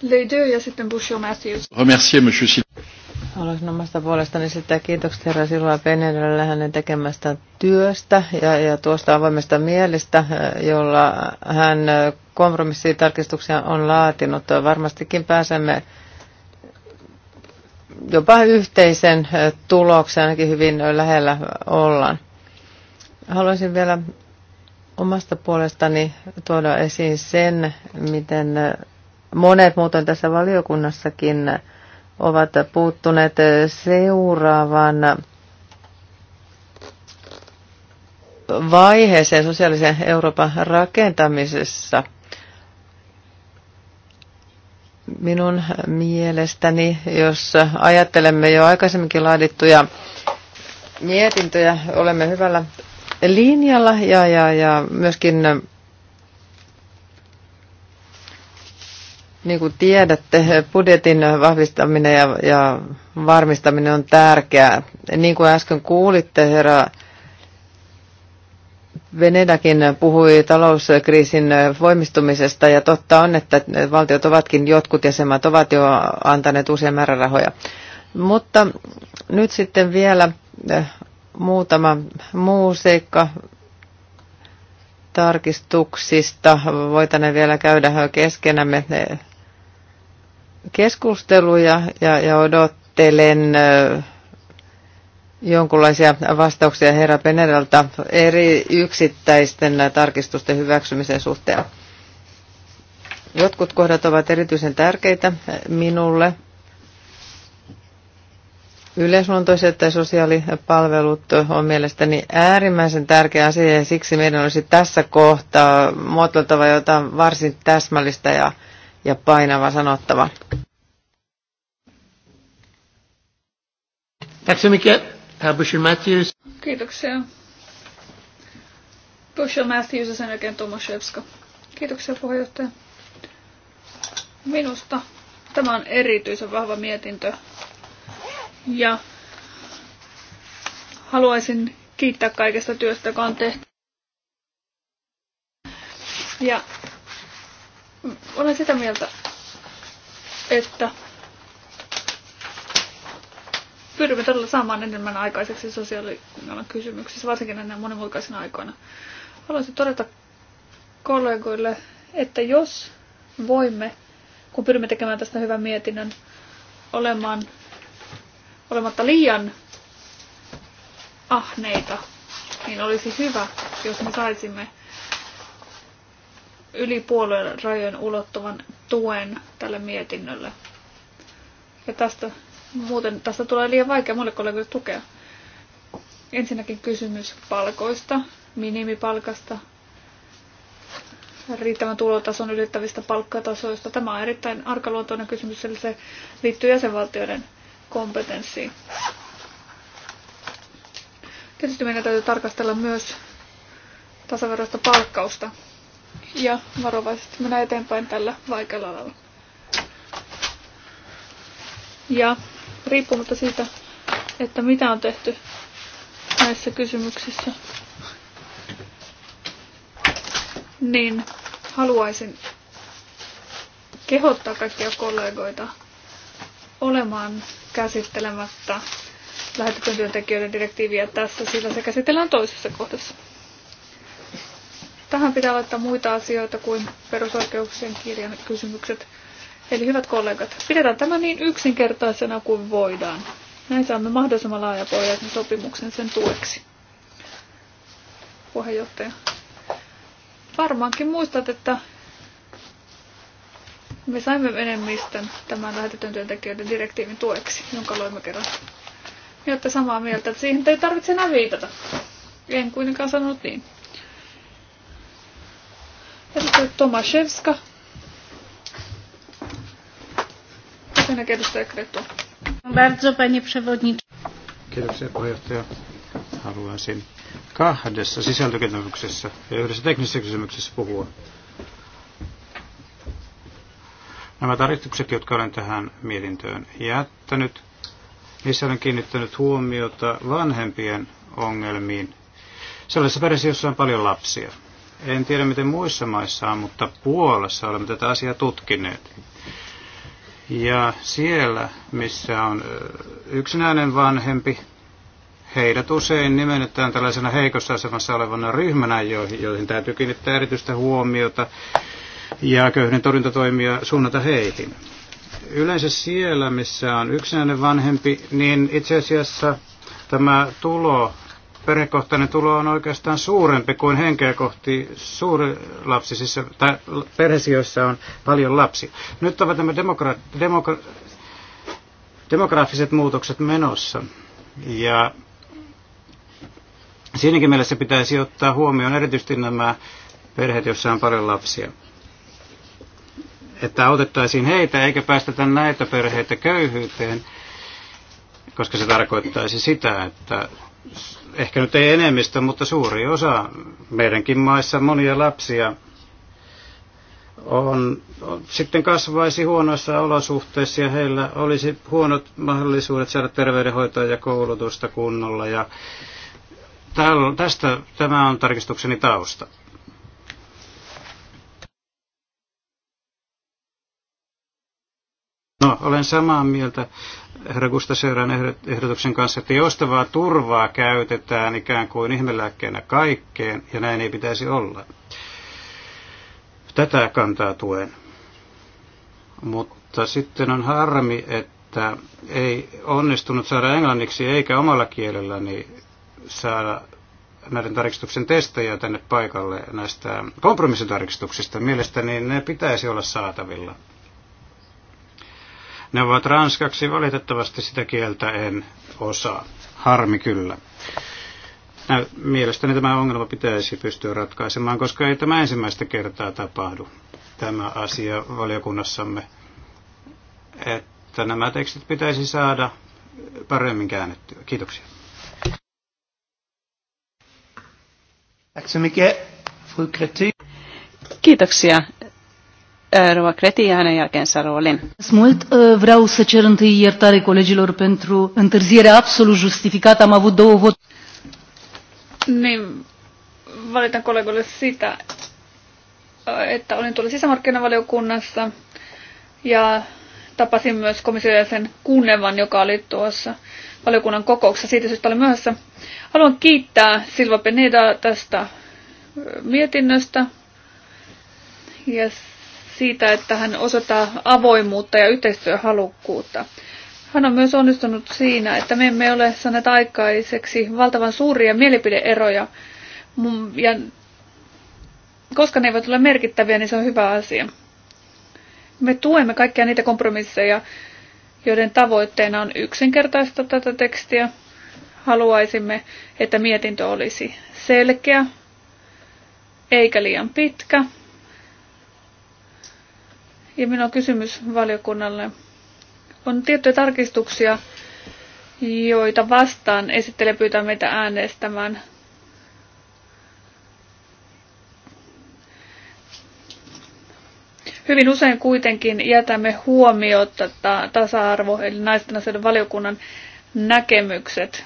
Leidö ja sitten Bushio Matthews. Remercier, monsieur Haluaisin omasta puolestani sitä kiitokset herra Silva Penedelle hänen tekemästä työstä ja, ja tuosta avoimesta mielestä, jolla hän kompromissitarkistuksia on laatinut. Varmastikin pääsemme jopa yhteisen tuloksen, ainakin hyvin lähellä ollaan. Haluaisin vielä omasta puolestani tuoda esiin sen, miten monet muuten tässä valiokunnassakin ovat puuttuneet seuraavan vaiheeseen sosiaalisen Euroopan rakentamisessa. Minun mielestäni, jos ajattelemme jo aikaisemminkin laadittuja mietintöjä, olemme hyvällä linjalla ja, ja, ja myöskin Niin kuin tiedätte, budjetin vahvistaminen ja, ja varmistaminen on tärkeää. Niin kuin äsken kuulitte, herra Venedakin puhui talouskriisin voimistumisesta ja totta on, että valtiot ovatkin, jotkut jäsenmaat ovat jo antaneet uusia määrärahoja. Mutta nyt sitten vielä eh, muutama muu seikka tarkistuksista. Voitaneen vielä käydä keskenämme keskusteluja ja, ja odottelen jonkinlaisia vastauksia herra Peneralta eri yksittäisten tarkistusten hyväksymisen suhteen. Jotkut kohdat ovat erityisen tärkeitä minulle. Yleisluontoiset tai sosiaalipalvelut on mielestäni äärimmäisen tärkeä asia ja siksi meidän olisi tässä kohtaa muotoiltava jotain varsin täsmällistä ja ja painava sanottava. Matthews. Kiitoksia. Bushel Matthews ja sen jälkeen Tomaszewska. Kiitoksia puheenjohtaja. Minusta tämä on erityisen vahva mietintö. Ja haluaisin kiittää kaikesta työstä, joka on tehty. Ja olen sitä mieltä, että pyrimme todella saamaan enemmän aikaiseksi sosiaalialan kysymyksissä, varsinkin näinä monimutkaisina aikoina. Haluaisin todeta kollegoille, että jos voimme, kun pyrimme tekemään tästä hyvän mietinnön, olemaan olematta liian ahneita, niin olisi hyvä, jos me saisimme yli puolueen rajojen ulottuvan tuen tälle mietinnölle. Ja tästä muuten tästä tulee liian vaikea mulle kollegoille tukea. Ensinnäkin kysymys palkoista, minimipalkasta, riittävän tulotason ylittävistä palkkatasoista. Tämä on erittäin arkaluontoinen kysymys, eli se liittyy jäsenvaltioiden kompetenssiin. Tietysti meidän täytyy tarkastella myös tasaveroista palkkausta ja varovaisesti mennä eteenpäin tällä vaikealla alalla. Ja riippumatta siitä, että mitä on tehty näissä kysymyksissä, niin haluaisin kehottaa kaikkia kollegoita olemaan käsittelemättä lähetetyn työntekijöiden direktiiviä tässä, sillä se käsitellään toisessa kohdassa. Tähän pitää laittaa muita asioita kuin perusoikeuksien kirjan kysymykset. Eli hyvät kollegat, pidetään tämä niin yksinkertaisena kuin voidaan. Näin saamme mahdollisimman laajapohjaisen sopimuksen sen tueksi. Puheenjohtaja. Varmaankin muistat, että me saimme enemmistön tämän lähetetyn työntekijöiden direktiivin tueksi, jonka loimme kerran. Jotta samaa mieltä, että siihen ei tarvitse enää viitata. En kuitenkaan sanonut niin. Edustaja Tomaszewska. Sen edustaja Kretu. Bardzo, panie przewodniczący. Kiitoksia puheenjohtaja. Haluaisin kahdessa sisältökysymyksessä ja yhdessä teknisessä kysymyksessä puhua. Nämä tarkistukset, jotka olen tähän mietintöön jättänyt, niissä olen kiinnittänyt huomiota vanhempien ongelmiin sellaisessa perheessä, jossa on paljon lapsia. En tiedä miten muissa maissa on, mutta Puolassa olemme tätä asiaa tutkineet. Ja siellä, missä on yksinäinen vanhempi, heidät usein nimennetään tällaisena heikossa asemassa olevana ryhmänä, joihin, joihin täytyy kiinnittää erityistä huomiota ja köyhden torjuntatoimia suunnata heihin. Yleensä siellä, missä on yksinäinen vanhempi, niin itse asiassa tämä tulo perhekohtainen tulo on oikeastaan suurempi kuin henkeä kohti siis, tai perheisissä, joissa on paljon lapsi. Nyt ovat nämä demokra- demokra- demografiset muutokset menossa. Ja siinäkin mielessä pitäisi ottaa huomioon erityisesti nämä perheet, joissa on paljon lapsia. Että autettaisiin heitä eikä päästetä näitä perheitä köyhyyteen, koska se tarkoittaisi sitä, että ehkä nyt ei enemmistö, mutta suuri osa meidänkin maissa monia lapsia on, on, sitten kasvaisi huonoissa olosuhteissa ja heillä olisi huonot mahdollisuudet saada terveydenhoitoa ja koulutusta kunnolla. Ja täl, tästä tämä on tarkistukseni tausta. No, olen samaa mieltä herra Gustaseuran ehdotuksen kanssa, että joustavaa turvaa käytetään ikään kuin ihmelääkkeenä kaikkeen, ja näin ei pitäisi olla. Tätä kantaa tuen. Mutta sitten on harmi, että ei onnistunut saada englanniksi eikä omalla kielelläni saada näiden tarkistuksen testejä tänne paikalle näistä kompromissitarkistuksista. Mielestäni ne pitäisi olla saatavilla. Ne ovat ranskaksi, valitettavasti sitä kieltä en osaa. Harmi kyllä. Mielestäni tämä ongelma pitäisi pystyä ratkaisemaan, koska ei tämä ensimmäistä kertaa tapahdu tämä asia valiokunnassamme, että nämä tekstit pitäisi saada paremmin käännettyä. Kiitoksia. Kiitoksia. Rova Creti ja hänen jälkeensä Roolin. Mult vreau să cer întâi iertare colegilor pentru întârzierea absolut justificată. Am avut două voturi. Niin, valitan kollegoille sitä, että olin tuolla sisämarkkinavaliokunnassa ja tapasin myös komission jäsen Kunnevan, joka oli tuossa valiokunnan kokouksessa. Siitä syystä oli myöhässä. Haluan kiittää Silva Peneda tästä mietinnöstä. Yes siitä, että hän osoittaa avoimuutta ja yhteistyöhalukkuutta. Hän on myös onnistunut siinä, että me emme ole saaneet aikaiseksi valtavan suuria mielipideeroja. Mm, ja koska ne eivät ole merkittäviä, niin se on hyvä asia. Me tuemme kaikkia niitä kompromisseja, joiden tavoitteena on yksinkertaista tätä tekstiä. Haluaisimme, että mietintö olisi selkeä, eikä liian pitkä, ja minulla on kysymys valiokunnalle. On tiettyjä tarkistuksia, joita vastaan esittelijä pyytää meitä äänestämään. Hyvin usein kuitenkin jätämme huomiota tasa-arvo, eli naisten asioiden valiokunnan näkemykset.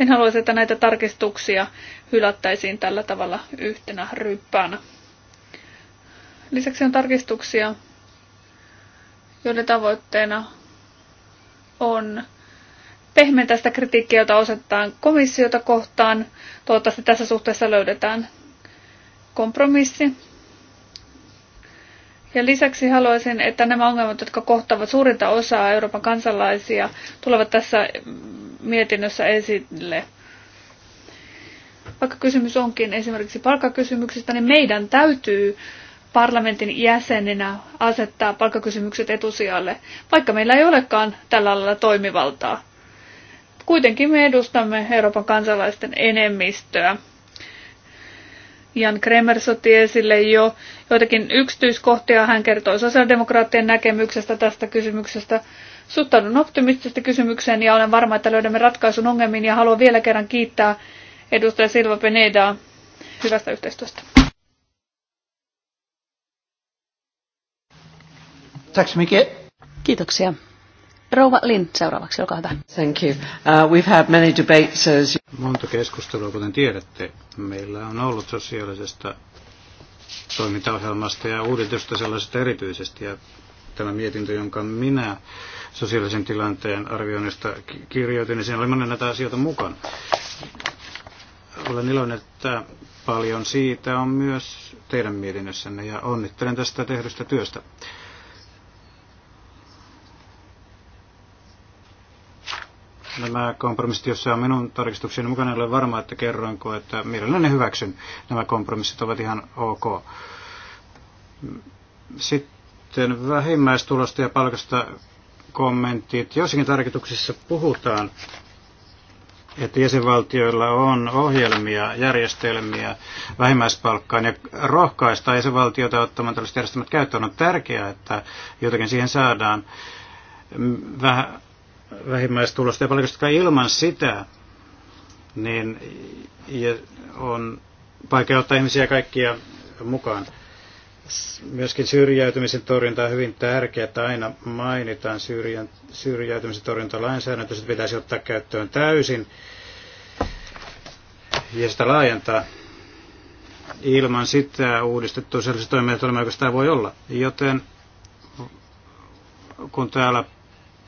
En haluaisi, että näitä tarkistuksia hylättäisiin tällä tavalla yhtenä ryppäänä. Lisäksi on tarkistuksia, joiden tavoitteena on pehmentää sitä kritiikkiä, jota osoitetaan komissiota kohtaan. Toivottavasti tässä suhteessa löydetään kompromissi. Ja lisäksi haluaisin, että nämä ongelmat, jotka kohtaavat suurinta osaa Euroopan kansalaisia, tulevat tässä mietinnössä esille. Vaikka kysymys onkin esimerkiksi palkkakysymyksistä, niin meidän täytyy parlamentin jäsenenä asettaa palkkakysymykset etusijalle, vaikka meillä ei olekaan tällä alalla toimivaltaa. Kuitenkin me edustamme Euroopan kansalaisten enemmistöä. Jan Kremer sotti esille jo joitakin yksityiskohtia. Hän kertoi sosiaalidemokraattien näkemyksestä tästä kysymyksestä. Suhtaudun optimistisesti kysymykseen ja olen varma, että löydämme ratkaisun ongelmiin ja haluan vielä kerran kiittää edustaja Silva Penedaa hyvästä yhteistyöstä. Kiitoksia. Rouva Lind, seuraavaksi, olkaa hyvä. Thank you. Uh, we've had many debates as... Monta keskustelua, kuten tiedätte. Meillä on ollut sosiaalisesta toimintaohjelmasta ja uudistusta sellaisesta erityisesti. Ja tämä mietintö, jonka minä sosiaalisen tilanteen arvioinnista kirjoitin, niin siinä oli monen näitä asioita mukana. Olen iloinen, että paljon siitä on myös teidän mietinnössänne ja onnittelen tästä tehdystä työstä. nämä kompromissit, joissa on minun tarkistukseni mukana, en ole varma, että kerroinko, että mielelläni hyväksyn. Nämä kompromissit ovat ihan ok. Sitten vähimmäistulosta ja palkasta kommenttiit. Joissakin tarkoituksissa puhutaan, että jäsenvaltioilla on ohjelmia, järjestelmiä vähimmäispalkkaan ja rohkaista jäsenvaltioita ottamaan tällaiset järjestelmät käyttöön. On tärkeää, että jotakin siihen saadaan vähän vähimmäistulosta ja paljon, ilman sitä niin on vaikea ottaa ihmisiä kaikkia mukaan. Myöskin syrjäytymisen torjunta on hyvin tärkeää, että aina mainitaan syrjä, syrjäytymisen torjuntalainsäädäntö, se pitäisi ottaa käyttöön täysin ja sitä laajentaa. Ilman sitä uudistettua sellaisia toimia, joka sitä voi olla. Joten kun täällä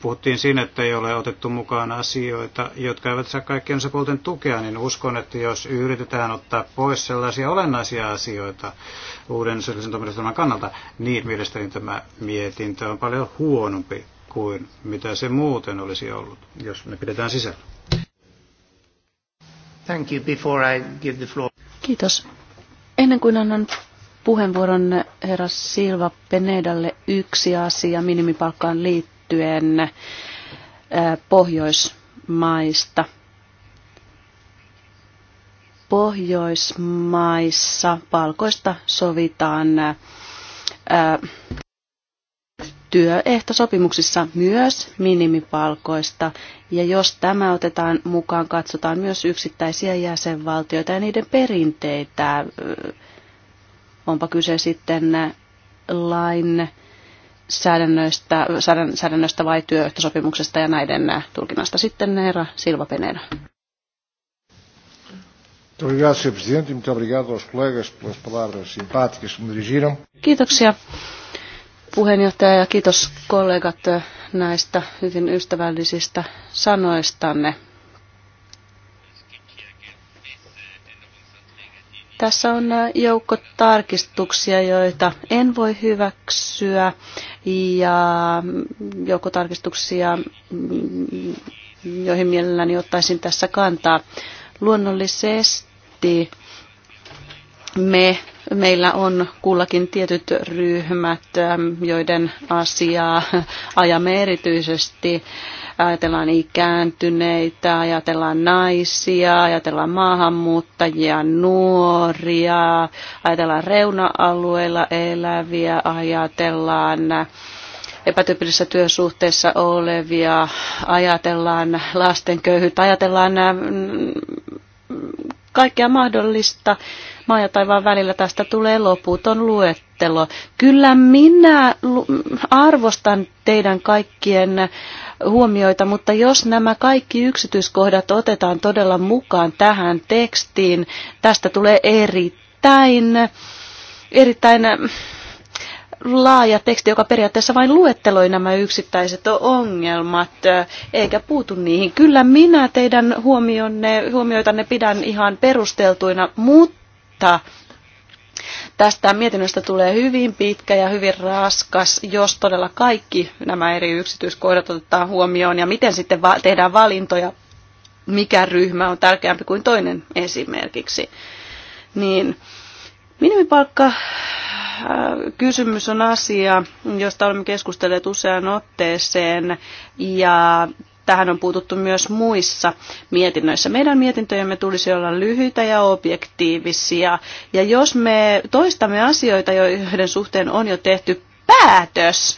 puhuttiin siinä, että ei ole otettu mukaan asioita, jotka eivät saa kaikkien osapuolten tukea, niin uskon, että jos yritetään ottaa pois sellaisia olennaisia asioita uuden sosiaalisen toimintajärjestelmän kannalta, niin mielestäni tämä mietintö on paljon huonompi kuin mitä se muuten olisi ollut, jos ne pidetään sisällä. Thank you. Before I give the floor. Kiitos. Ennen kuin annan puheenvuoron herra Silva Penedalle yksi asia minimipalkkaan liittyen, liittyen Pohjoismaista. Pohjoismaissa palkoista sovitaan työehtosopimuksissa myös minimipalkoista, ja jos tämä otetaan mukaan, katsotaan myös yksittäisiä jäsenvaltioita ja niiden perinteitä, onpa kyse sitten lain säädännöistä, säädännöistä vai työehtosopimuksesta ja näiden äh, tulkinnasta. Sitten Neera Silva Peneira. E Kiitoksia puheenjohtaja ja kiitos kollegat äh, näistä hyvin ystävällisistä sanoistanne. Tässä on joukko tarkistuksia, joita en voi hyväksyä ja joukko tarkistuksia, joihin mielelläni ottaisin tässä kantaa. Luonnollisesti me, meillä on kullakin tietyt ryhmät, ähm, joiden asiaa ajamme erityisesti. Ajatellaan ikääntyneitä, ajatellaan naisia, ajatellaan maahanmuuttajia, nuoria, ajatellaan reuna-alueilla eläviä, ajatellaan epätyypillisessä työsuhteessa olevia, ajatellaan lasten köyhyyttä, ajatellaan mm, kaikkea mahdollista maa ja taivaan välillä. Tästä tulee loputon luettelo. Kyllä minä arvostan teidän kaikkien huomioita, mutta jos nämä kaikki yksityiskohdat otetaan todella mukaan tähän tekstiin, tästä tulee erittäin, erittäin laaja teksti, joka periaatteessa vain luetteloi nämä yksittäiset ongelmat, eikä puutu niihin. Kyllä minä teidän huomionne, huomioitanne pidän ihan perusteltuina, mutta mutta tästä mietinnöstä tulee hyvin pitkä ja hyvin raskas, jos todella kaikki nämä eri yksityiskohdat otetaan huomioon ja miten sitten va- tehdään valintoja, mikä ryhmä on tärkeämpi kuin toinen esimerkiksi. Niin minimipalkka äh, kysymys on asia, josta olemme keskustelleet useaan otteeseen ja tähän on puututtu myös muissa mietinnöissä. Meidän mietintöjemme tulisi olla lyhyitä ja objektiivisia. Ja jos me toistamme asioita, joiden suhteen on jo tehty päätös,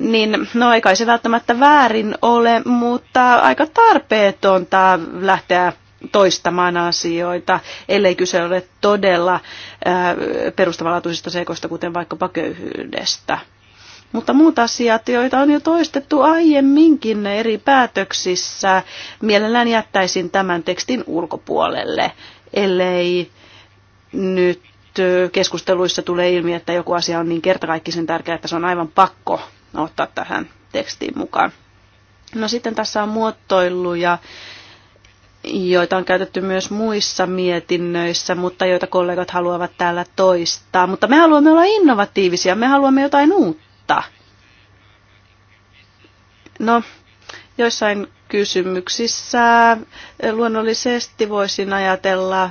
niin no ei kai se välttämättä väärin ole, mutta aika tarpeetonta lähteä toistamaan asioita, ellei kyse ole todella äh, perustavanlaatuisista seikoista, kuten vaikkapa köyhyydestä. Mutta muut asiat, joita on jo toistettu aiemminkin eri päätöksissä, mielellään jättäisin tämän tekstin ulkopuolelle, ellei nyt keskusteluissa tulee ilmi, että joku asia on niin kertakaikkisen tärkeä, että se on aivan pakko ottaa tähän tekstiin mukaan. No sitten tässä on muotoiluja, joita on käytetty myös muissa mietinnöissä, mutta joita kollegat haluavat täällä toistaa. Mutta me haluamme olla innovatiivisia, me haluamme jotain uutta kautta. No, joissain kysymyksissä luonnollisesti voisin ajatella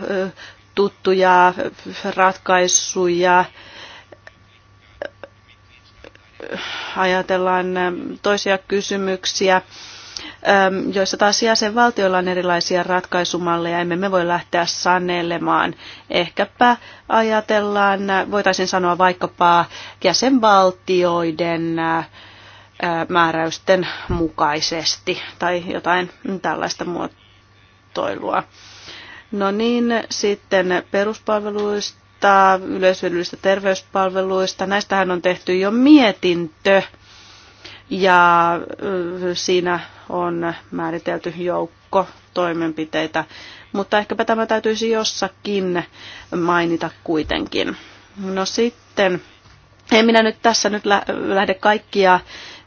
tuttuja ratkaisuja. Ajatellaan toisia kysymyksiä Ähm, joissa taas jäsenvaltioilla on erilaisia ratkaisumalleja, emme me voi lähteä sanelemaan. Ehkäpä ajatellaan, äh, voitaisiin sanoa vaikkapa jäsenvaltioiden äh, äh, määräysten mukaisesti tai jotain tällaista muotoilua. No niin, sitten peruspalveluista, yleishyödyllisistä terveyspalveluista. Näistähän on tehty jo mietintö ja siinä on määritelty joukko toimenpiteitä, mutta ehkäpä tämä täytyisi jossakin mainita kuitenkin. No sitten, en minä nyt tässä nyt lähde kaikkia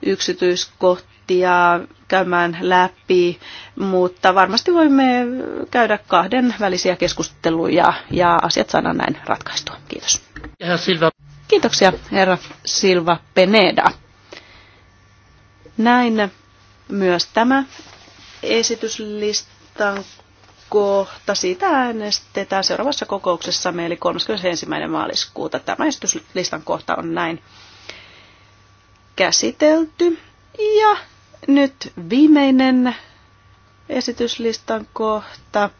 yksityiskohtia käymään läpi, mutta varmasti voimme käydä kahden välisiä keskusteluja ja asiat saadaan näin ratkaistua. Kiitos. Herra Silva. Kiitoksia, herra Silva Peneda. Näin myös tämä esityslistan kohta. Siitä äänestetään seuraavassa kokouksessa, eli 31. maaliskuuta. Tämä esityslistan kohta on näin käsitelty. Ja nyt viimeinen esityslistan kohta.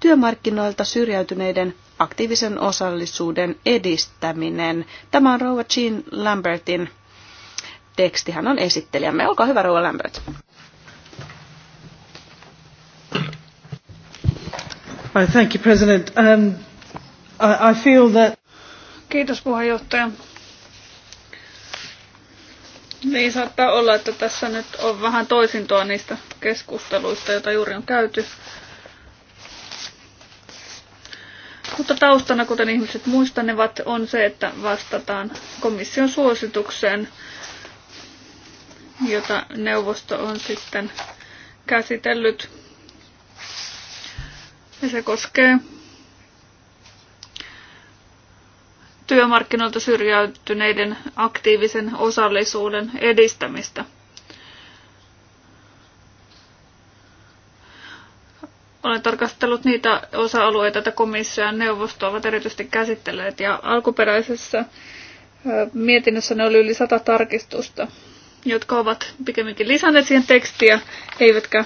Työmarkkinoilta syrjäytyneiden aktiivisen osallisuuden edistäminen. Tämä on Rova Jean Lambertin teksti. Hän on esittelijämme. Olkaa hyvä, Rouva Lambert. Thank you, President. Um, I, I feel that... Kiitos puheenjohtaja. Niin saattaa olla, että tässä nyt on vähän toisintoa niistä keskusteluista, joita juuri on käyty. Mutta taustana, kuten ihmiset muistanevat, on se, että vastataan komission suositukseen jota neuvosto on sitten käsitellyt. Ja se koskee työmarkkinoilta syrjäytyneiden aktiivisen osallisuuden edistämistä. Olen tarkastellut niitä osa-alueita, joita komissio ja neuvosto ovat erityisesti käsitelleet, ja alkuperäisessä mietinnössä ne oli yli sata tarkistusta jotka ovat pikemminkin lisänneet siihen tekstiä, eivätkä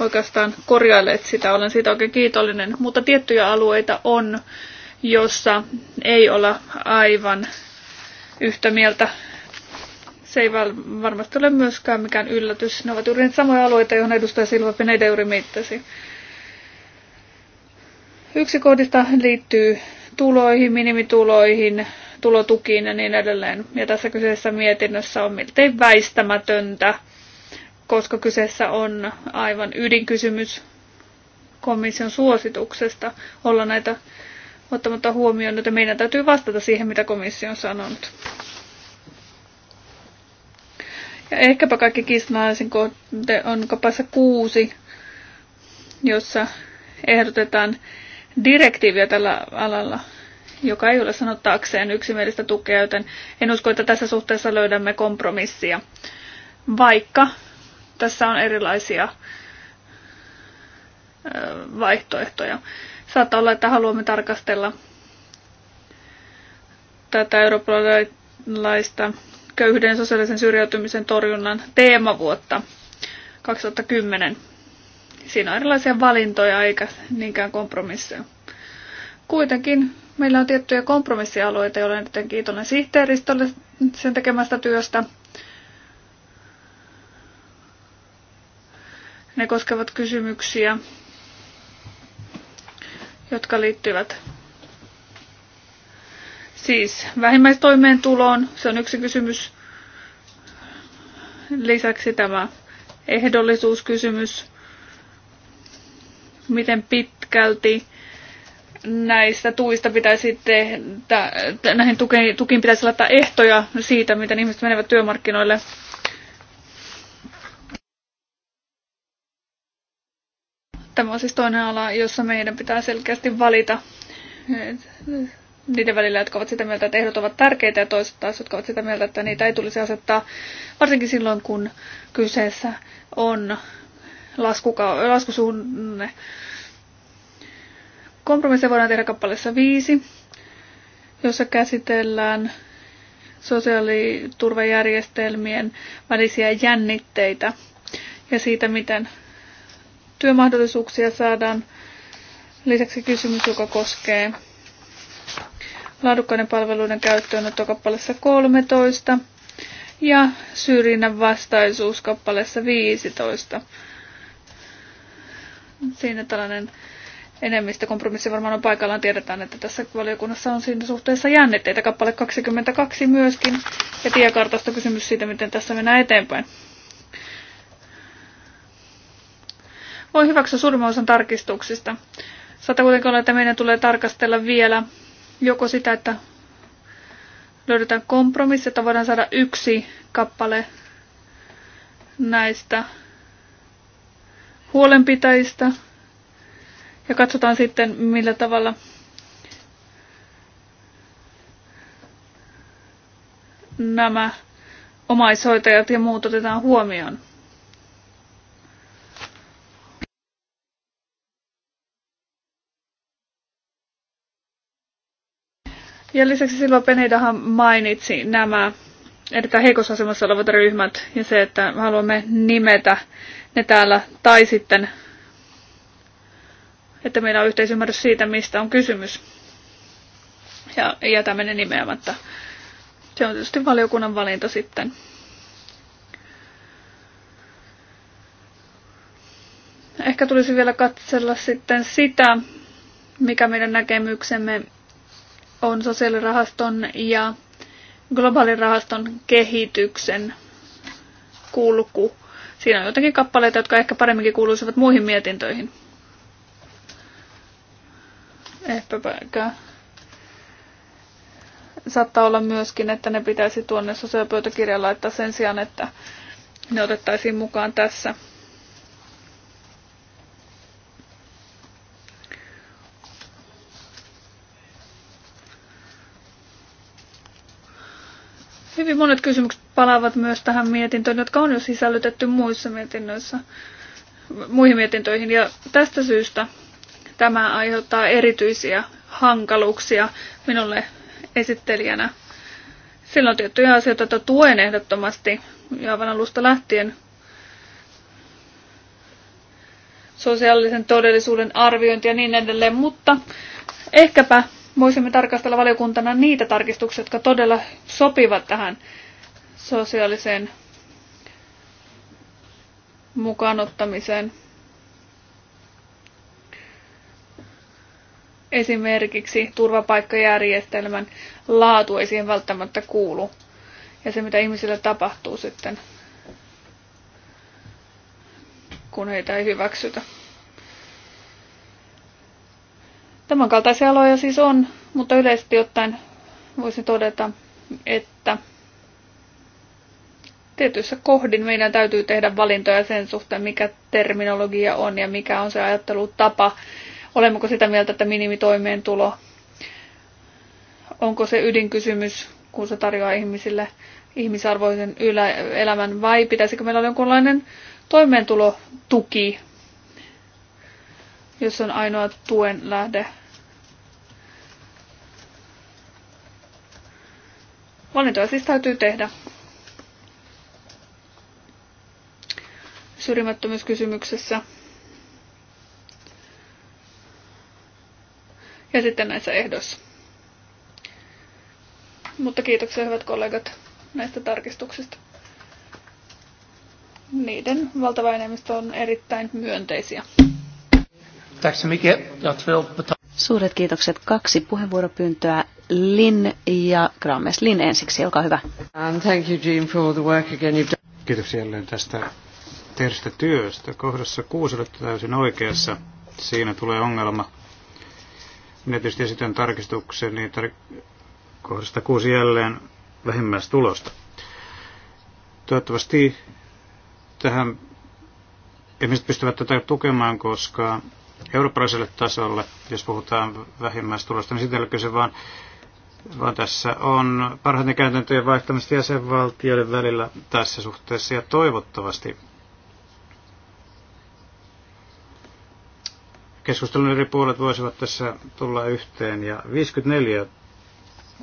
oikeastaan korjailleet sitä. Olen siitä oikein kiitollinen, mutta tiettyjä alueita on, jossa ei olla aivan yhtä mieltä. Se ei varmasti ole myöskään mikään yllätys. Ne ovat juuri samoja alueita, joihin edustaja Silva Pineda juuri miittasi. Yksi kohdista liittyy tuloihin, minimituloihin, toimeentulotukiin ja niin edelleen. Ja tässä kyseessä mietinnössä on miltei väistämätöntä, koska kyseessä on aivan ydinkysymys komission suosituksesta olla näitä ottamatta huomioon, että meidän täytyy vastata siihen, mitä komissio on sanonut. Ja ehkäpä kaikki kiistanalaisin kohde on kapassa kuusi, jossa ehdotetaan direktiiviä tällä alalla joka ei ole sanottaakseen yksimielistä tukea, joten en usko, että tässä suhteessa löydämme kompromissia, vaikka tässä on erilaisia vaihtoehtoja. Saattaa olla, että haluamme tarkastella tätä eurooppalaista köyhyyden sosiaalisen syrjäytymisen torjunnan teemavuotta 2010. Siinä on erilaisia valintoja eikä niinkään kompromisseja. Kuitenkin Meillä on tiettyjä kompromissialueita, joille olen kiitollinen sihteeristölle sen tekemästä työstä. Ne koskevat kysymyksiä, jotka liittyvät siis vähimmäistoimeentuloon. Se on yksi kysymys. Lisäksi tämä ehdollisuuskysymys. Miten pitkälti näistä tuista pitäisi tehdä, näihin tukiin, tukiin pitäisi laittaa ehtoja siitä, miten ihmiset menevät työmarkkinoille. Tämä on siis toinen ala, jossa meidän pitää selkeästi valita niiden välillä, jotka ovat sitä mieltä, että ehdot ovat tärkeitä ja toiset taas, jotka ovat sitä mieltä, että niitä ei tulisi asettaa, varsinkin silloin, kun kyseessä on laskuka- laskusuunne. Kompromissi voidaan tehdä kappaleessa viisi, jossa käsitellään sosiaaliturvajärjestelmien välisiä jännitteitä ja siitä, miten työmahdollisuuksia saadaan. Lisäksi kysymys, joka koskee laadukkaiden palveluiden käyttöönotto kappaleessa 13 ja syrjinnän vastaisuus kappaleessa 15. Siinä tällainen kompromissi varmaan on paikallaan. Tiedetään, että tässä valiokunnassa on siinä suhteessa jännitteitä. Kappale 22 myöskin ja tiekartasta kysymys siitä, miten tässä mennään eteenpäin. Voi hyväksyä suurimman osan tarkistuksista. Saattaa kuitenkin olla, että meidän tulee tarkastella vielä joko sitä, että löydetään kompromissi, että voidaan saada yksi kappale näistä huolenpitäjistä – ja katsotaan sitten, millä tavalla nämä omaishoitajat ja muut otetaan huomioon. Ja lisäksi silloin Penedahan mainitsi nämä erittäin heikossa asemassa olevat ryhmät ja se, että haluamme nimetä ne täällä tai sitten että meillä on yhteisymmärrys siitä, mistä on kysymys. Ja jätämme nimeämättä. Se on tietysti valiokunnan valinta sitten. Ehkä tulisi vielä katsella sitten sitä, mikä meidän näkemyksemme on sosiaalirahaston ja globaalin rahaston kehityksen kulku. Siinä on jotakin kappaleita, jotka ehkä paremminkin kuuluisivat muihin mietintöihin ehkäpä saattaa olla myöskin, että ne pitäisi tuonne sosiaalipöytäkirjan laittaa sen sijaan, että ne otettaisiin mukaan tässä. Hyvin monet kysymykset palaavat myös tähän mietintöön, jotka on jo sisällytetty muissa mietinnöissä, muihin mietintöihin. Ja tästä syystä tämä aiheuttaa erityisiä hankaluuksia minulle esittelijänä. Silloin tiettyjä asioita, että tuen ehdottomasti aivan alusta lähtien. Sosiaalisen todellisuuden arviointi ja niin edelleen, mutta ehkäpä voisimme tarkastella valiokuntana niitä tarkistuksia, jotka todella sopivat tähän sosiaaliseen mukaanottamiseen. Esimerkiksi turvapaikkajärjestelmän laatu ei siihen välttämättä kuulu. Ja se, mitä ihmisille tapahtuu sitten, kun heitä ei hyväksytä. Tämän kaltaisia aloja siis on, mutta yleisesti ottaen voisin todeta, että tietyissä kohdin meidän täytyy tehdä valintoja sen suhteen, mikä terminologia on ja mikä on se ajattelutapa, Olemmeko sitä mieltä, että minimitoimeentulo, onko se ydinkysymys, kun se tarjoaa ihmisille ihmisarvoisen ylä- elämän, vai pitäisikö meillä olla jonkunlainen toimeentulotuki, jos on ainoa tuen lähde? Valintoja siis täytyy tehdä. syrjimättömyyskysymyksessä. ja sitten näissä ehdoissa. Mutta kiitoksia hyvät kollegat näistä tarkistuksista. Niiden valtava enemmistö on erittäin myönteisiä. Suuret kiitokset. Kaksi puheenvuoropyyntöä. Lin ja Grammes. Lin ensiksi, olkaa hyvä. Kiitoksia jälleen tästä tehdystä työstä. Kohdassa kuusi olette täysin oikeassa. Siinä tulee ongelma minä tietysti esitän tarkistukseni niin tar- kohdasta kuusi jälleen vähimmäistulosta. Toivottavasti tähän ihmiset pystyvät tätä tukemaan, koska eurooppalaiselle tasolle, jos puhutaan vähimmäistulosta, niin sitä kyse vaan, vaan tässä on parhaiten käytäntöjen vaihtamista jäsenvaltioiden välillä tässä suhteessa ja toivottavasti keskustelun eri puolet voisivat tässä tulla yhteen. Ja 54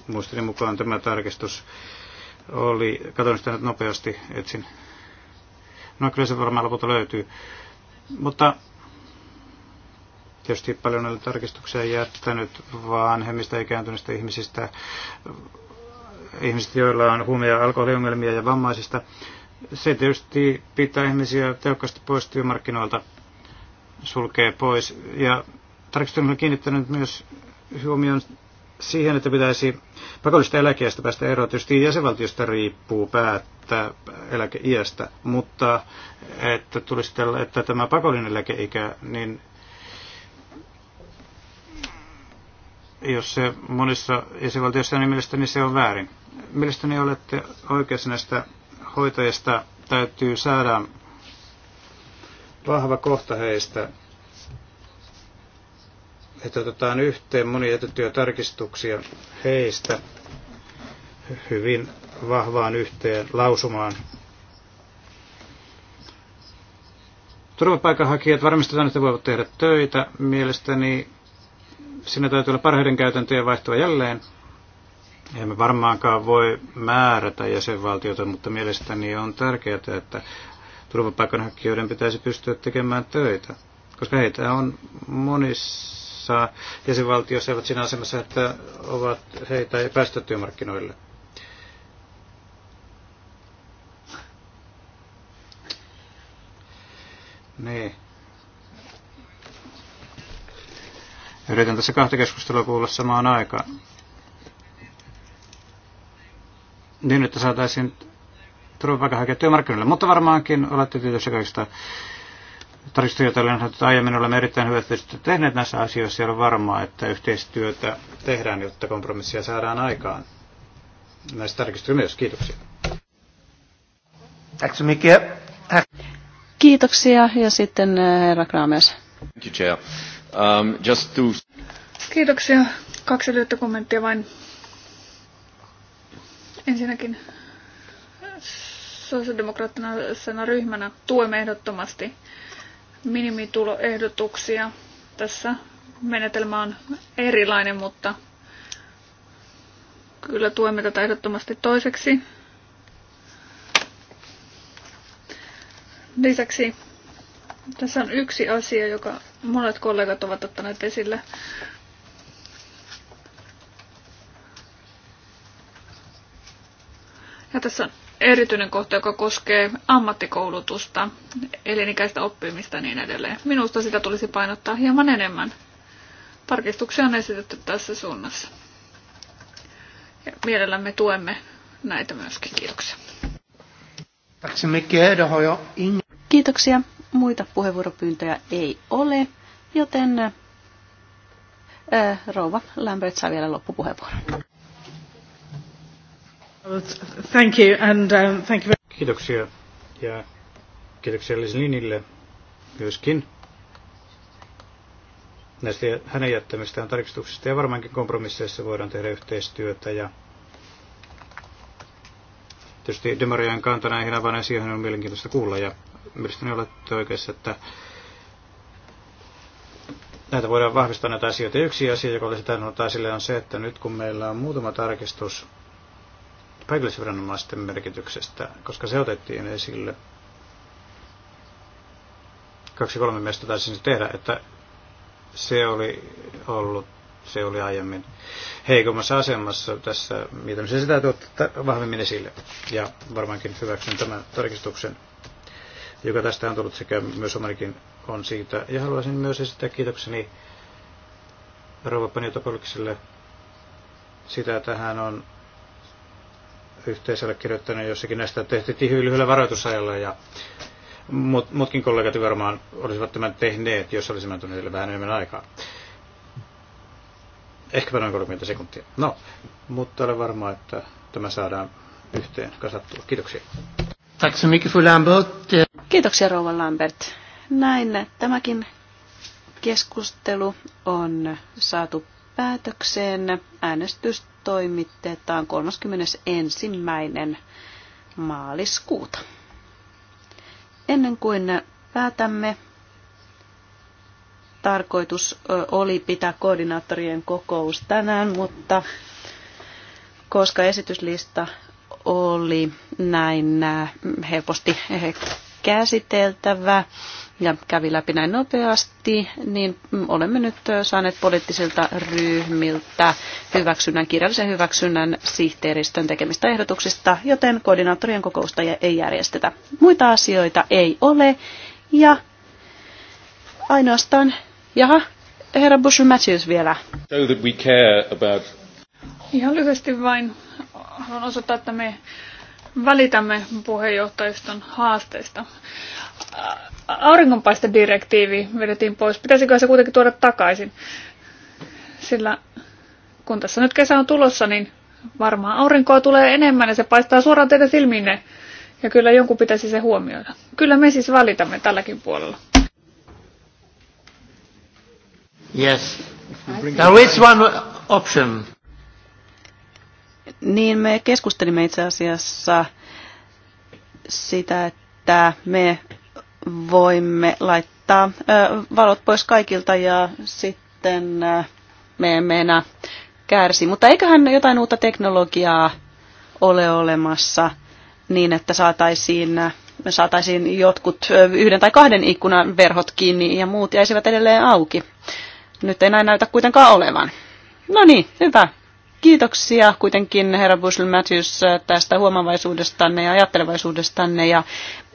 muistin mukaan tämä tarkistus oli, katson sitä nyt nopeasti, etsin. No kyllä se varmaan lopulta löytyy. Mutta tietysti paljon näitä tarkistuksia jättänyt vanhemmista ikääntyneistä ihmisistä, ihmisistä, joilla on huume- ja alkoholiongelmia ja vammaisista. Se tietysti pitää ihmisiä tehokkaasti pois työmarkkinoilta sulkee pois. Ja tarkastelun on kiinnittänyt myös huomioon siihen, että pitäisi pakollista eläkeästä päästä eroon. Tietysti jäsenvaltiosta riippuu päättää eläkeiästä, mutta että tulisi tällä, että tämä pakollinen eläkeikä, niin jos se monissa jäsenvaltioissa, niin mielestäni se on väärin. Mielestäni olette oikeassa näistä hoitajista täytyy saada vahva kohta heistä, että otetaan yhteen monia jätettyjä tarkistuksia heistä hyvin vahvaan yhteen lausumaan. Turvapaikanhakijat varmistetaan, että voivat tehdä töitä. Mielestäni siinä täytyy olla parhaiden käytäntöjen vaihtoa jälleen. Emme varmaankaan voi määrätä jäsenvaltiota, mutta mielestäni on tärkeää, että turvapaikanhakijoiden pitäisi pystyä tekemään töitä, koska heitä on monissa jäsenvaltioissa ovat siinä asemassa, että ovat heitä ei päästä työmarkkinoille. Niin. Yritän tässä kahta keskustelua kuulla samaan aikaan. Niin, että saataisiin turvapaikanhakijat työmarkkinoille, mutta varmaankin olette tietysti kaikista tarkistuja, joita että aiemmin olemme erittäin hyvät tehneet näissä asioissa, ja on varmaa, että yhteistyötä tehdään, jotta kompromissia saadaan aikaan. Näistä tarkistuja myös. Kiitoksia. Kiitoksia, ja sitten äh, herra Krames. Thank you, Chair. Um, just Kiitoksia. Kaksi lyhyttä kommenttia vain. Ensinnäkin sosiaalidemokraattisena ryhmänä tuemme ehdottomasti minimituloehdotuksia. Tässä menetelmä on erilainen, mutta kyllä tuemme tätä ehdottomasti toiseksi. Lisäksi tässä on yksi asia, joka monet kollegat ovat ottaneet esille. Ja tässä on erityinen kohta, joka koskee ammattikoulutusta, elinikäistä oppimista ja niin edelleen. Minusta sitä tulisi painottaa hieman enemmän. Tarkistuksia on esitetty tässä suunnassa. Ja mielellämme tuemme näitä myöskin. Kiitoksia. Kiitoksia. Muita puheenvuoropyyntöjä ei ole, joten ää, äh, rouva Lambert saa vielä loppupuheenvuoron. Thank you and, um, thank you. Kiitoksia ja kiitoksia Lislinille myöskin näistä hänen jättämistään tarkistuksista ja varmaankin kompromisseissa voidaan tehdä yhteistyötä ja tietysti Demarian kanta näihin avain asioihin on mielenkiintoista kuulla ja mielestäni olette oikeassa, että näitä voidaan vahvistaa näitä asioita. Yksi asia, joka olisi tainnut ottaa on se, että nyt kun meillä on muutama tarkistus paikallisviranomaisten merkityksestä, koska se otettiin esille. Kaksi kolme miestä taisin tehdä, että se oli ollut se oli aiemmin heikommassa asemassa tässä mitä Se sitä ottaa vahvemmin esille ja varmaankin hyväksyn tämän tarkistuksen, joka tästä on tullut sekä myös omanikin on siitä. Ja haluaisin myös esittää kiitokseni Rouva Paniotopolikselle sitä, että hän on yhteisölle kirjoittanut jossakin näistä, että tehtiin hyvin lyhyellä varoitusajalla ja mut, mutkin kollegat varmaan olisivat tämän tehneet, jos olisi antanut niille vähän enemmän aikaa. Ehkäpä noin 30 sekuntia. No, mutta olen varma, että tämä saadaan yhteen kasattua. Kiitoksia. Kiitoksia rouva Lambert. Näin tämäkin keskustelu on saatu päätökseen. Äänestys toimitetaan 31. maaliskuuta. Ennen kuin päätämme, tarkoitus oli pitää koordinaattorien kokous tänään, mutta koska esityslista oli näin helposti käsiteltävä ja kävi läpi näin nopeasti, niin olemme nyt saaneet poliittisilta ryhmiltä hyväksynnän, kirjallisen hyväksynnän sihteeristön tekemistä ehdotuksista, joten koordinaattorien kokousta ei järjestetä. Muita asioita ei ole ja ainoastaan, jaha, herra Bush Matthews vielä. Ihan lyhyesti vain haluan osoittaa, että me välitämme puheenjohtajiston haasteista. Aurinkonpaistedirektiivi vedettiin pois. Pitäisikö se kuitenkin tuoda takaisin? Sillä kun tässä nyt kesä on tulossa, niin varmaan aurinkoa tulee enemmän ja se paistaa suoraan teidän silminne. Ja kyllä jonkun pitäisi se huomioida. Kyllä me siis valitamme tälläkin puolella. Yes. Now, which one option. Niin me keskustelimme itse asiassa sitä, että me voimme laittaa valot pois kaikilta ja sitten me emme enää kärsi. Mutta eiköhän jotain uutta teknologiaa ole olemassa niin, että saataisiin, saataisiin jotkut yhden tai kahden ikkunan verhot kiinni ja muut jäisivät edelleen auki. Nyt ei näin näytä kuitenkaan olevan. No niin, hyvä. Kiitoksia kuitenkin herra Bushel Matthews tästä huomavaisuudestanne ja ajattelevaisuudestanne. Ja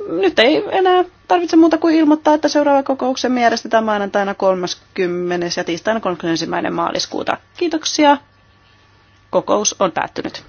nyt ei enää tarvitse muuta kuin ilmoittaa, että seuraava kokouksemme järjestetään maanantaina 30. ja tiistaina 31. maaliskuuta. Kiitoksia. Kokous on päättynyt.